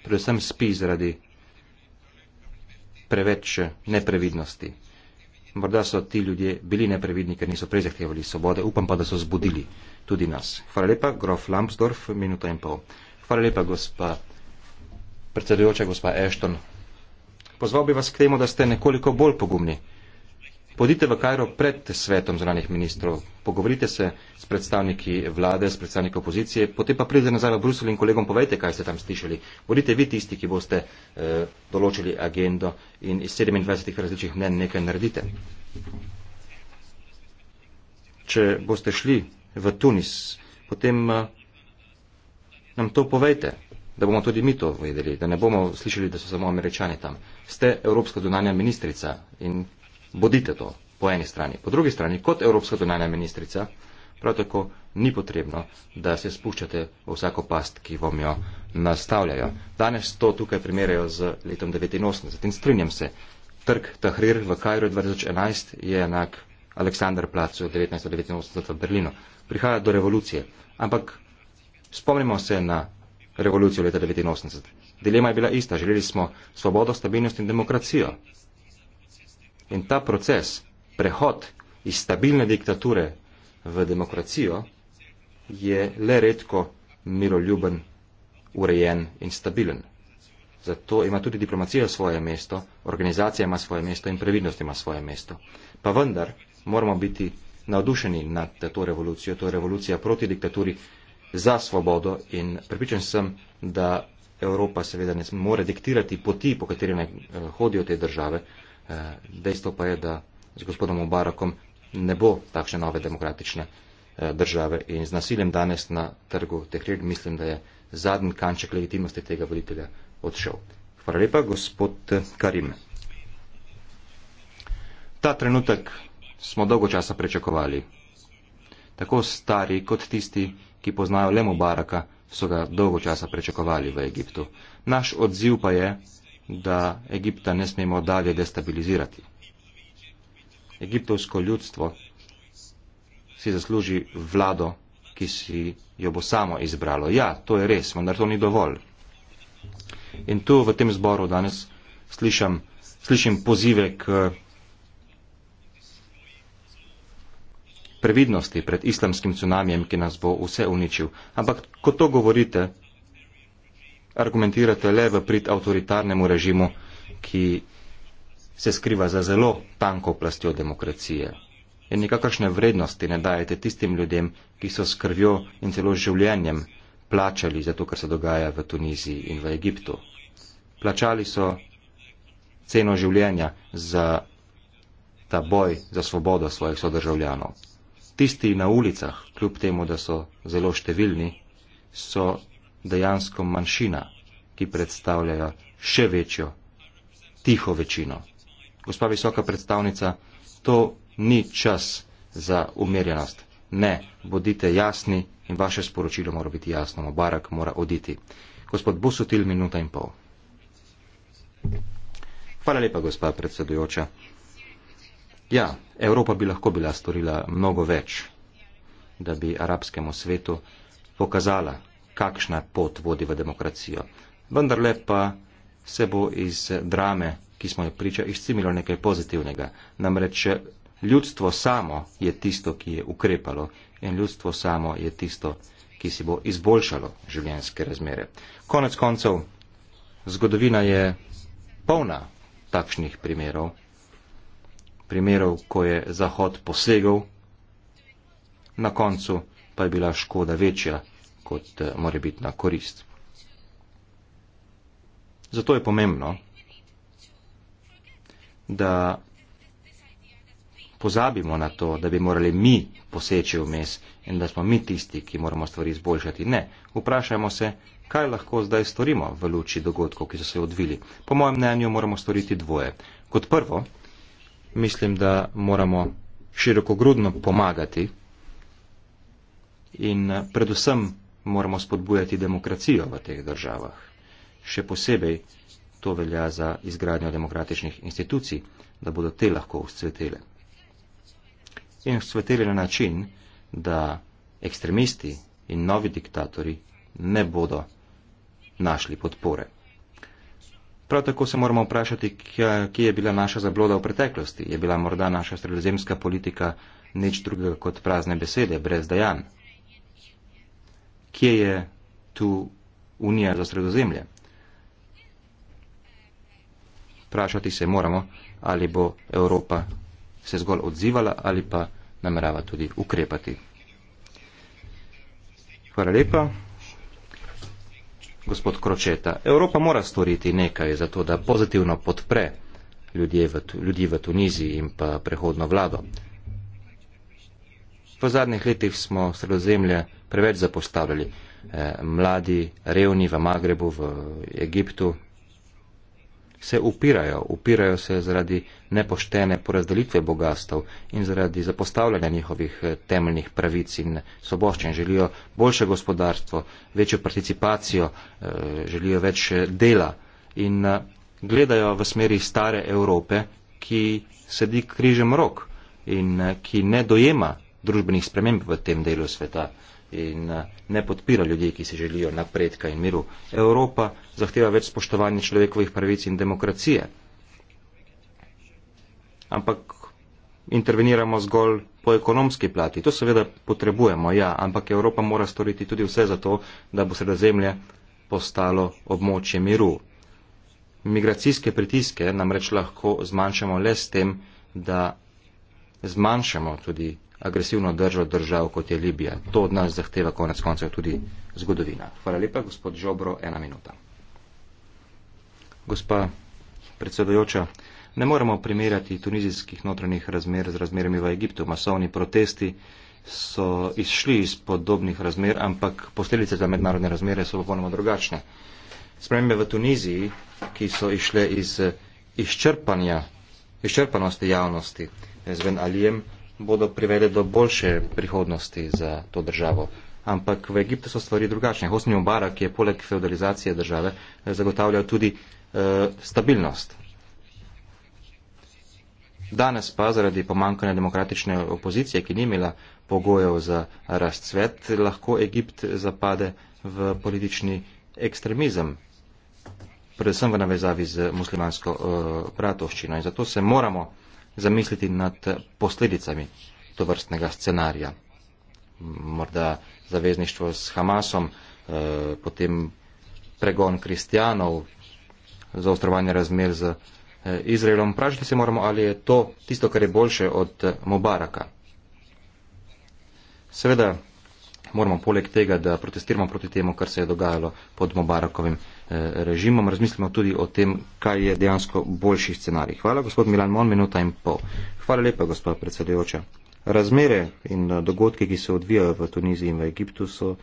predvsem spi zaradi preveč neprevidnosti. Morda so ti ljudje bili neprevidni, ker niso prezahtevali svobode, upam pa, da so zbudili tudi nas. Hvala lepa, grof Lambsdorff, minuta in pol. Hvala lepa, gospa predsedujoča, gospa Ashton. Pozval bi vas k temu, da ste nekoliko bolj pogumni. Pojdite v Kajro pred svetom zranih ministrov, pogovorite se s predstavniki vlade, s predstavniki opozicije, potem pa pridite nazaj v Bruselj in kolegom povejte, kaj ste tam slišali. Bodite vi tisti, ki boste eh, določili agendo in iz 27 različnih mnen nekaj naredite. Če boste šli v Tunis, potem eh, nam to povejte, da bomo tudi mi to vedeli, da ne bomo slišali, da so samo američani tam. Ste evropska zunanja ministrica in bodite to po eni strani. Po drugi strani, kot Evropska donajna ministrica, prav tako ni potrebno, da se spuščate v vsako past, ki vam jo nastavljajo. Danes to tukaj primerjajo z letom 1989 in strinjam se. Trg Tahrir v Kajru 2011 je enak Aleksandr Placu 1989 v Berlinu. Prihaja do revolucije, ampak spomnimo se na revolucijo leta 1989. Dilema je bila ista, želeli smo svobodo, stabilnost in demokracijo. In ta proces, prehod iz stabilne diktature v demokracijo, je le redko miroljuben, urejen in stabilen. Zato ima tudi diplomacija svoje mesto, organizacija ima svoje mesto in previdnost ima svoje mesto. Pa vendar moramo biti navdušeni nad to revolucijo, to je revolucija proti diktaturi za svobodo in pripričan sem, da Evropa seveda ne more diktirati poti, po kateri ne eh, hodijo te države, Eh, dejstvo pa je, da z gospodom Mubarakom ne bo takšne nove demokratične eh, države in z nasiljem danes na trgu Tehrir mislim, da je zadnji kanček legitimnosti tega voditelja odšel. Hvala lepa, gospod Karim. Ta trenutek smo dolgo časa prečakovali. Tako stari kot tisti, ki poznajo le Mubaraka, so ga dolgo časa prečakovali v Egiptu. Naš odziv pa je, da Egipta ne smemo dalje destabilizirati. Egiptovsko ljudstvo si zasluži vlado, ki si jo bo samo izbralo. Ja, to je res, vendar to ni dovolj. In tu v tem zboru danes slišam, slišim pozive k previdnosti pred islamskim tsunamijem, ki nas bo vse uničil. Ampak, ko to govorite, argumentirate le v prid avtoritarnemu režimu, ki se skriva za zelo tanko plastjo demokracije. In nikakršne vrednosti ne dajete tistim ljudem, ki so s krvjo in celo življenjem plačali za to, kar se dogaja v Tuniziji in v Egiptu. Plačali so ceno življenja za ta boj za svobodo svojih sodržavljanov. Tisti na ulicah, kljub temu, da so zelo številni, so dejansko manjšina, ki predstavljajo še večjo tiho večino. Gospa visoka predstavnica, to ni čas za umirjenost. Ne, bodite jasni in vaše sporočilo mora biti jasno. Mubarak mora oditi. Gospod Busutil, minuta in pol. Hvala lepa, gospa predsedujoča. Ja, Evropa bi lahko bila storila mnogo več, da bi arabskemu svetu pokazala, kakšna pot vodi v demokracijo. Vendar le pa se bo iz drame, ki smo jo priča, izcimilo nekaj pozitivnega. Namreč ljudstvo samo je tisto, ki je ukrepalo in ljudstvo samo je tisto, ki si bo izboljšalo življenjske razmere. Konec koncev, zgodovina je polna takšnih primerov, primerov, ko je Zahod posegal, na koncu pa je bila škoda večja kot eh, mora biti na korist. Zato je pomembno, da pozabimo na to, da bi morali mi poseči vmes in da smo mi tisti, ki moramo stvari izboljšati. Ne, vprašajmo se, kaj lahko zdaj storimo v luči dogodkov, ki so se odvili. Po mojem mnenju moramo storiti dvoje. Kot prvo, mislim, da moramo širokogrudno pomagati in eh, predvsem moramo spodbujati demokracijo v teh državah. Še posebej to velja za izgradnjo demokratičnih institucij, da bodo te lahko vzcvetele. In vzcvetele na način, da ekstremisti in novi diktatori ne bodo našli podpore. Prav tako se moramo vprašati, kje je bila naša zabloda v preteklosti. Je bila morda naša sredozemska politika nič drugega kot prazne besede, brez dejanj kje je tu unija za sredozemlje. Prašati se moramo, ali bo Evropa se zgolj odzivala ali pa namerava tudi ukrepati. Hvala lepa, gospod Kročeta. Evropa mora storiti nekaj za to, da pozitivno podpre ljudi v Tuniziji in pa prehodno vlado. V zadnjih letih smo sredozemlje preveč zapostavljali. Eh, mladi, revni v Magrebu, v Egiptu se upirajo, upirajo se zaradi nepoštene porazdelitve bogastav in zaradi zapostavljanja njihovih eh, temeljnih pravic in soboščen. Želijo boljše gospodarstvo, večjo participacijo, eh, želijo več dela in gledajo v smeri stare Evrope, ki sedi križem rok in ki ne dojema družbenih sprememb v tem delu sveta in eh, ne podpira ljudi, ki si želijo napredka in miru. Evropa zahteva več spoštovanja človekovih pravic in demokracije. Ampak interveniramo zgolj po ekonomski plati. To seveda potrebujemo, ja, ampak Evropa mora storiti tudi vse za to, da bo sredozemlje postalo območje miru. Migracijske pritiske namreč lahko zmanjšamo le s tem, da zmanjšamo tudi agresivno držo držav, kot je Libija. To od nas zahteva konec koncev tudi zgodovina. Hvala lepa, gospod Žobro, ena minuta. Gospa predsedojoča, ne moremo primerjati tunizijskih notranjih razmer z razmerami v Egiptu. Masovni protesti so izšli iz podobnih razmer, ampak posledice za mednarodne razmere so popolnoma drugačne. Spremembe v Tuniziji, ki so išle iz izčrpanja, izčrpanosti javnosti eh, z Ben Alijem, bodo privede do boljše prihodnosti za to državo. Ampak v Egiptu so stvari drugačne. Hosni Mubarak je poleg feudalizacije države eh, zagotavljal tudi uh, stabilnost. Danes pa zaradi pomankanja demokratične opozicije, ki ni imela pogojev za razcvet, lahko Egipt zapade v politični ekstremizem, predvsem v navezavi z muslimansko uh, eh, bratovščino. In zato se moramo zamisliti nad posledicami tovrstnega scenarija. Morda zavezništvo s Hamasom, eh, potem pregon kristijanov, zaostrovanje razmer z eh, Izraelom. Vprašati se moramo, ali je to tisto, kar je boljše od eh, Mubaraka. Seveda moramo poleg tega, da protestiramo proti temu, kar se je dogajalo pod Mubarakovim Eh, režimom, razmislimo tudi o tem, kaj je dejansko boljši scenarij. Hvala, gospod Milan Mon, minuta in pol. Hvala lepa, gospod predsedujoča. Razmere in eh, dogodke, ki se odvijajo v Tuniziji in v Egiptu, so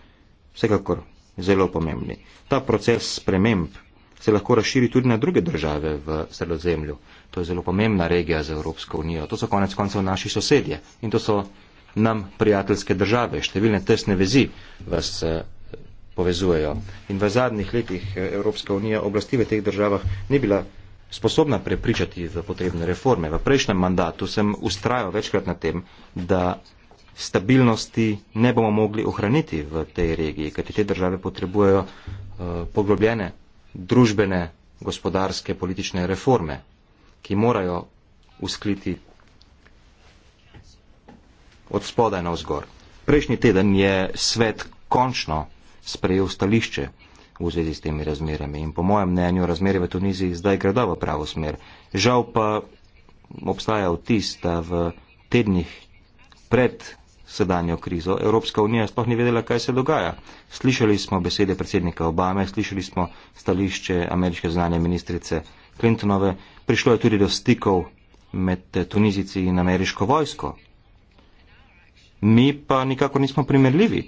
vsekakor zelo pomembni. Ta proces sprememb se lahko razširi tudi na druge države v sredozemlju. To je zelo pomembna regija za Evropsko unijo. To so konec koncev naši sosedje in to so nam prijateljske države. Številne tesne vezi vas eh, povezujejo. In v zadnjih letih eh, Evropska unija oblasti v teh državah ni bila sposobna prepričati v potrebne reforme. V prejšnjem mandatu sem ustrajal večkrat na tem, da stabilnosti ne bomo mogli ohraniti v tej regiji, kajti te države potrebujejo uh, poglobljene družbene, gospodarske, politične reforme, ki morajo uskliti od spodaj na vzgor. Prejšnji teden je svet končno sprejel stališče v zvezi s temi razmerami. In po mojem mnenju razmere v Tuniziji zdaj gredo v pravo smer. Žal pa obstaja vtis, da v tednih pred sedanjo krizo Evropska unija sploh ni vedela, kaj se dogaja. Slišali smo besede predsednika Obame, slišali smo stališče ameriške znanje ministrice Clintonove, prišlo je tudi do stikov med Tunizici in ameriško vojsko. Mi pa nikako nismo primerljivi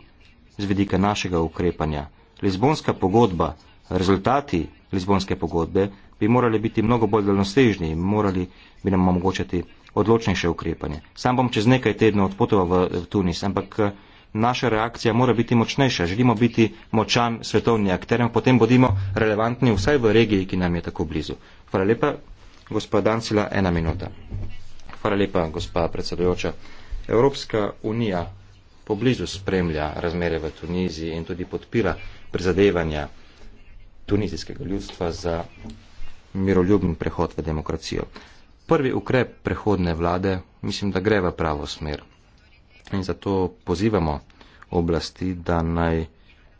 z vedika našega ukrepanja. Lizbonska pogodba, rezultati Lizbonske pogodbe bi morali biti mnogo bolj delnostežni in morali bi nam omogočati odločnejše ukrepanje. Sam bom čez nekaj tednov odpotoval v, v Tunis, ampak eh, naša reakcija mora biti močnejša. Želimo biti močan svetovni akter in potem bodimo relevantni vsaj v regiji, ki nam je tako blizu. Hvala lepa, gospa Dancila, ena minuta. Hvala lepa, gospa predsedujoča. Evropska unija poblizu spremlja razmere v Tuniziji in tudi podpira prizadevanja tunizijskega ljudstva za miroljubni prehod v demokracijo. Prvi ukrep prehodne vlade mislim, da gre v pravo smer. In zato pozivamo oblasti, da naj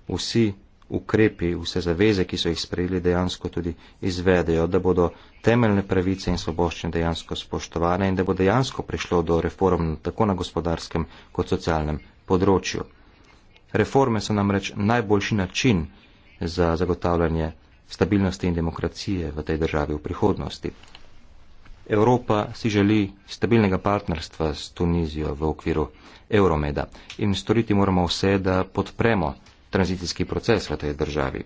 vsi ukrepi, vse zaveze, ki so jih sprejeli, dejansko tudi izvedejo, da bodo temeljne pravice in svoboščine dejansko spoštovane in da bo dejansko prišlo do reform tako na gospodarskem kot socialnem področju. Reforme so namreč najboljši način za zagotavljanje stabilnosti in demokracije v tej državi v prihodnosti. Evropa si želi stabilnega partnerstva s Tunizijo v okviru Euromeda in storiti moramo vse, da podpremo tranzicijski proces v tej državi.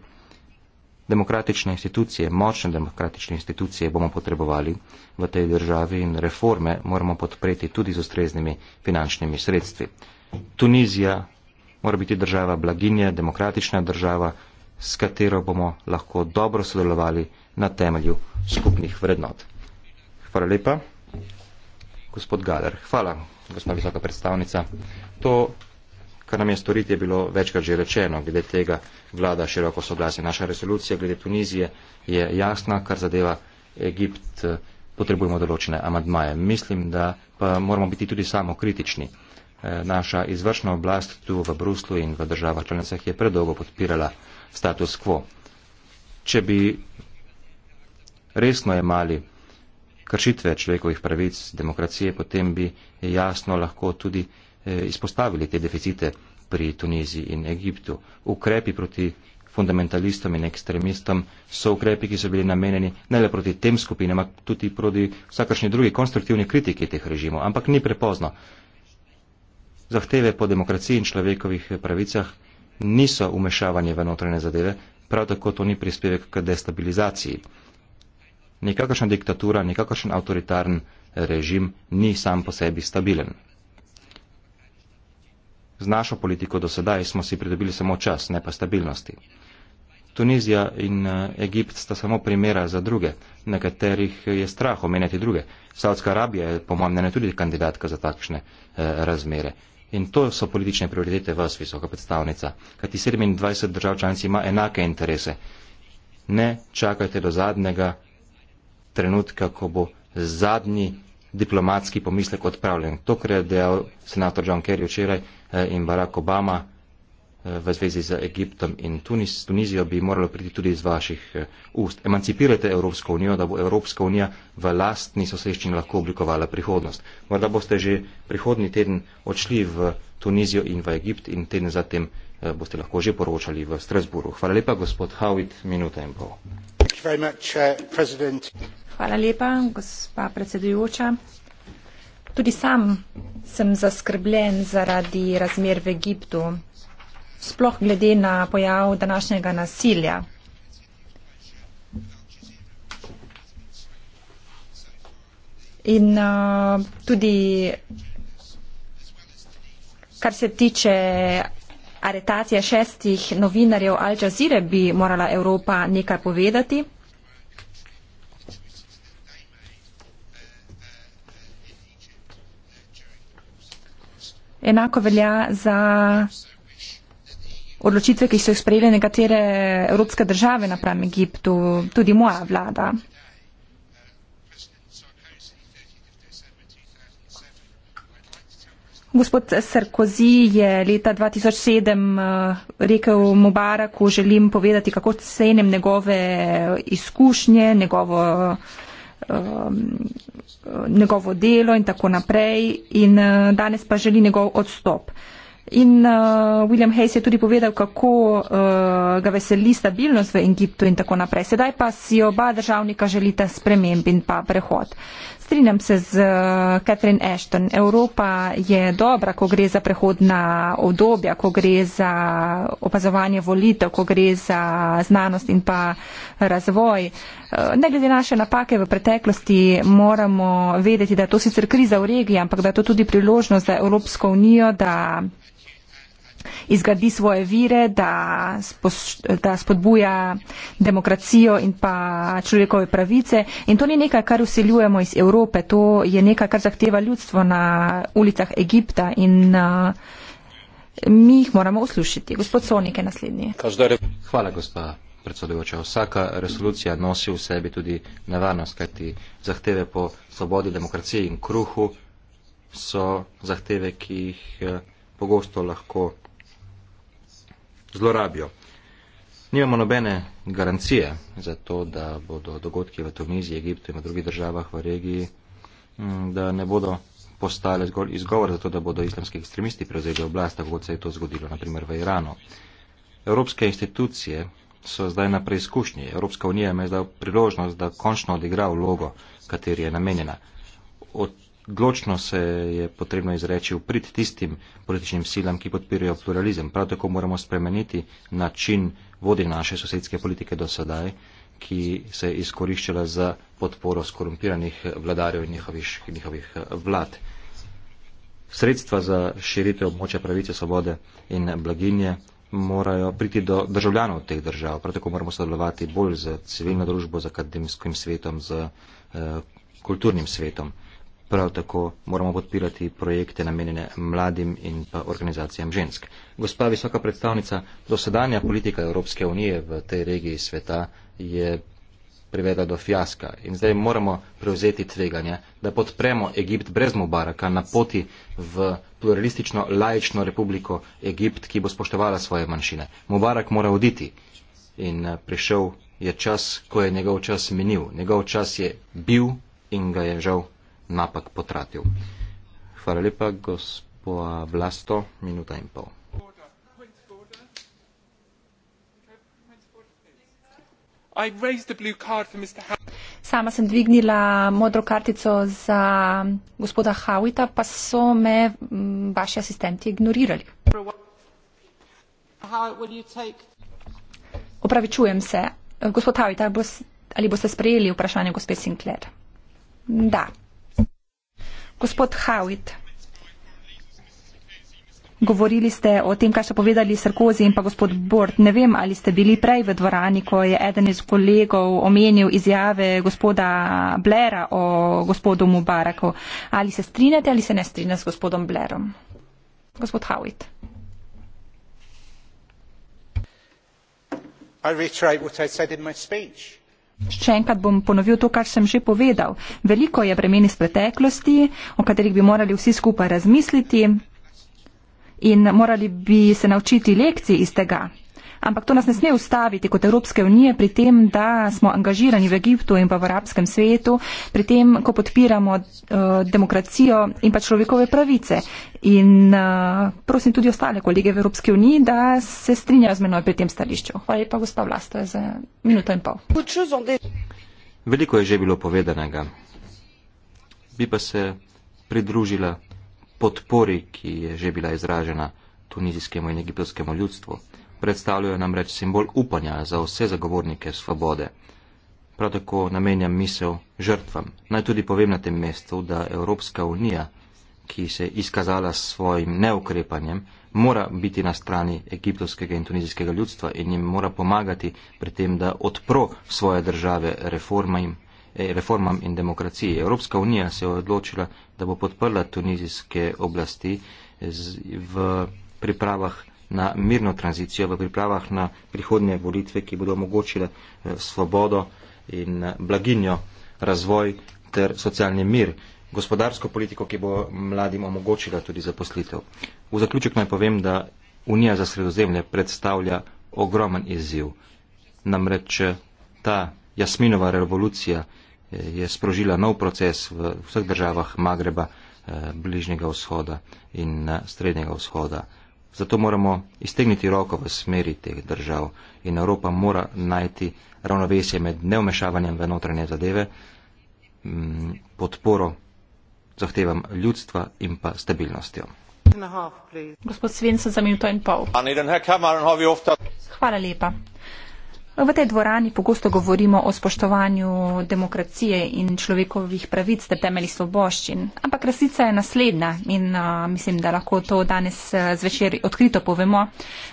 Demokratične institucije, močne demokratične institucije bomo potrebovali v tej državi in reforme moramo podpreti tudi z ustreznimi finančnimi sredstvi. Tunizija mora biti država blaginje, demokratična država, s katero bomo lahko dobro sodelovali na temelju skupnih vrednot. Hvala lepa, gospod Galer. Hvala, gospod visoka predstavnica. To, kar nam je storiti, je bilo večkrat že rečeno, glede tega vlada široko soglasje. Naša resolucija glede Tunizije je jasna, kar zadeva Egipt, potrebujemo določene amadmaje. Mislim, da pa moramo biti tudi samo kritični. Eh, naša izvršna oblast tu v Bruslu in v državah članicah je predolgo podpirala status quo. Če bi resno imali kršitve človekovih pravic, demokracije, potem bi jasno lahko tudi eh, izpostavili te deficite pri Tuniziji in Egiptu. Ukrepi proti fundamentalistom in ekstremistom so ukrepi, ki so bili namenjeni ne le proti tem skupinam, ampak tudi proti vsakršni drugi konstruktivni kritiki teh režimov. Ampak ni prepozno zahteve po demokraciji in človekovih pravicah niso umešavanje v notranje zadeve, prav tako to ni prispevek k destabilizaciji. Nikakršna diktatura, nikakršen avtoritarn režim ni sam po sebi stabilen. Z našo politiko do sedaj smo si pridobili samo čas, ne pa stabilnosti. Tunizija in eh, Egipt sta samo primera za druge, nekaterih je strah omenjati druge. Saudska Arabija je po mojem mnenju tudi kandidatka za takšne eh, razmere. In to so politične prioritete vas, visoka predstavnica. Kajti 27 držav članic ima enake interese. Ne čakajte do zadnjega trenutka, ko bo zadnji diplomatski pomislek odpravljen. To, kar je dejal senator John Kerry včeraj eh, in Barack Obama, v zvezi z Egiptom in Tunis, Tunizijo bi moralo priti tudi iz vaših eh, ust. Emancipirajte Evropsko unijo, da bo Evropska unija v lastni soseščini lahko oblikovala prihodnost. Morda boste že prihodni teden odšli v Tunizijo in v Egipt in teden zatem eh, boste lahko že poročali v Strasburu. Hvala lepa, gospod Howitt, minuta in pol. Much, uh, Hvala lepa, gospa predsedujoča. Tudi sam sem zaskrbljen zaradi razmer v Egiptu sploh glede na pojav današnjega nasilja. In uh, tudi, kar se tiče aretacije šestih novinarjev Al Jazeera, bi morala Evropa nekaj povedati. Enako velja za odločitve, ki so jih sprejeli nekatere evropske države napram Egiptu, tudi moja vlada. Gospod Sarkozy je leta 2007 eh, rekel Mubaraku, želim povedati, kako cenim njegove izkušnje, njegovo, eh, njegovo delo in tako naprej. In eh, danes pa želi njegov odstop. In uh, William Hayes je tudi povedal, kako uh, ga veseli stabilnost v Egiptu in tako naprej. Sedaj pa si oba državnika želita sprememb in pa prehod. Strinjam se z uh, Catherine Ashton. Evropa je dobra, ko gre za prehodna obdobja, ko gre za opazovanje volitev, ko gre za znanost in pa razvoj. Uh, ne glede naše napake v preteklosti, moramo vedeti, da je to sicer kriza v regiji, ampak da je to tudi priložnost za Evropsko unijo, da izgradi svoje vire, da, spoš, da spodbuja demokracijo in pa človekove pravice. In to ni nekaj, kar usiljujemo iz Evrope, to je nekaj, kar zahteva ljudstvo na ulicah Egipta in uh, mi jih moramo uslušiti. Gospod Sonike, naslednji. Hvala, gospa. Predsedujoča, vsaka resolucija nosi v sebi tudi nevarnost, kajti zahteve po svobodi, demokraciji in kruhu so zahteve, ki jih eh, pogosto lahko zlorabijo. Nimamo nobene garancije za to, da bodo dogodki v Tuniziji, Egiptu in v drugih državah v regiji, mm, da ne bodo postale zgolj izgovor za to, da bodo islamski ekstremisti prevzeli oblast, tako kot se je to zgodilo naprimer v Iranu. Evropske institucije so zdaj na preizkušnji. Evropska unija ima zdaj priložnost, da končno odigra vlogo, kateri je namenjena. Od Gločno se je potrebno izreči uprit tistim političnim silam, ki podpirajo pluralizem. Prav tako moramo spremeniti način vodi naše sosedske politike do sedaj, ki se je izkoriščala za podporo skorumpiranih vladarjev in njihovih, njihovih eh, vlad. Sredstva za širitev območja pravice, svobode in blaginje morajo priti do državljanov teh držav. Prav tako moramo sodelovati bolj z civilno družbo, z akademskim svetom, z eh, kulturnim svetom. Prav tako moramo podpirati projekte namenjene mladim in pa organizacijam žensk. Gospa visoka predstavnica, dosedanja politika Evropske unije v tej regiji sveta je privedla do fjaska in zdaj moramo prevzeti tveganje, da podpremo Egipt brez Mubaraka na poti v pluralistično laično republiko Egipt, ki bo spoštovala svoje manjšine. Mubarak mora oditi in eh, prišel je čas, ko je njegov čas minil. Njegov čas je bil in ga je žal napak potratil. Hvala lepa, gospoda Vlasto, minuta in pol. Sama sem dvignila modro kartico za gospoda Hawita, pa so me mm, vaši asistenti ignorirali. Opravičujem se. Gospod Hawita, ali boste sprejeli vprašanje gospe Sinclair? Da. Gospod Howitt. Govorili ste o tem, kaj so povedali Sarkozi in pa gospod Bord. Ne vem, ali ste bili prej v dvorani, ko je eden iz kolegov omenil izjave gospoda Blera o gospodu Mubaraku. Ali se strinjate ali se ne strinjate s gospodom Blerom? Gospod Howitt. I reiterate what I said in my speech. Še enkrat bom ponovil to, kar sem že povedal. Veliko je bremen iz preteklosti, o katerih bi morali vsi skupaj razmisliti in morali bi se naučiti lekcije iz tega ampak to nas ne sme ustaviti kot Evropske unije pri tem, da smo angažirani v Egiptu in pa v arabskem svetu, pri tem, ko podpiramo uh, demokracijo in pa človekove pravice. In uh, prosim tudi ostale kolege v Evropski uniji, da se strinjajo z menoj pri tem stališču. Hvala lepa, gospa Vlasta, za minuto in pol. Veliko je že bilo povedanega. Bi pa se pridružila podpori, ki je že bila izražena tunizijskemu in egiptovskemu ljudstvu predstavljajo namreč simbol upanja za vse zagovornike svobode. Prav tako namenjam misel žrtvam. Naj tudi povem na tem mestu, da Evropska unija, ki se je izkazala s svojim neukrepanjem, mora biti na strani egiptovskega in tunizijskega ljudstva in jim mora pomagati pri tem, da odpro svoje države reformam, eh, reformam in demokraciji. Evropska unija se je odločila, da bo podprla tunizijske oblasti z, v pripravah na mirno tranzicijo, v pripravah na prihodnje volitve, ki bodo omogočile eh, svobodo in eh, blaginjo, razvoj ter socialni mir, gospodarsko politiko, ki bo mladim omogočila tudi zaposlitev. V zaključek naj povem, da Unija za sredozemlje predstavlja ogromen izziv. Namreč eh, ta jasminova revolucija je sprožila nov proces v vseh državah Magreba, Bližnjega vzhoda in Srednjega vzhoda. Zato moramo iztegniti roko v smeri teh držav in Evropa mora najti ravnovesje med neomešavanjem v notranje zadeve, mm, podporo zahtevam ljudstva in pa stabilnostjo. Gospod Svensa, za minuto in pol. Hvala lepa. V tej dvorani pogosto govorimo o spoštovanju demokracije in človekovih pravic ter temeljih svoboščin. Ampak resnica je naslednja in a, mislim, da lahko to danes zvečer odkrito povemo,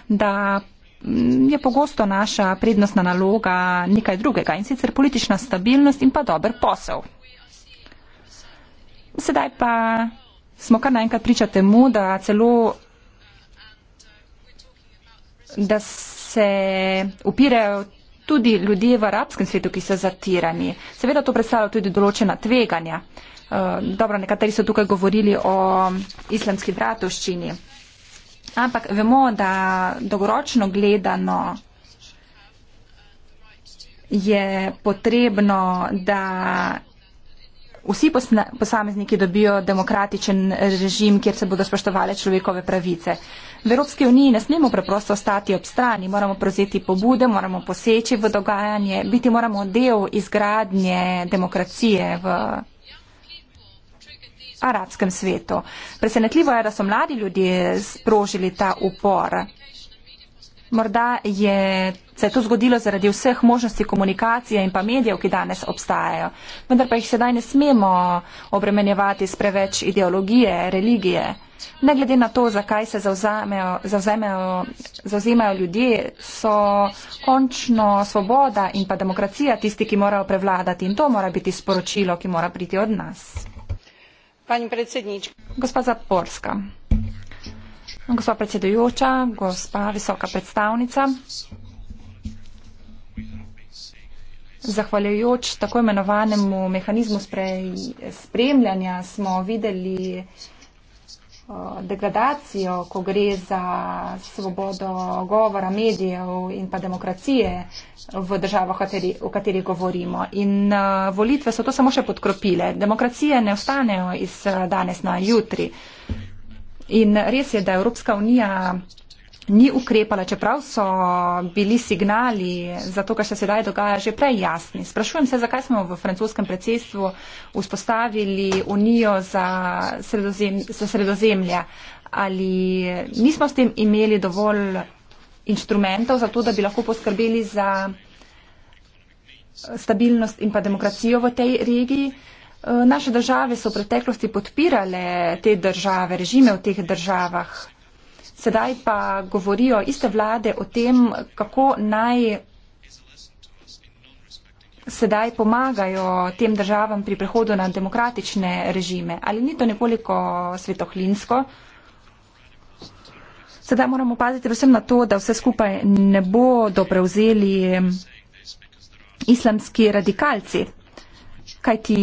da je pogosto naša prednostna naloga nekaj drugega in sicer politična stabilnost in pa dober posel. Sedaj pa smo kar naenkrat priča temu, da celo da se upirajo tudi ljudje v arabskem svetu, ki so zatirani. Seveda to predstavlja tudi določena tveganja. Eh, dobro, nekateri so tukaj govorili o islamski bratovščini. Ampak vemo, da dolgoročno gledano je potrebno, da vsi posamezniki dobijo demokratičen režim, kjer se bodo spoštovale človekove pravice. V Evropski uniji ne smemo preprosto ostati ob strani, moramo prevzeti pobude, moramo poseči v dogajanje, biti moramo del izgradnje demokracije v arabskem svetu. Presenetljivo je, da so mladi ljudje sprožili ta upor. Morda je, se je to zgodilo zaradi vseh možnosti komunikacije in pa medijev, ki danes obstajajo, vendar pa jih sedaj ne smemo obremenjevati s preveč ideologije, religije. Ne glede na to, zakaj se zauzamejo, zauzamejo, zauzemajo ljudje, so končno svoboda in pa demokracija tisti, ki morajo prevladati in to mora biti sporočilo, ki mora priti od nas. Gospa Zaporska. Gospa predsedujoča, gospa visoka predstavnica, zahvaljujoč tako imenovanemu mehanizmu spremljanja smo videli uh, degradacijo, ko gre za svobodo govora medijev in pa demokracije v državah, o katerih govorimo. In uh, volitve so to samo še podkropile. Demokracije ne ostanejo iz uh, danes na jutri. In res je, da Evropska unija ni ukrepala, čeprav so bili signali za to, kar se sedaj dogaja, že prej jasni. Sprašujem se, zakaj smo v francoskem predsedstvu vzpostavili unijo za, sredozem, za sredozemlje. Ali nismo s tem imeli dovolj inštrumentov za to, da bi lahko poskrbeli za stabilnost in pa demokracijo v tej regiji. Eh, naše države so v preteklosti podpirale te države, režime v teh državah. Sedaj pa govorijo iste vlade o tem, kako naj sedaj pomagajo tem državam pri prehodu na demokratične režime. Ali ni to nekoliko svetohlinsko? Sedaj moramo paziti vsem na to, da vse skupaj ne bodo prevzeli islamski radikalci kajti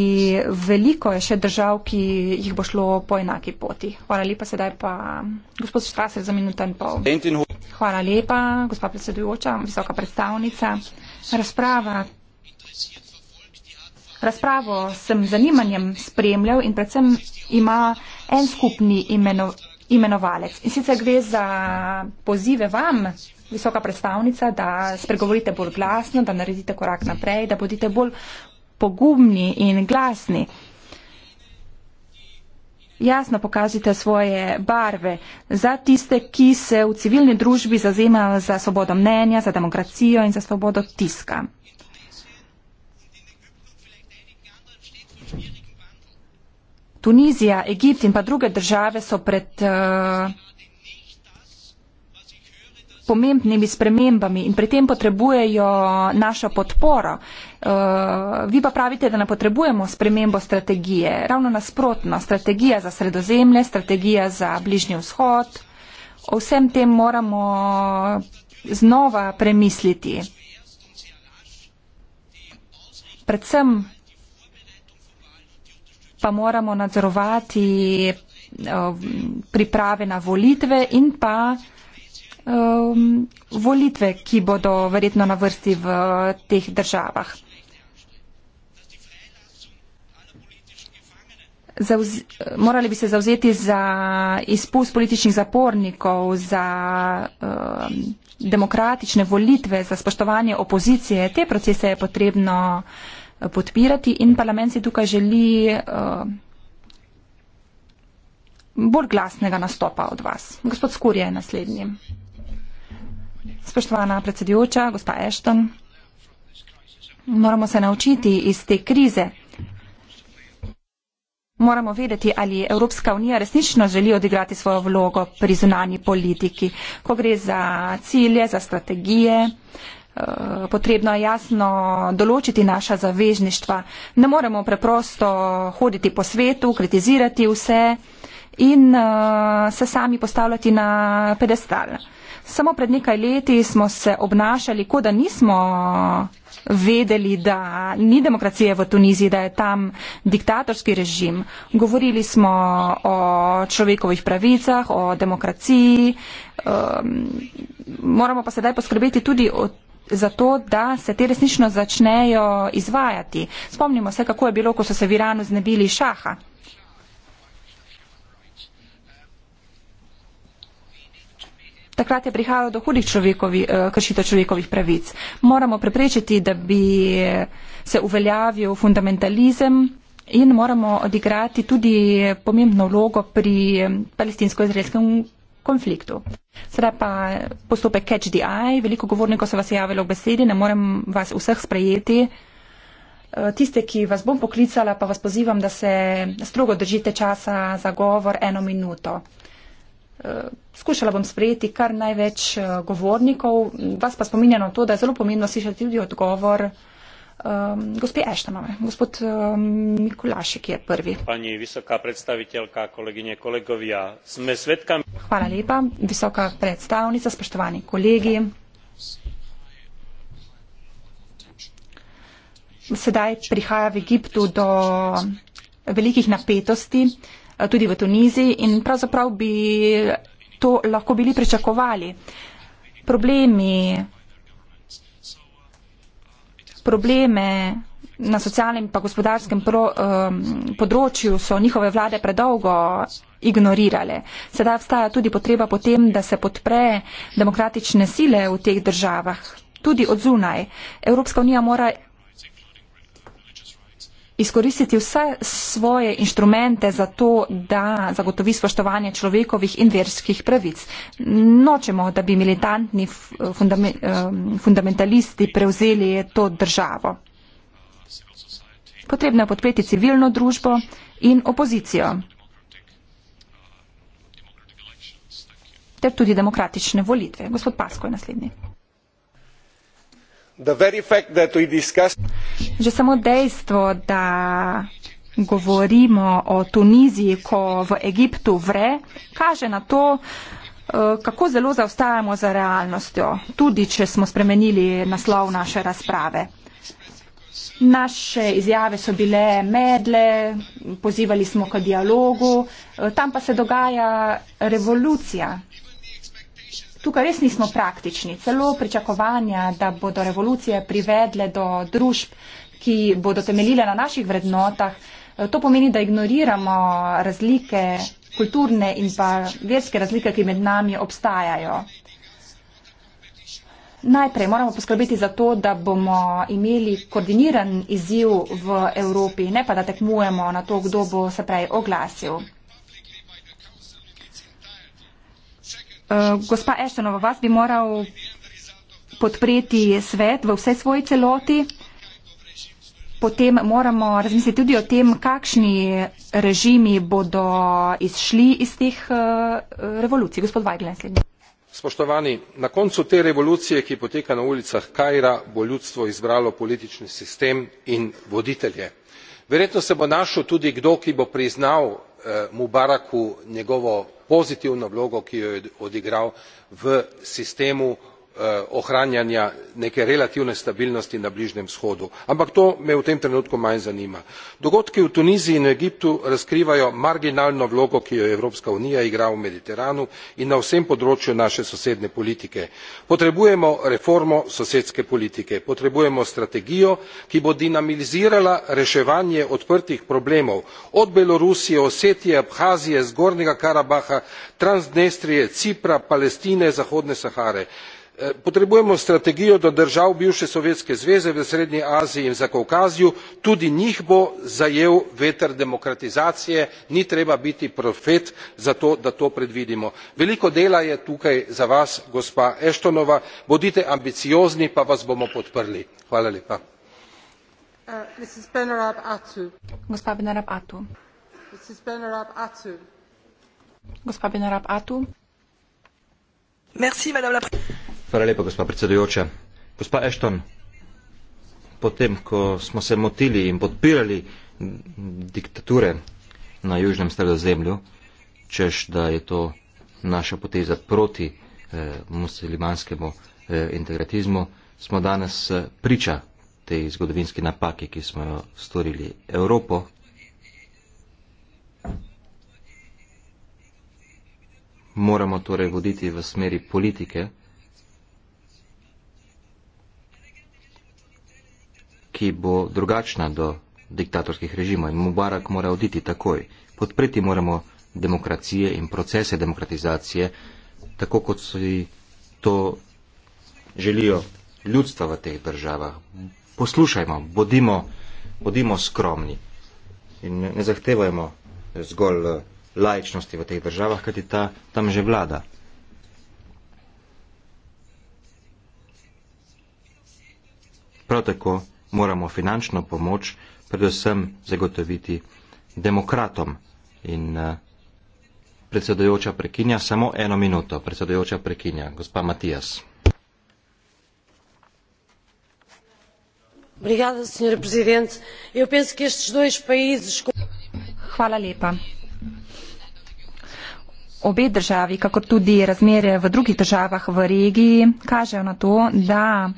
veliko je še držav, ki jih bo šlo po enaki poti. Hvala lepa, sedaj pa gospod Štraser za minuto in pol. Hvala lepa, gospa predsedujoča, visoka predstavnica. Razprava. Razpravo sem zanimanjem spremljal in predvsem ima en skupni imeno, imenovalec. In sicer gre za pozive vam, visoka predstavnica, da spregovorite bolj glasno, da naredite korak naprej, da bodite bolj pogumni in glasni. Jasno pokažite svoje barve za tiste, ki se v civilni družbi zazemajo za svobodo mnenja, za demokracijo in za svobodo tiska. Tunizija, Egipt in pa druge države so pred uh, pomembnimi spremembami in pri tem potrebujejo našo podporo. Eh, vi pa pravite, da ne potrebujemo spremembo strategije. Ravno nasprotno, strategija za sredozemlje, strategija za bližnji vzhod. O vsem tem moramo znova premisliti. Predvsem pa moramo nadzorovati eh, priprave na volitve in pa uh, um, volitve, ki bodo verjetno na vrsti v teh državah. Zavz, morali bi se zauzeti za izpust političnih zapornikov, za um, demokratične volitve, za spoštovanje opozicije. Te procese je potrebno eh, podpirati in parlament si tukaj želi uh, bolj glasnega nastopa od vas. Gospod Skur je naslednji. Spoštovana predsedujoča, gospa Ashton, moramo se naučiti iz te krize. Moramo vedeti, ali Evropska unija resnično želi odigrati svojo vlogo pri zunanji politiki. Ko gre za cilje, za strategije, eh, potrebno je jasno določiti naša zavežništva. Ne moremo preprosto hoditi po svetu, kritizirati vse in eh, se sami postavljati na pedestal. Samo pred nekaj leti smo se obnašali, kot da nismo vedeli, da ni demokracije v Tuniziji, da je tam diktatorski režim. Govorili smo o človekovih pravicah, o demokraciji. Um, moramo pa sedaj poskrbeti tudi o zato, da se te resnično začnejo izvajati. Spomnimo se, kako je bilo, ko so se v Iranu znebili šaha. takrat je prihajalo do hudih človekovi, eh, kršitev človekovih pravic. Moramo preprečiti, da bi se uveljavil fundamentalizem in moramo odigrati tudi pomembno vlogo pri palestinsko-izraelskem konfliktu. Sedaj pa postopek Catch the Eye. Veliko govornikov se vas je javilo v besedi, ne morem vas vseh sprejeti. Eh, tiste, ki vas bom poklicala, pa vas pozivam, da se strogo držite časa za govor eno minuto skušala bom sprejeti kar največ eh, govornikov, vas pa spominjam na to, da je zelo pomembno slišati tudi odgovor. Um, gospe Eštanove, gospod um, Mikulašek je prvi. Pani visoka predstaviteljka, kolegine, kolegovija, sme svetkami. Hvala lepa, visoka predstavnica, spoštovani kolegi. Sedaj prihaja v Egiptu do velikih napetosti. Uh, Eh, tudi v Tuniziji in pravzaprav bi to lahko bili pričakovali. Problemi, probleme na socialnem in gospodarskem pro, um, področju so njihove vlade predolgo ignorirale. Sedaj obstaja tudi potreba potem, da se podpre demokratične sile v teh državah, tudi od zunaj. Evropska unija mora izkoristiti vse svoje inštrumente za to, da zagotovi spoštovanje človekovih in verskih pravic. Nočemo, da bi militantni fundamentalisti prevzeli to državo. Potrebno je podpreti civilno družbo in opozicijo. Ter tudi demokratične volitve. Gospod Pasko je naslednji. Že samo dejstvo, da govorimo o Tuniziji, ko v Egiptu vre, kaže na to, eh, kako zelo zaostajamo za realnostjo, tudi če smo spremenili naslov naše razprave. Naše izjave so bile medle, pozivali smo k dialogu, eh, tam pa se dogaja revolucija. Tukaj res nismo praktični. Celo pričakovanja, da bodo revolucije privedle do družb, ki bodo temeljile na naših vrednotah, eh, to pomeni, da ignoriramo razlike, kulturne in pa verske razlike, ki med nami obstajajo. Najprej moramo poskrbeti za to, da bomo imeli koordiniran izziv v Evropi, ne pa da tekmujemo na to, kdo bo se prej oglasil. Eh, gospa Eštonova, vas bi moral podpreti svet v vse svoji celoti. Potem moramo razmisliti tudi o tem, kakšni režimi bodo izšli iz teh eh, revolucij. Gospod Vajgle, naslednji. Spoštovani, na koncu te revolucije, ki poteka na ulicah Kajra, bo ljudstvo izbralo politični sistem in voditelje. Verjetno se bo našel tudi kdo, ki bo priznal eh, Mubaraku njegovo pozitivno vlogo ki jo je odigral v sistemu Eh, ohranjanja neke relativne stabilnosti na bližnjem vzhodu ampak to me v tem trenutku manj zanima. dogodki v tuniziji in egiptu razkrivajo marginalno vlogo ki jo evropska unija igra v mediteranu in na vsem področju naše sosednje politike. potrebujemo reformo sosedske politike potrebujemo strategijo ki bo dinamizirala reševanje odprtih problemov od belorusije osetije abhazije zgornjega karabaha transdnestrije cipra palestine zahodne sahare. Eh, potrebujemo strategijo da držav bivše sovjetske zveze v srednji aziji in zakavkaziju tudi njih bo zajel veter demokratizacije ni treba biti profet za to da to predvidimo. veliko dela je tukaj za vas gospa ashtonova bodite ambiciozni pa vas bomo podprli. Hvala lepa, gospa predsedujoča. Gospa Ešton, potem, ko smo se motili in podpirali diktature na južnem sredozemlju, češ, da je to naša poteza proti eh, muslimanskemu eh, integratizmu, smo danes eh, priča tej zgodovinski napaki, ki smo jo storili Evropo. Moramo torej voditi v smeri politike ki bo drugačna do diktatorskih režimov in Mubarak mora oditi takoj. Podpreti moramo demokracije in procese demokratizacije, tako kot si to želijo ljudstva v teh državah. Poslušajmo, bodimo, bodimo skromni in ne zahtevajmo zgolj eh, lajčnosti v teh državah, kajti ta tam že vlada. Prav tako moramo finančno pomoč predvsem zagotoviti demokratom. In eh, predsedojoča prekinja samo eno minuto. Predsedojoča prekinja, gospa Matijas. Obrigada, senhor presidente. Eu penso que estes dois países. Hvala lepa obe državi, kakor tudi razmere v drugih državah v regiji, kažejo na to, da,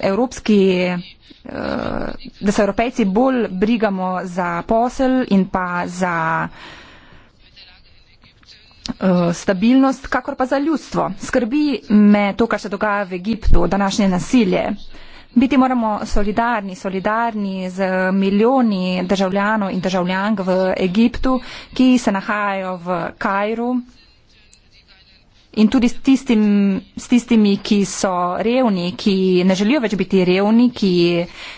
evropski, eh, da se evropejci bolj brigamo za posel in pa za eh, stabilnost, kakor pa za ljudstvo. Skrbi me to, kar se dogaja v Egiptu, današnje nasilje. Biti moramo solidarni, solidarni z milijoni državljanov in državljank v Egiptu, ki se nahajajo v Kajru in tudi s, tistim, s tistimi, ki so revni, ki ne želijo več biti revni, ki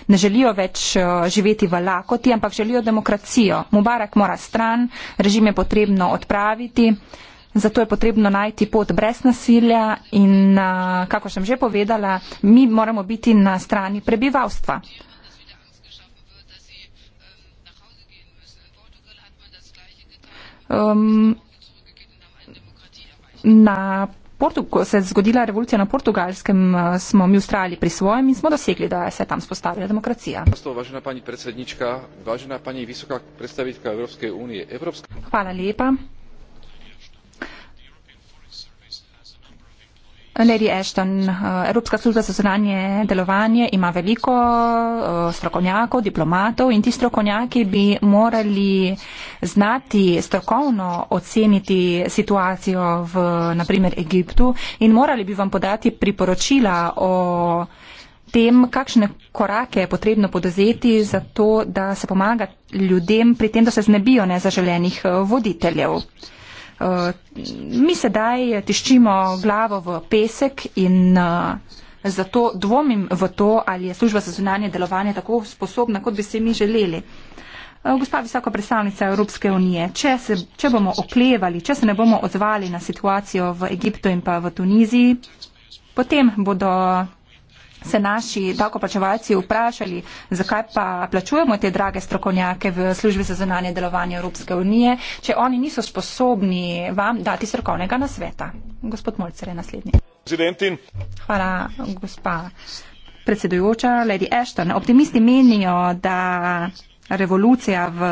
ne želijo več eh, živeti v lakoti, ampak želijo demokracijo. Mubarak mora stran, režim je potrebno odpraviti. Zato je potrebno najti pot brez nasilja in, kako sem že povedala, mi moramo biti na strani prebivalstva. Um, na Portugal, ko se je zgodila revolucija na portugalskem, smo mi ustrajali pri svojem in smo dosegli, da se je tam spostavila demokracija. Hvala lepa. Lady Ashton, eh, Evropska služba za zunanje delovanje ima veliko eh, strokovnjakov, diplomatov in ti strokovnjaki bi morali znati strokovno oceniti situacijo v, na primer, Egiptu in morali bi vam podati priporočila o tem, kakšne korake je potrebno podozeti za to, da se pomaga ljudem pri tem, da se znebijo nezaželenih eh, voditeljev mi sedaj tiščimo glavo v pesek in uh, zato dvomim v to, ali je služba za zunanje delovanje tako sposobna, kot bi se mi želeli. Eh, gospa visoka predstavnica Evropske unije, če, se, če bomo oklevali, če se ne bomo odzvali na situacijo v Egiptu in pa v Tuniziji, potem bodo se naši davkoplačevalci vprašali, zakaj pa plačujemo te drage strokovnjake v službi za zunanje delovanje Evropske unije, če oni niso sposobni vam dati strokovnega nasveta. Gospod Molcer je naslednji. Hvala, gospa predsedujoča, Lady Ashton. Optimisti menijo, da revolucija v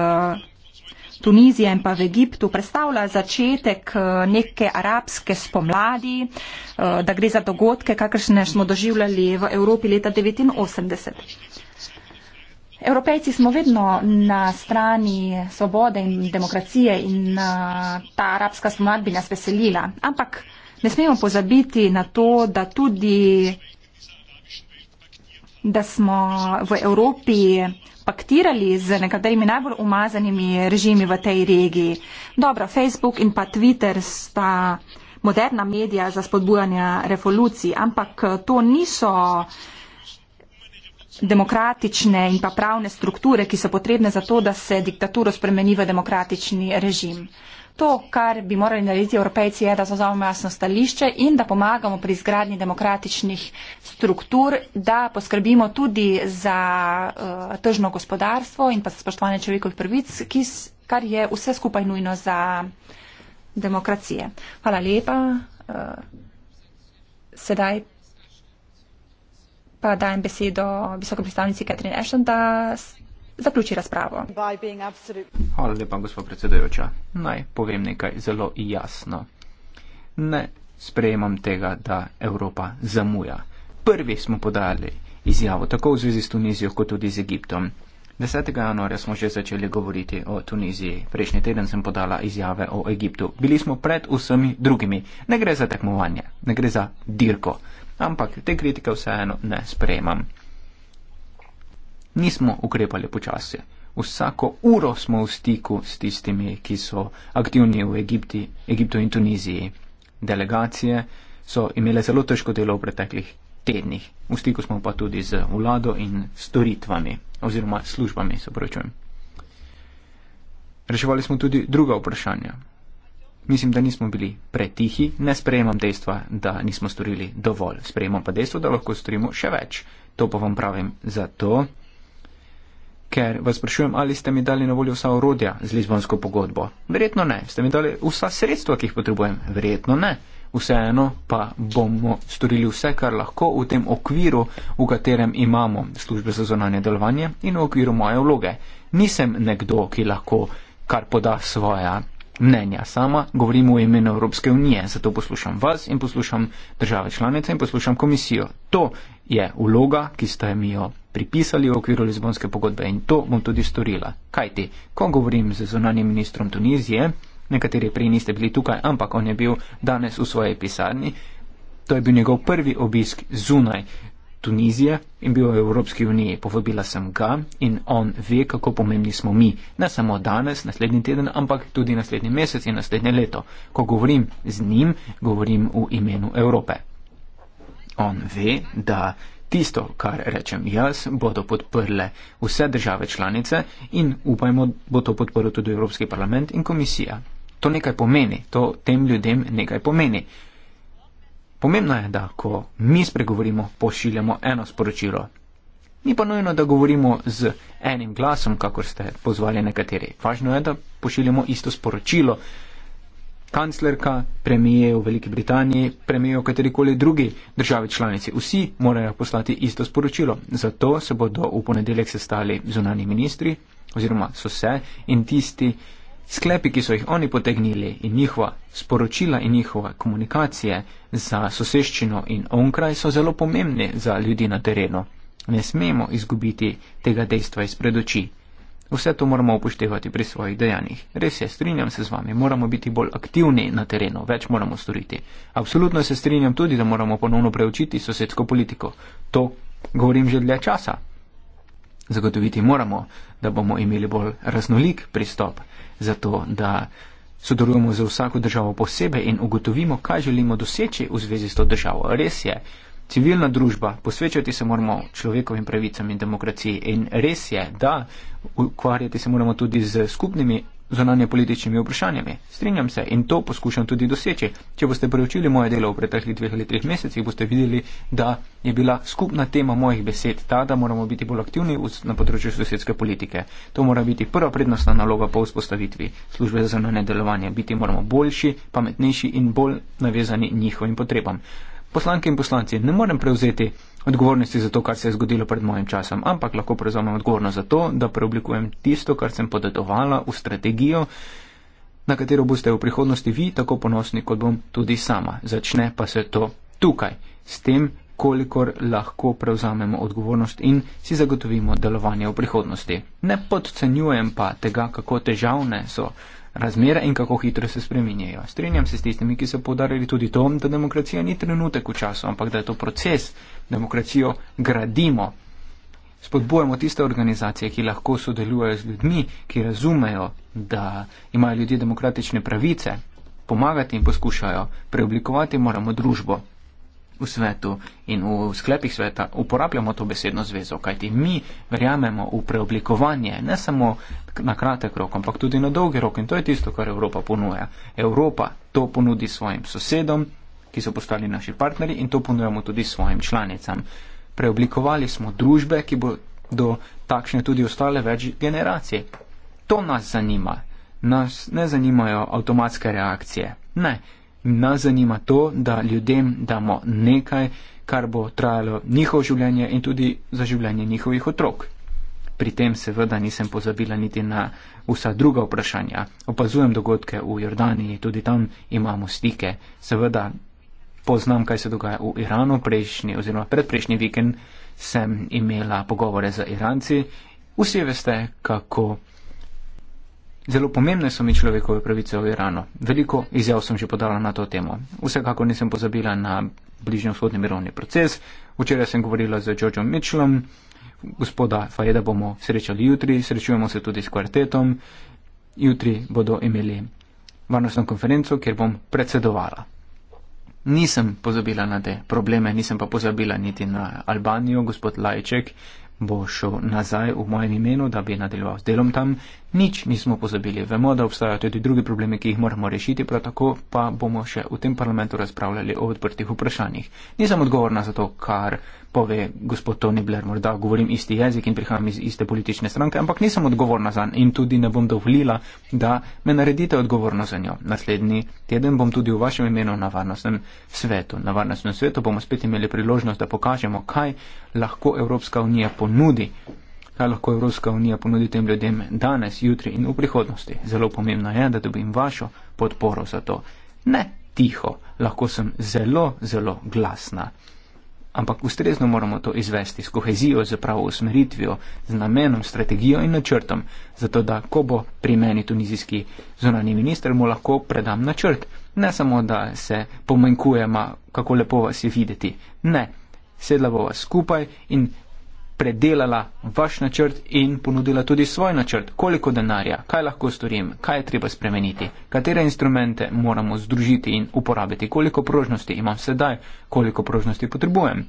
Tunizije in pa v Egiptu predstavlja začetek eh, neke arabske spomladi, eh, da gre za dogodke, kakršne smo doživljali v Evropi leta 1989. Evropejci smo vedno na strani svobode in demokracije in eh, ta arabska spomlad bi nas veselila. Ampak ne smemo pozabiti na to, da tudi da smo v Evropi paktirali z nekaterimi najbolj umazanimi režimi v tej regiji. Dobro, Facebook in pa Twitter sta moderna medija za spodbujanje revolucij, ampak eh, to niso demokratične in pa pravne strukture, ki so potrebne za to, da se diktaturo spremeni v demokratični režim to, kar bi morali narediti evropejci, je, da zauzamemo jasno stališče in da pomagamo pri izgradnji demokratičnih struktur, da poskrbimo tudi za uh, tržno gospodarstvo in pa za spoštovanje človekovih prvic, ki, kar je vse skupaj nujno za demokracije. Hvala lepa. Uh, sedaj pa dajem besedo visoko predstavnici Katrin Ešton, da zaključi razpravo. Hvala lepa, gospod predsedujoča. Naj povem nekaj zelo jasno. Ne sprejemam tega, da Evropa zamuja. Prvi smo podali izjavo tako v zvezi s Tunizijo kot tudi z Egiptom. 10. januarja smo že začeli govoriti o Tuniziji. Prejšnji teden sem podala izjave o Egiptu. Bili smo pred vsemi drugimi. Ne gre za tekmovanje, ne gre za dirko. Ampak te kritike vseeno ne sprejemam nismo ukrepali počasi. Vsako uro smo v stiku s tistimi, ki so aktivni v Egipti, Egiptu in Tuniziji. Delegacije so imele zelo težko delo v preteklih tednih. V stiku smo pa tudi z vlado in storitvami oziroma službami, se pravičujem. Reševali smo tudi druga vprašanja. Mislim, da nismo bili pretihi, ne sprejemam dejstva, da nismo storili dovolj. Sprejemam pa dejstvo, da lahko storimo še več. To pa vam pravim zato, ker vas sprašujem, ali ste mi dali na voljo vsa orodja z Lizbonsko pogodbo. Verjetno ne. Ste mi dali vsa sredstva, ki jih potrebujem? Verjetno ne. Vseeno pa bomo storili vse, kar lahko v tem okviru, v katerem imamo službe za zonanje delovanje in v okviru moje vloge. Nisem nekdo, ki lahko kar poda svoja mnenja sama, govorim v imenu Evropske unije, zato poslušam vas in poslušam države članice in poslušam komisijo. To je vloga, ki ste mi jo pripisali v okviru Lizbonske pogodbe in to bom tudi storila. Kaj ti, ko govorim z zunanjim ministrom Tunizije, nekateri prej niste bili tukaj, ampak on je bil danes v svoji pisarni, to je bil njegov prvi obisk zunaj Tunizije in bil v Evropski uniji. Povabila sem ga in on ve, kako pomembni smo mi. Ne samo danes, naslednji teden, ampak tudi naslednji mesec in naslednje leto. Ko govorim z njim, govorim v imenu Evrope. On ve, da tisto, kar rečem jaz, bodo podprle vse države članice in upajmo, bo to podprl tudi Evropski parlament in komisija. To nekaj pomeni, to tem ljudem nekaj pomeni. Pomembno je, da ko mi spregovorimo, pošiljamo eno sporočilo. Ni pa nujno, da govorimo z enim glasom, kakor ste pozvali nekateri. Važno je, da pošiljamo isto sporočilo. Kanclerka, premije v Veliki Britaniji, premije v katerikoli drugi državi članici, vsi morajo poslati isto sporočilo. Zato se bodo v ponedeljek sestali zunani ministri oziroma so se in tisti, ki Sklepi, ki so jih oni potegnili in njihova sporočila in njihova komunikacije za soseščino in onkraj so zelo pomembni za ljudi na terenu. Ne smemo izgubiti tega dejstva izpred oči. Vse to moramo upoštevati pri svojih dejanjih. Res je, strinjam se z vami, moramo biti bolj aktivni na terenu, več moramo storiti. Absolutno se strinjam tudi, da moramo ponovno preučiti sosedsko politiko. To govorim že dlje časa. Zagotoviti moramo, da bomo imeli bolj raznolik pristop zato, da sodelujemo z vsako državo posebej in ugotovimo, kaj želimo doseči v zvezi s to državo. Res je, civilna družba, posvečati se moramo človekovim pravicam in demokraciji in res je, da ukvarjati se moramo tudi z skupnimi zunanje političnimi vprašanjami. Strinjam se in to poskušam tudi doseči. Če boste preučili moje delo v preteklih dveh ali treh mesecih, boste videli, da je bila skupna tema mojih besed ta, da moramo biti bolj aktivni na področju sosedske politike. To mora biti prva prednostna naloga po vzpostavitvi službe za zunanje delovanje. Biti moramo boljši, pametnejši in bolj navezani njihovim potrebam. Poslanke in poslanci, ne morem prevzeti odgovornosti za to, kar se je zgodilo pred mojim časom, ampak lahko prevzamem odgovornost za to, da preoblikujem tisto, kar sem podedovala v strategijo, na katero boste v prihodnosti vi tako ponosni, kot bom tudi sama. Začne pa se to tukaj, s tem, kolikor lahko prevzamemo odgovornost in si zagotovimo delovanje v prihodnosti. Ne podcenjujem pa tega, kako težavne so razmere in kako hitro se spreminjajo. Strenjam se s tistimi, ki so podarili tudi to, da demokracija ni trenutek v času, ampak da je to proces. Demokracijo gradimo. Spodbujamo tiste organizacije, ki lahko sodelujejo z ljudmi, ki razumejo, da imajo ljudje demokratične pravice, pomagati jim poskušajo, preoblikovati moramo družbo v svetu in v sklepih sveta uporabljamo to besedno zvezo, kajti mi verjamemo v preoblikovanje, ne samo na kratek rok, ampak tudi na dolgi rok in to je tisto, kar Evropa ponuja. Evropa to ponudi svojim sosedom, ki so postali naši partnerji in to ponujamo tudi svojim članicam. Preoblikovali smo družbe, ki bo do takšne tudi ostale več generacije. To nas zanima. Nas ne zanimajo avtomatske reakcije. Ne, In nas zanima to, da ljudem damo nekaj, kar bo trajalo njihovo življenje in tudi za življenje njihovih otrok. Pri tem seveda nisem pozabila niti na vsa druga vprašanja. Opazujem dogodke v Jordaniji, tudi tam imamo stike. Seveda poznam, kaj se dogaja v Iranu. Prejšnji oziroma predprejšnji vikend sem imela pogovore z Iranci. Vsi veste, kako Zelo pomembne so mi človekove pravice v Iranu. Veliko izjav sem že podala na to temo. Vsekako nisem pozabila na bližnjo-vzhodni mirovni proces. Včeraj sem govorila z Georgeom Mitchellom, gospoda Fajeda bomo srečali jutri, srečujemo se tudi s kvartetom. Jutri bodo imeli varnostno konferenco, kjer bom predsedovala. Nisem pozabila na te probleme, nisem pa pozabila niti na Albanijo. Gospod Lajček bo šel nazaj v mojem imenu, da bi nadaljeval z delom tam nič nismo pozabili. Vemo, da obstajajo tudi drugi problemi, ki jih moramo rešiti, prav tako pa bomo še v tem parlamentu razpravljali o odprtih vprašanjih. Nisem odgovorna za to, kar pove gospod Tony Blair, morda govorim isti jezik in prihajam iz iste politične stranke, ampak nisem odgovorna za njo in tudi ne bom dovolila, da me naredite odgovorno za njo. Naslednji teden bom tudi v vašem imenu na varnostnem svetu. Na varnostnem svetu bomo spet imeli priložnost, da pokažemo, kaj lahko Evropska unija ponudi kaj lahko Evropska unija ponudi tem ljudem danes, jutri in v prihodnosti. Zelo pomembno je, da dobim vašo podporo za to. Ne tiho, lahko sem zelo, zelo glasna. Ampak ustrezno moramo to izvesti s kohezijo, z pravo usmeritvijo, z namenom, strategijo in načrtom, zato da, ko bo pri meni tunizijski zunani minister, mu lahko predam načrt. Ne samo, da se pomankujema, kako lepo vas je videti. Ne, sedla bova skupaj in predelala vaš načrt in ponudila tudi svoj načrt, koliko denarja, kaj lahko storim, kaj je treba spremeniti, katere instrumente moramo združiti in uporabiti, koliko prožnosti imam sedaj, koliko prožnosti potrebujem,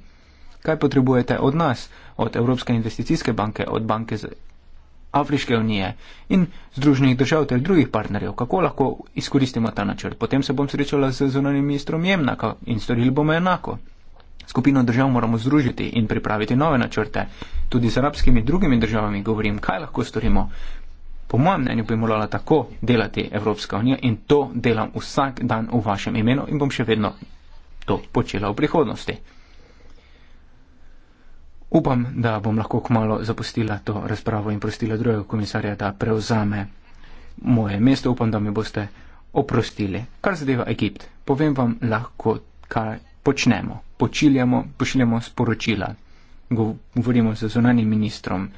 kaj potrebujete od nas, od Evropske investicijske banke, od banke za. Afriške unije in združenih držav ter drugih partnerjev, kako lahko izkoristimo ta načrt. Potem se bom srečala z zunanjim ministrom Jemnaka in storili bomo enako. Skupino držav moramo združiti in pripraviti nove načrte. Tudi z arabskimi drugimi državami govorim, kaj lahko storimo. Po mojem mnenju bi morala tako delati Evropska unija in to delam vsak dan v vašem imenu in bom še vedno to počela v prihodnosti. Upam, da bom lahko kmalo zapustila to razpravo in prostila drugega komisarja, da prevzame moje mesto. Upam, da mi boste oprostili. Kar zadeva Egipt, povem vam lahko, kaj počnemo, pošiljamo, pošiljamo sporočila, govorimo z zunanim ministrom,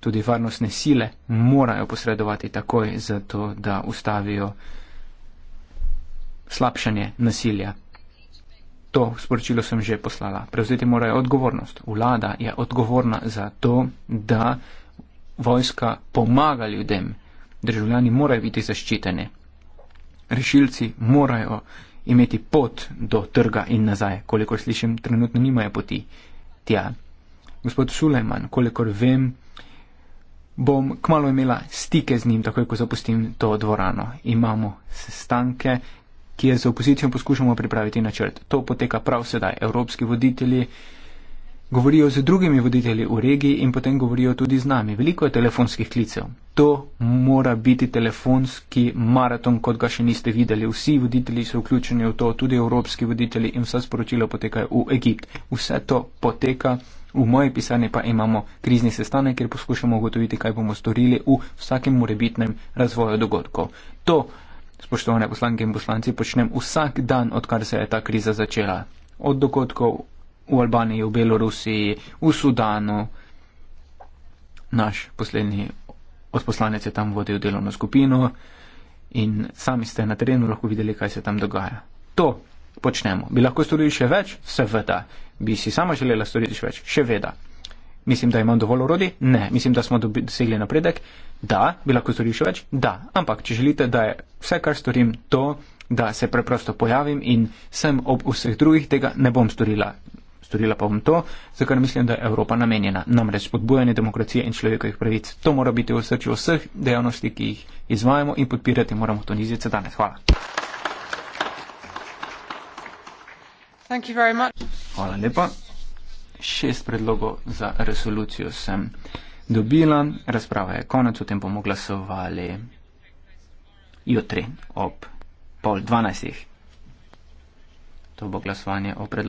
tudi varnostne sile morajo posredovati takoj za to, da ustavijo slabšanje nasilja. To sporočilo sem že poslala. Prevzeti morajo odgovornost. Vlada je odgovorna za to, da vojska pomaga ljudem. Državljani morajo biti zaščiteni. Rešilci morajo imeti pot do trga in nazaj. Kolikor slišim, trenutno nimajo poti tja. Gospod Sulejman, kolikor vem, bom kmalo imela stike z njim, takoj ko zapustim to dvorano. Imamo sestanke, kjer z opozicijo poskušamo pripraviti načrt. To poteka prav sedaj. Evropski voditelji. Govorijo z drugimi voditelji v regiji in potem govorijo tudi z nami. Veliko je telefonskih klicev. To mora biti telefonski maraton, kot ga še niste videli. Vsi voditelji so vključeni v to, tudi evropski voditelji in vsa sporočila potekajo v Egipt. Vse to poteka. V moji pisarni pa imamo krizni sestanek, kjer poskušamo ugotoviti, kaj bomo storili v vsakem morebitnem razvoju dogodkov. To, spoštovane poslanke in poslanci, počnem vsak dan, odkar se je ta kriza začela. Od dogodkov v Albaniji, v Belorusiji, v Sudanu. Naš poslednji odposlanec je tam vodil delovno skupino in sami ste na terenu lahko videli, kaj se tam dogaja. To počnemo. Bi lahko storili še več? Seveda. Bi si sama želela storiti še več? Še veda. Mislim, da imam dovolj urodi? Ne. Mislim, da smo dosegli napredek? Da. Bi lahko storili še več? Da. Ampak, če želite, da je vse, kar storim, to, da se preprosto pojavim in sem ob vseh drugih, tega ne bom storila. Storila pa bom to, za kar mislim, da je Evropa namenjena, namreč spodbujanje demokracije in človekovih pravic. To mora biti v srcu vseh dejavnosti, ki jih izvajamo in podpirati moramo to nizice danes. Hvala. Hvala lepa. Šest predlogov za resolucijo sem dobila. Razprava je konec, o tem bomo glasovali jutri ob pol dvanajstih. To bo glasovanje o predlogu.